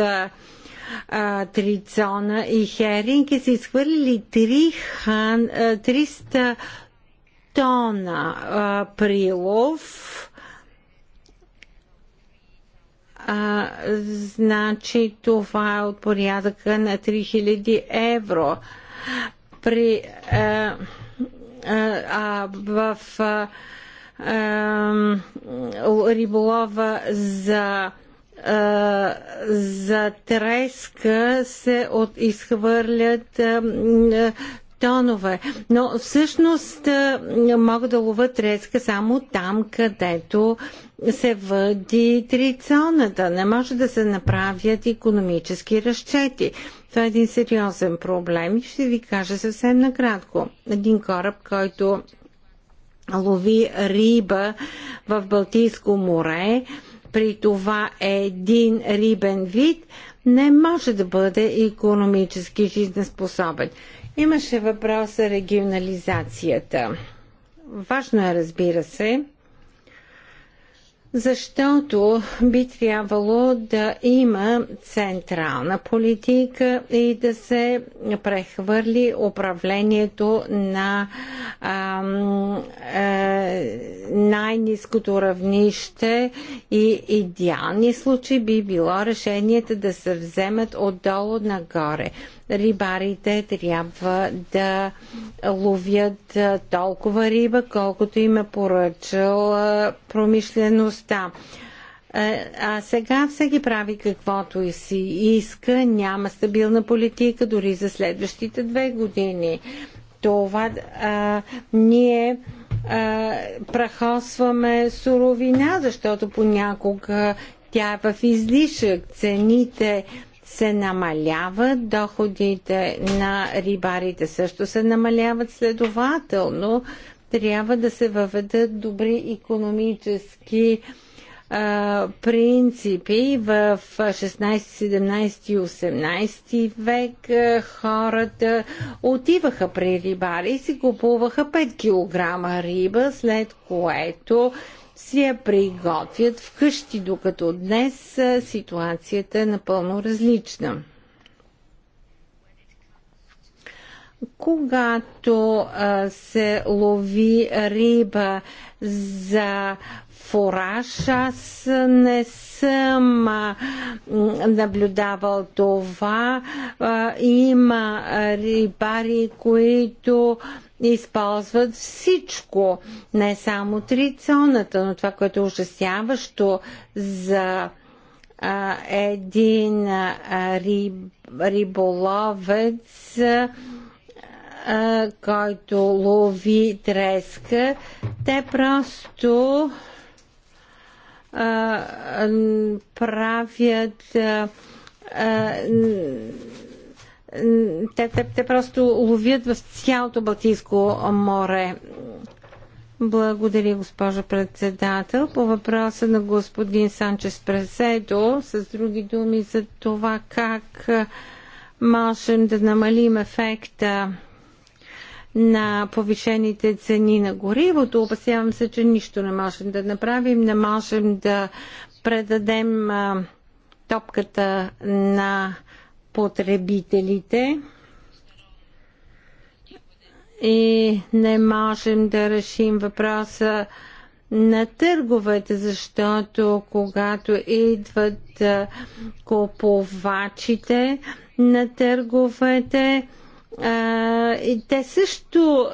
трицона и херинг и са изхвърлили 300 тона прилов а, значи това е от порядъка на 3000 евро. При, а, е, е, а, в а, е, а, риболова за за треска се от, изхвърлят тонове. Но всъщност могат да ловят треска само там, където се въди трицоната. Не може да се направят економически разчети. Това е един сериозен проблем и ще ви кажа съвсем накратко. Един кораб, който лови риба в Балтийско море, при това е един рибен вид, не може да бъде економически жизнеспособен. Имаше въпрос за регионализацията. Важно е, разбира се, защото би трябвало да има централна политика и да се прехвърли управлението на е, най-низкото равнище и идеални случаи би било решението да се вземат отдолу нагоре рибарите трябва да ловят толкова риба, колкото им е поръчал промишлеността. А сега всеки прави каквото и си иска, няма стабилна политика дори за следващите две години. Това а, ние а, прахосваме суровина, защото понякога тя е в излишък. Цените се намаляват, доходите на рибарите също се намаляват, следователно трябва да се въведат добри економически а, принципи в 16, 17 и 18 век а, хората отиваха при рибари и си купуваха 5 кг риба, след което си я приготвят вкъщи, докато днес ситуацията е напълно различна. Когато а, се лови риба за фораж, аз не съм наблюдавал това. Има рибари, които използват всичко, не само трицоната, но това, което е ужасяващо за а, един а, риб, риболовец, а, който лови треска, те просто а, правят а, а, те, те, те просто ловят в цялото Балтийско море. Благодаря, госпожо председател. По въпроса на господин Санчес Преседо, с други думи за това как можем да намалим ефекта на повишените цени на горивото. Опасявам се, че нищо не можем да направим. Не можем да предадем топката на потребителите и не можем да решим въпроса на търговете, защото когато идват купувачите на търговете, и те също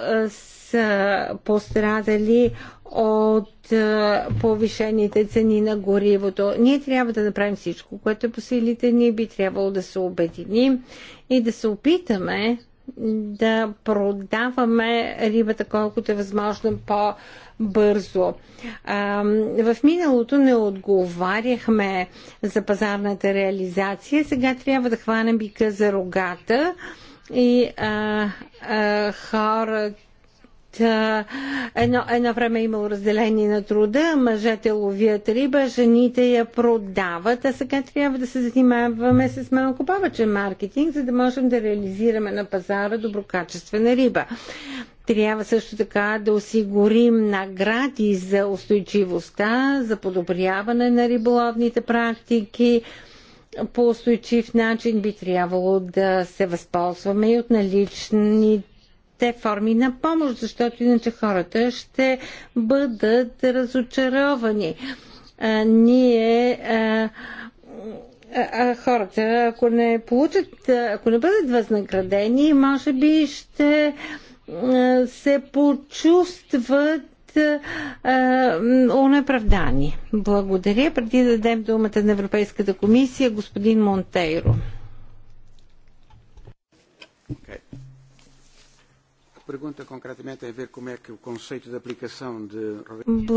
са пострадали от е, повишените цени на горивото. Ние трябва да направим всичко, което е по силите ни, би трябвало да се обединим и да се опитаме да продаваме рибата колкото е възможно по-бързо. В миналото не отговаряхме за пазарната реализация, сега трябва да хванем бика за рогата и а, а, хората е, едно, едно време е имало разделение на труда, мъжете ловят риба, жените я продават, а сега трябва да се занимаваме с малко повече маркетинг, за да можем да реализираме на пазара доброкачествена риба. Трябва също така да осигурим награди за устойчивостта, за подобряване на риболовните практики, по устойчив начин би трябвало да се възползваме и от наличните те форми на помощ, защото иначе хората ще бъдат разочаровани. А, ние а, а, хората, ако не получат, ако не бъдат възнаградени, може би ще а, се почувстват онеправдани. Благодаря. Преди да дадем думата на Европейската комисия, господин Монтейро. Okay.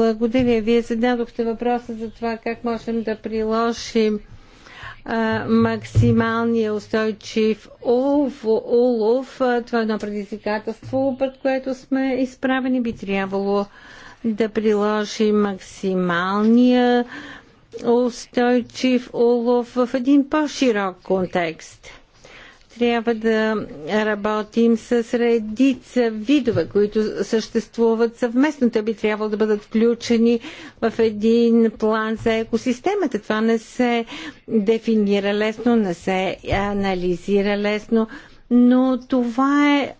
Благодаря. Вие зададохте въпроса за това как можем да приложим максималния устойчив улов, улов. Това е едно предизвикателство, под което сме изправени. Би трябвало да приложим максималния устойчив улов в един по-широк контекст трябва да работим с редица видове, които съществуват съвместно. Те би трябвало да бъдат включени в един план за екосистемата. Това не се дефинира лесно, не се анализира лесно, но това е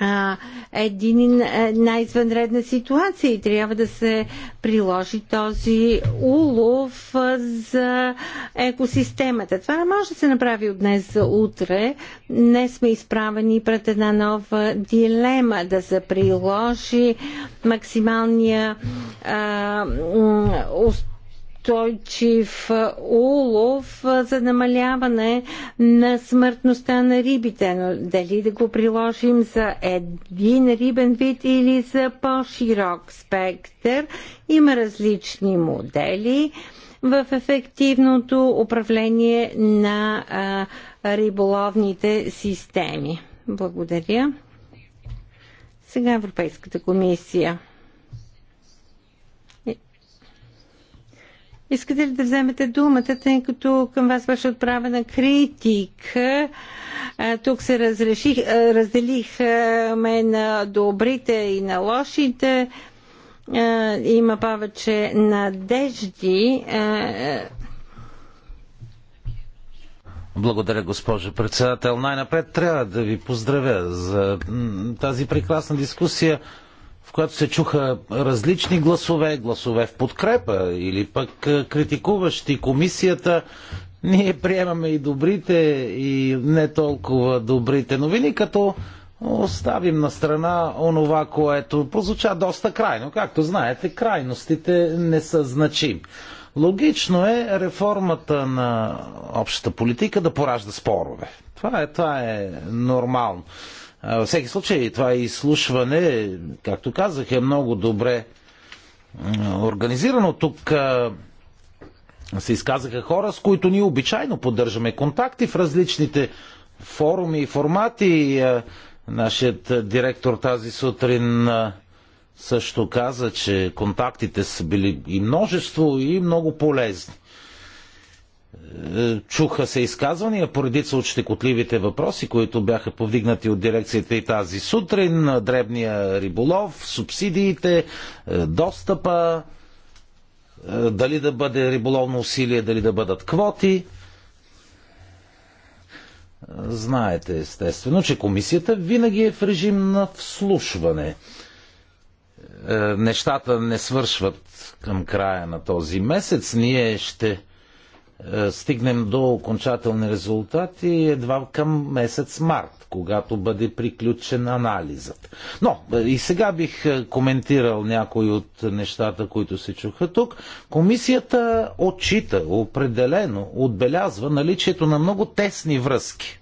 а, един, една извънредна ситуация и трябва да се приложи този улов за екосистемата. Това не може да се направи от днес за утре. Не сме изправени пред една нова дилема да се приложи максималния а, устойчив улов за намаляване на смъртността на рибите. Но дали да го приложим за един рибен вид или за по-широк спектър, има различни модели в ефективното управление на а, риболовните системи. Благодаря. Сега Европейската комисия. Искате ли да вземете думата, тъй като към вас беше отправена критика? Тук се разреших, разделихме на добрите и на лошите. Има повече надежди. Благодаря, госпожо председател. Най-напред трябва да ви поздравя за тази прекрасна дискусия в която се чуха различни гласове, гласове в подкрепа или пък критикуващи комисията. Ние приемаме и добрите, и не толкова добрите новини, като оставим на страна онова, което прозвуча доста крайно. Както знаете, крайностите не са значими. Логично е реформата на общата политика да поражда спорове. Това е, това е нормално. Във всеки случай, това изслушване, както казах, е много добре организирано. Тук се изказаха хора, с които ние обичайно поддържаме контакти в различните форуми и формати. Нашият директор тази сутрин също каза, че контактите са били и множество, и много полезни. Е, чуха се изказвания по редица от щекотливите въпроси, които бяха повдигнати от дирекцията и тази сутрин. Дребния риболов, субсидиите, е, достъпа, е, дали да бъде риболовно усилие, дали да бъдат квоти. Знаете, естествено, че комисията винаги е в режим на вслушване. Нещата не свършват към края на този месец. Ние ще е, стигнем до окончателни резултати едва към месец март, когато бъде приключен анализът. Но е, и сега бих е, коментирал някои от нещата, които се чуха тук. Комисията отчита, определено отбелязва наличието на много тесни връзки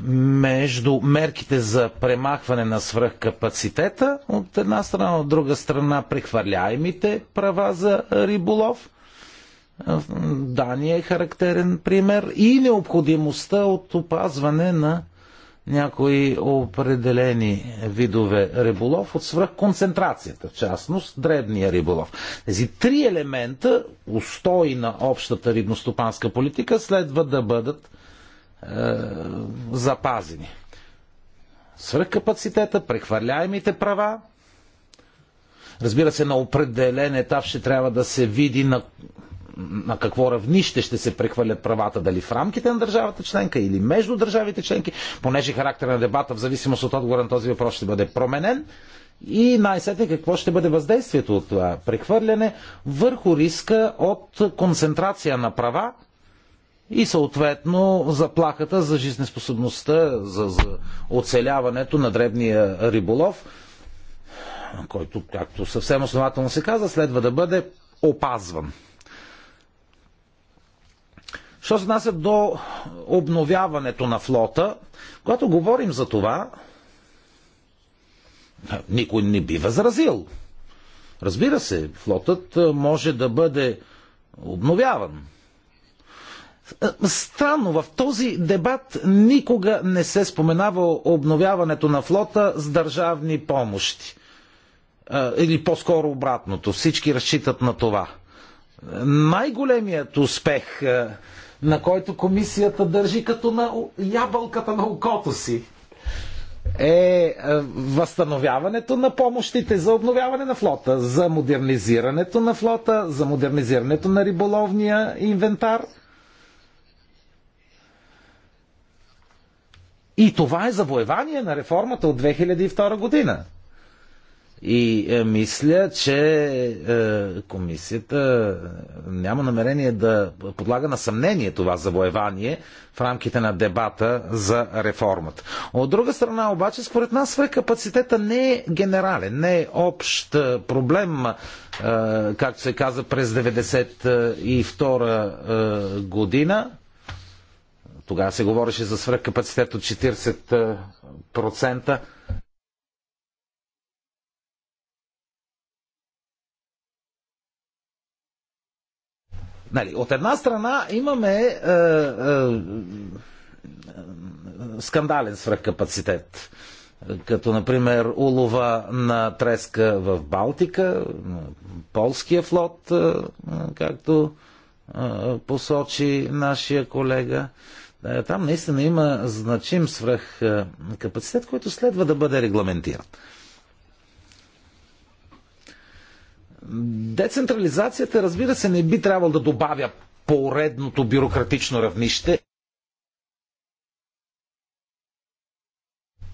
между мерките за премахване на свръхкапацитета от една страна, от друга страна прехвърляемите права за риболов – Дания е характерен пример и необходимостта от опазване на някои определени видове риболов от свръхконцентрацията, в частност дребния риболов. Тези три елемента, устои на общата рибностопанска политика, следва да бъдат е, запазени. Свръхкапацитета, прехвърляемите права, Разбира се, на определен етап ще трябва да се види на на какво равнище ще се прехвърлят правата, дали в рамките на държавата членка или между държавите членки, понеже характер на дебата в зависимост от отговора на този въпрос ще бъде променен. И най-сетне какво ще бъде въздействието от това прехвърляне върху риска от концентрация на права и съответно заплахата за жизнеспособността, за, за оцеляването на дребния риболов, който, както съвсем основателно се каза, следва да бъде опазван. Що се нася до обновяването на флота, когато говорим за това, никой не би възразил. Разбира се, флотът може да бъде обновяван. Странно, в този дебат никога не се споменава обновяването на флота с държавни помощи. Или по-скоро обратното. Всички разчитат на това. Най-големият успех на който комисията държи като на ябълката на окото си, е, е възстановяването на помощите за обновяване на флота, за модернизирането на флота, за модернизирането на риболовния инвентар. И това е завоевание на реформата от 2002 година. И е, мисля, че е, комисията няма намерение да подлага на съмнение това завоевание в рамките на дебата за реформата. От друга страна, обаче, според нас капацитета не е генерален, не е общ е, проблем, е, както се каза през 1992 е, година. Тогава се говореше за свръхкапацитет от 40%. Нали, от една страна имаме е, е, е, скандален свръхкапацитет. Като, например, улова на треска в Балтика, полския флот, е, както е, посочи нашия колега. Там наистина има значим свръхкапацитет, който следва да бъде регламентиран. Децентрализацията, разбира се, не би трябвало да добавя поредното бюрократично равнище.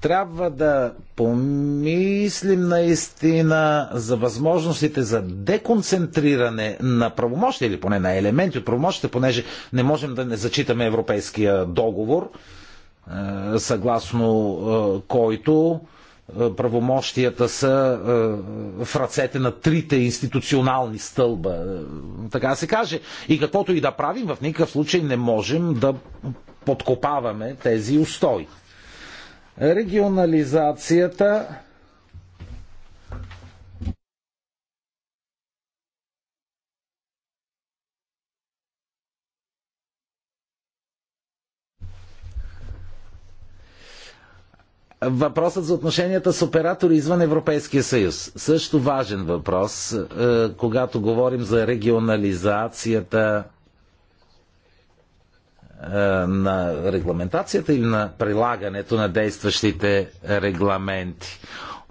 Трябва да помислим наистина за възможностите за деконцентриране на правомощи или поне на елементи от правомощите, понеже не можем да не зачитаме Европейския договор, е, съгласно е, който е, правомощията са е, в ръцете на трите институционални стълба, е, така се каже. И каквото и да правим, в никакъв случай не можем да подкопаваме тези устои. Регионализацията Въпросът за отношенията с оператори извън Европейския съюз. Също важен въпрос, е, когато говорим за регионализацията е, на регламентацията или на прилагането на действащите регламенти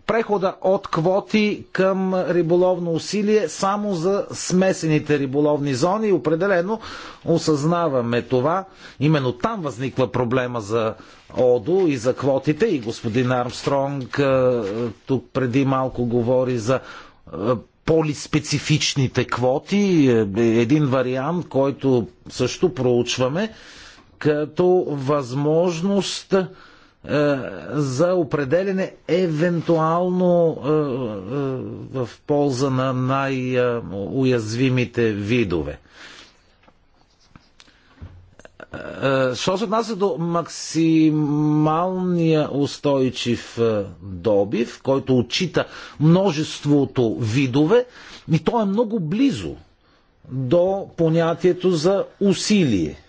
прехода от квоти към риболовно усилие само за смесените риболовни зони. Определено осъзнаваме това. Именно там възниква проблема за ОДО и за квотите. И господин Армстронг е, тук преди малко говори за е, полиспецифичните квоти. Е, един вариант, който също проучваме като възможност е, за определене евентуално е, е, в полза на най-уязвимите видове. Що се отнася до максималния устойчив добив, който отчита множеството видове, и то е много близо до понятието за усилие –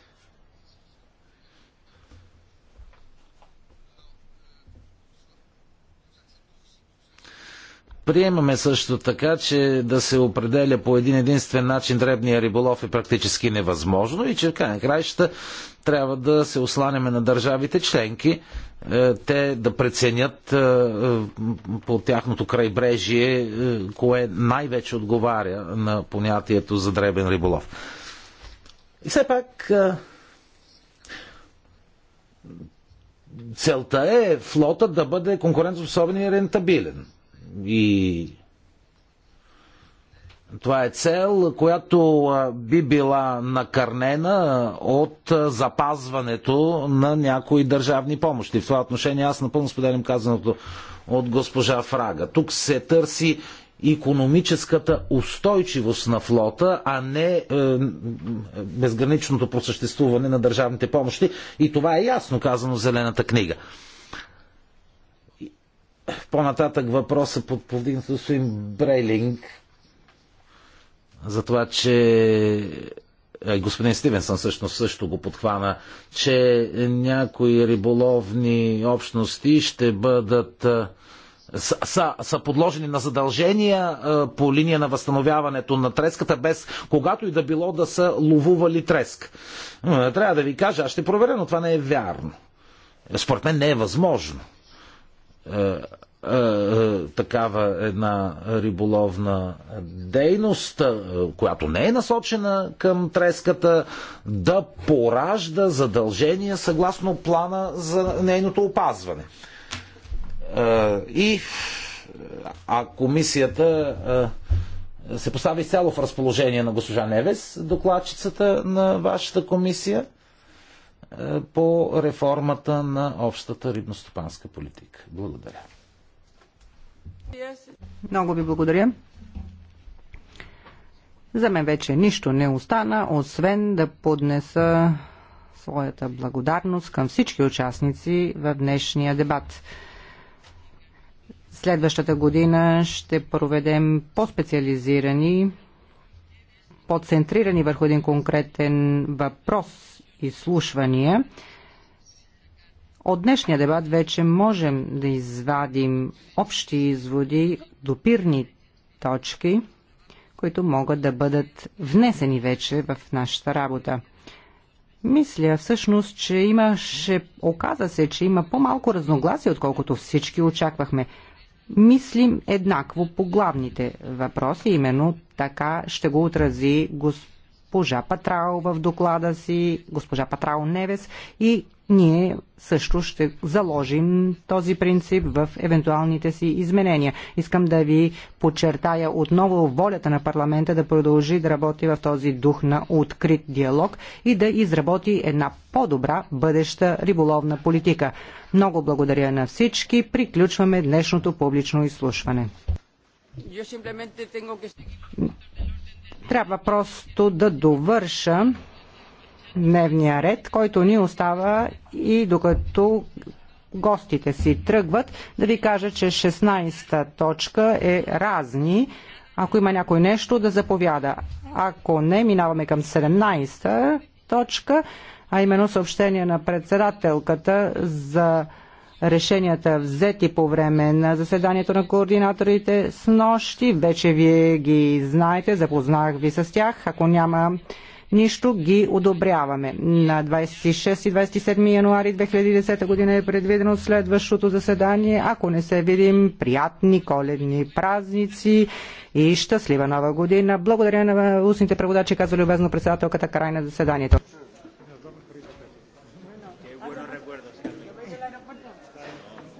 Приемаме също така, че да се определя по един единствен начин дребния риболов е практически невъзможно и че в край на краища трябва да се осланяме на държавите членки, е, те да преценят е, е, по тяхното крайбрежие, кое най-вече отговаря на понятието за дребен риболов. И все пак целта е флота да бъде конкурентоспособен и рентабилен. И това е цел, която би била накърнена от запазването на някои държавни помощи. В това отношение аз напълно споделям казаното от госпожа Фрага. Тук се търси економическата устойчивост на флота, а не е, безграничното просъществуване на държавните помощи. И това е ясно казано в Зелената книга. По-нататък въпроса под повдигнато им Брейлинг за това, че господин Стивенсън също, също го подхвана, че някои риболовни общности ще бъдат са, са, са подложени на задължения а, по линия на възстановяването на треската, без когато и да било да са ловували треск. Трябва да ви кажа, аз ще проверя, но това не е вярно. Според мен не е възможно. Е, е, е, такава една риболовна дейност, която не е насочена към треската, да поражда задължения съгласно плана за нейното опазване. И а комисията се постави цяло в разположение на госпожа Невес, докладчицата на вашата комисия – е, по реформата на общата рибностопанска политика. Благодаря. Много ви благодаря. За мен вече нищо не остана, освен да поднеса своята благодарност към всички участници в днешния дебат. Следващата година ще проведем по-специализирани, по-центрирани върху един конкретен въпрос изслушвания. От днешния дебат вече можем да извадим общи изводи, допирни точки, които могат да бъдат внесени вече в нашата работа. Мисля всъщност, че имаше, оказа се, че има по-малко разногласие, отколкото всички очаквахме. Мислим еднакво по главните въпроси, именно така ще го отрази господин госпожа Патрао в доклада си, госпожа Патрао Невес и ние също ще заложим този принцип в евентуалните си изменения. Искам да ви подчертая отново волята на парламента да продължи да работи в този дух на открит диалог и да изработи една по-добра бъдеща риболовна политика. Много благодаря на всички. Приключваме днешното публично изслушване. Трябва просто да довърша дневния ред, който ни остава и докато гостите си тръгват, да ви кажа, че 16-та точка е разни. Ако има някой нещо, да заповяда. Ако не, минаваме към 17-та точка, а именно съобщение на председателката за решенията взети по време на заседанието на координаторите с нощи. Вече вие ги знаете, запознах ви с тях. Ако няма нищо, ги одобряваме. На 26 и 27 януари 2010 година е предвидено следващото заседание. Ако не се видим, приятни коледни празници и щастлива нова година. Благодаря на устните преводачи, каза любезно председателката край на заседанието.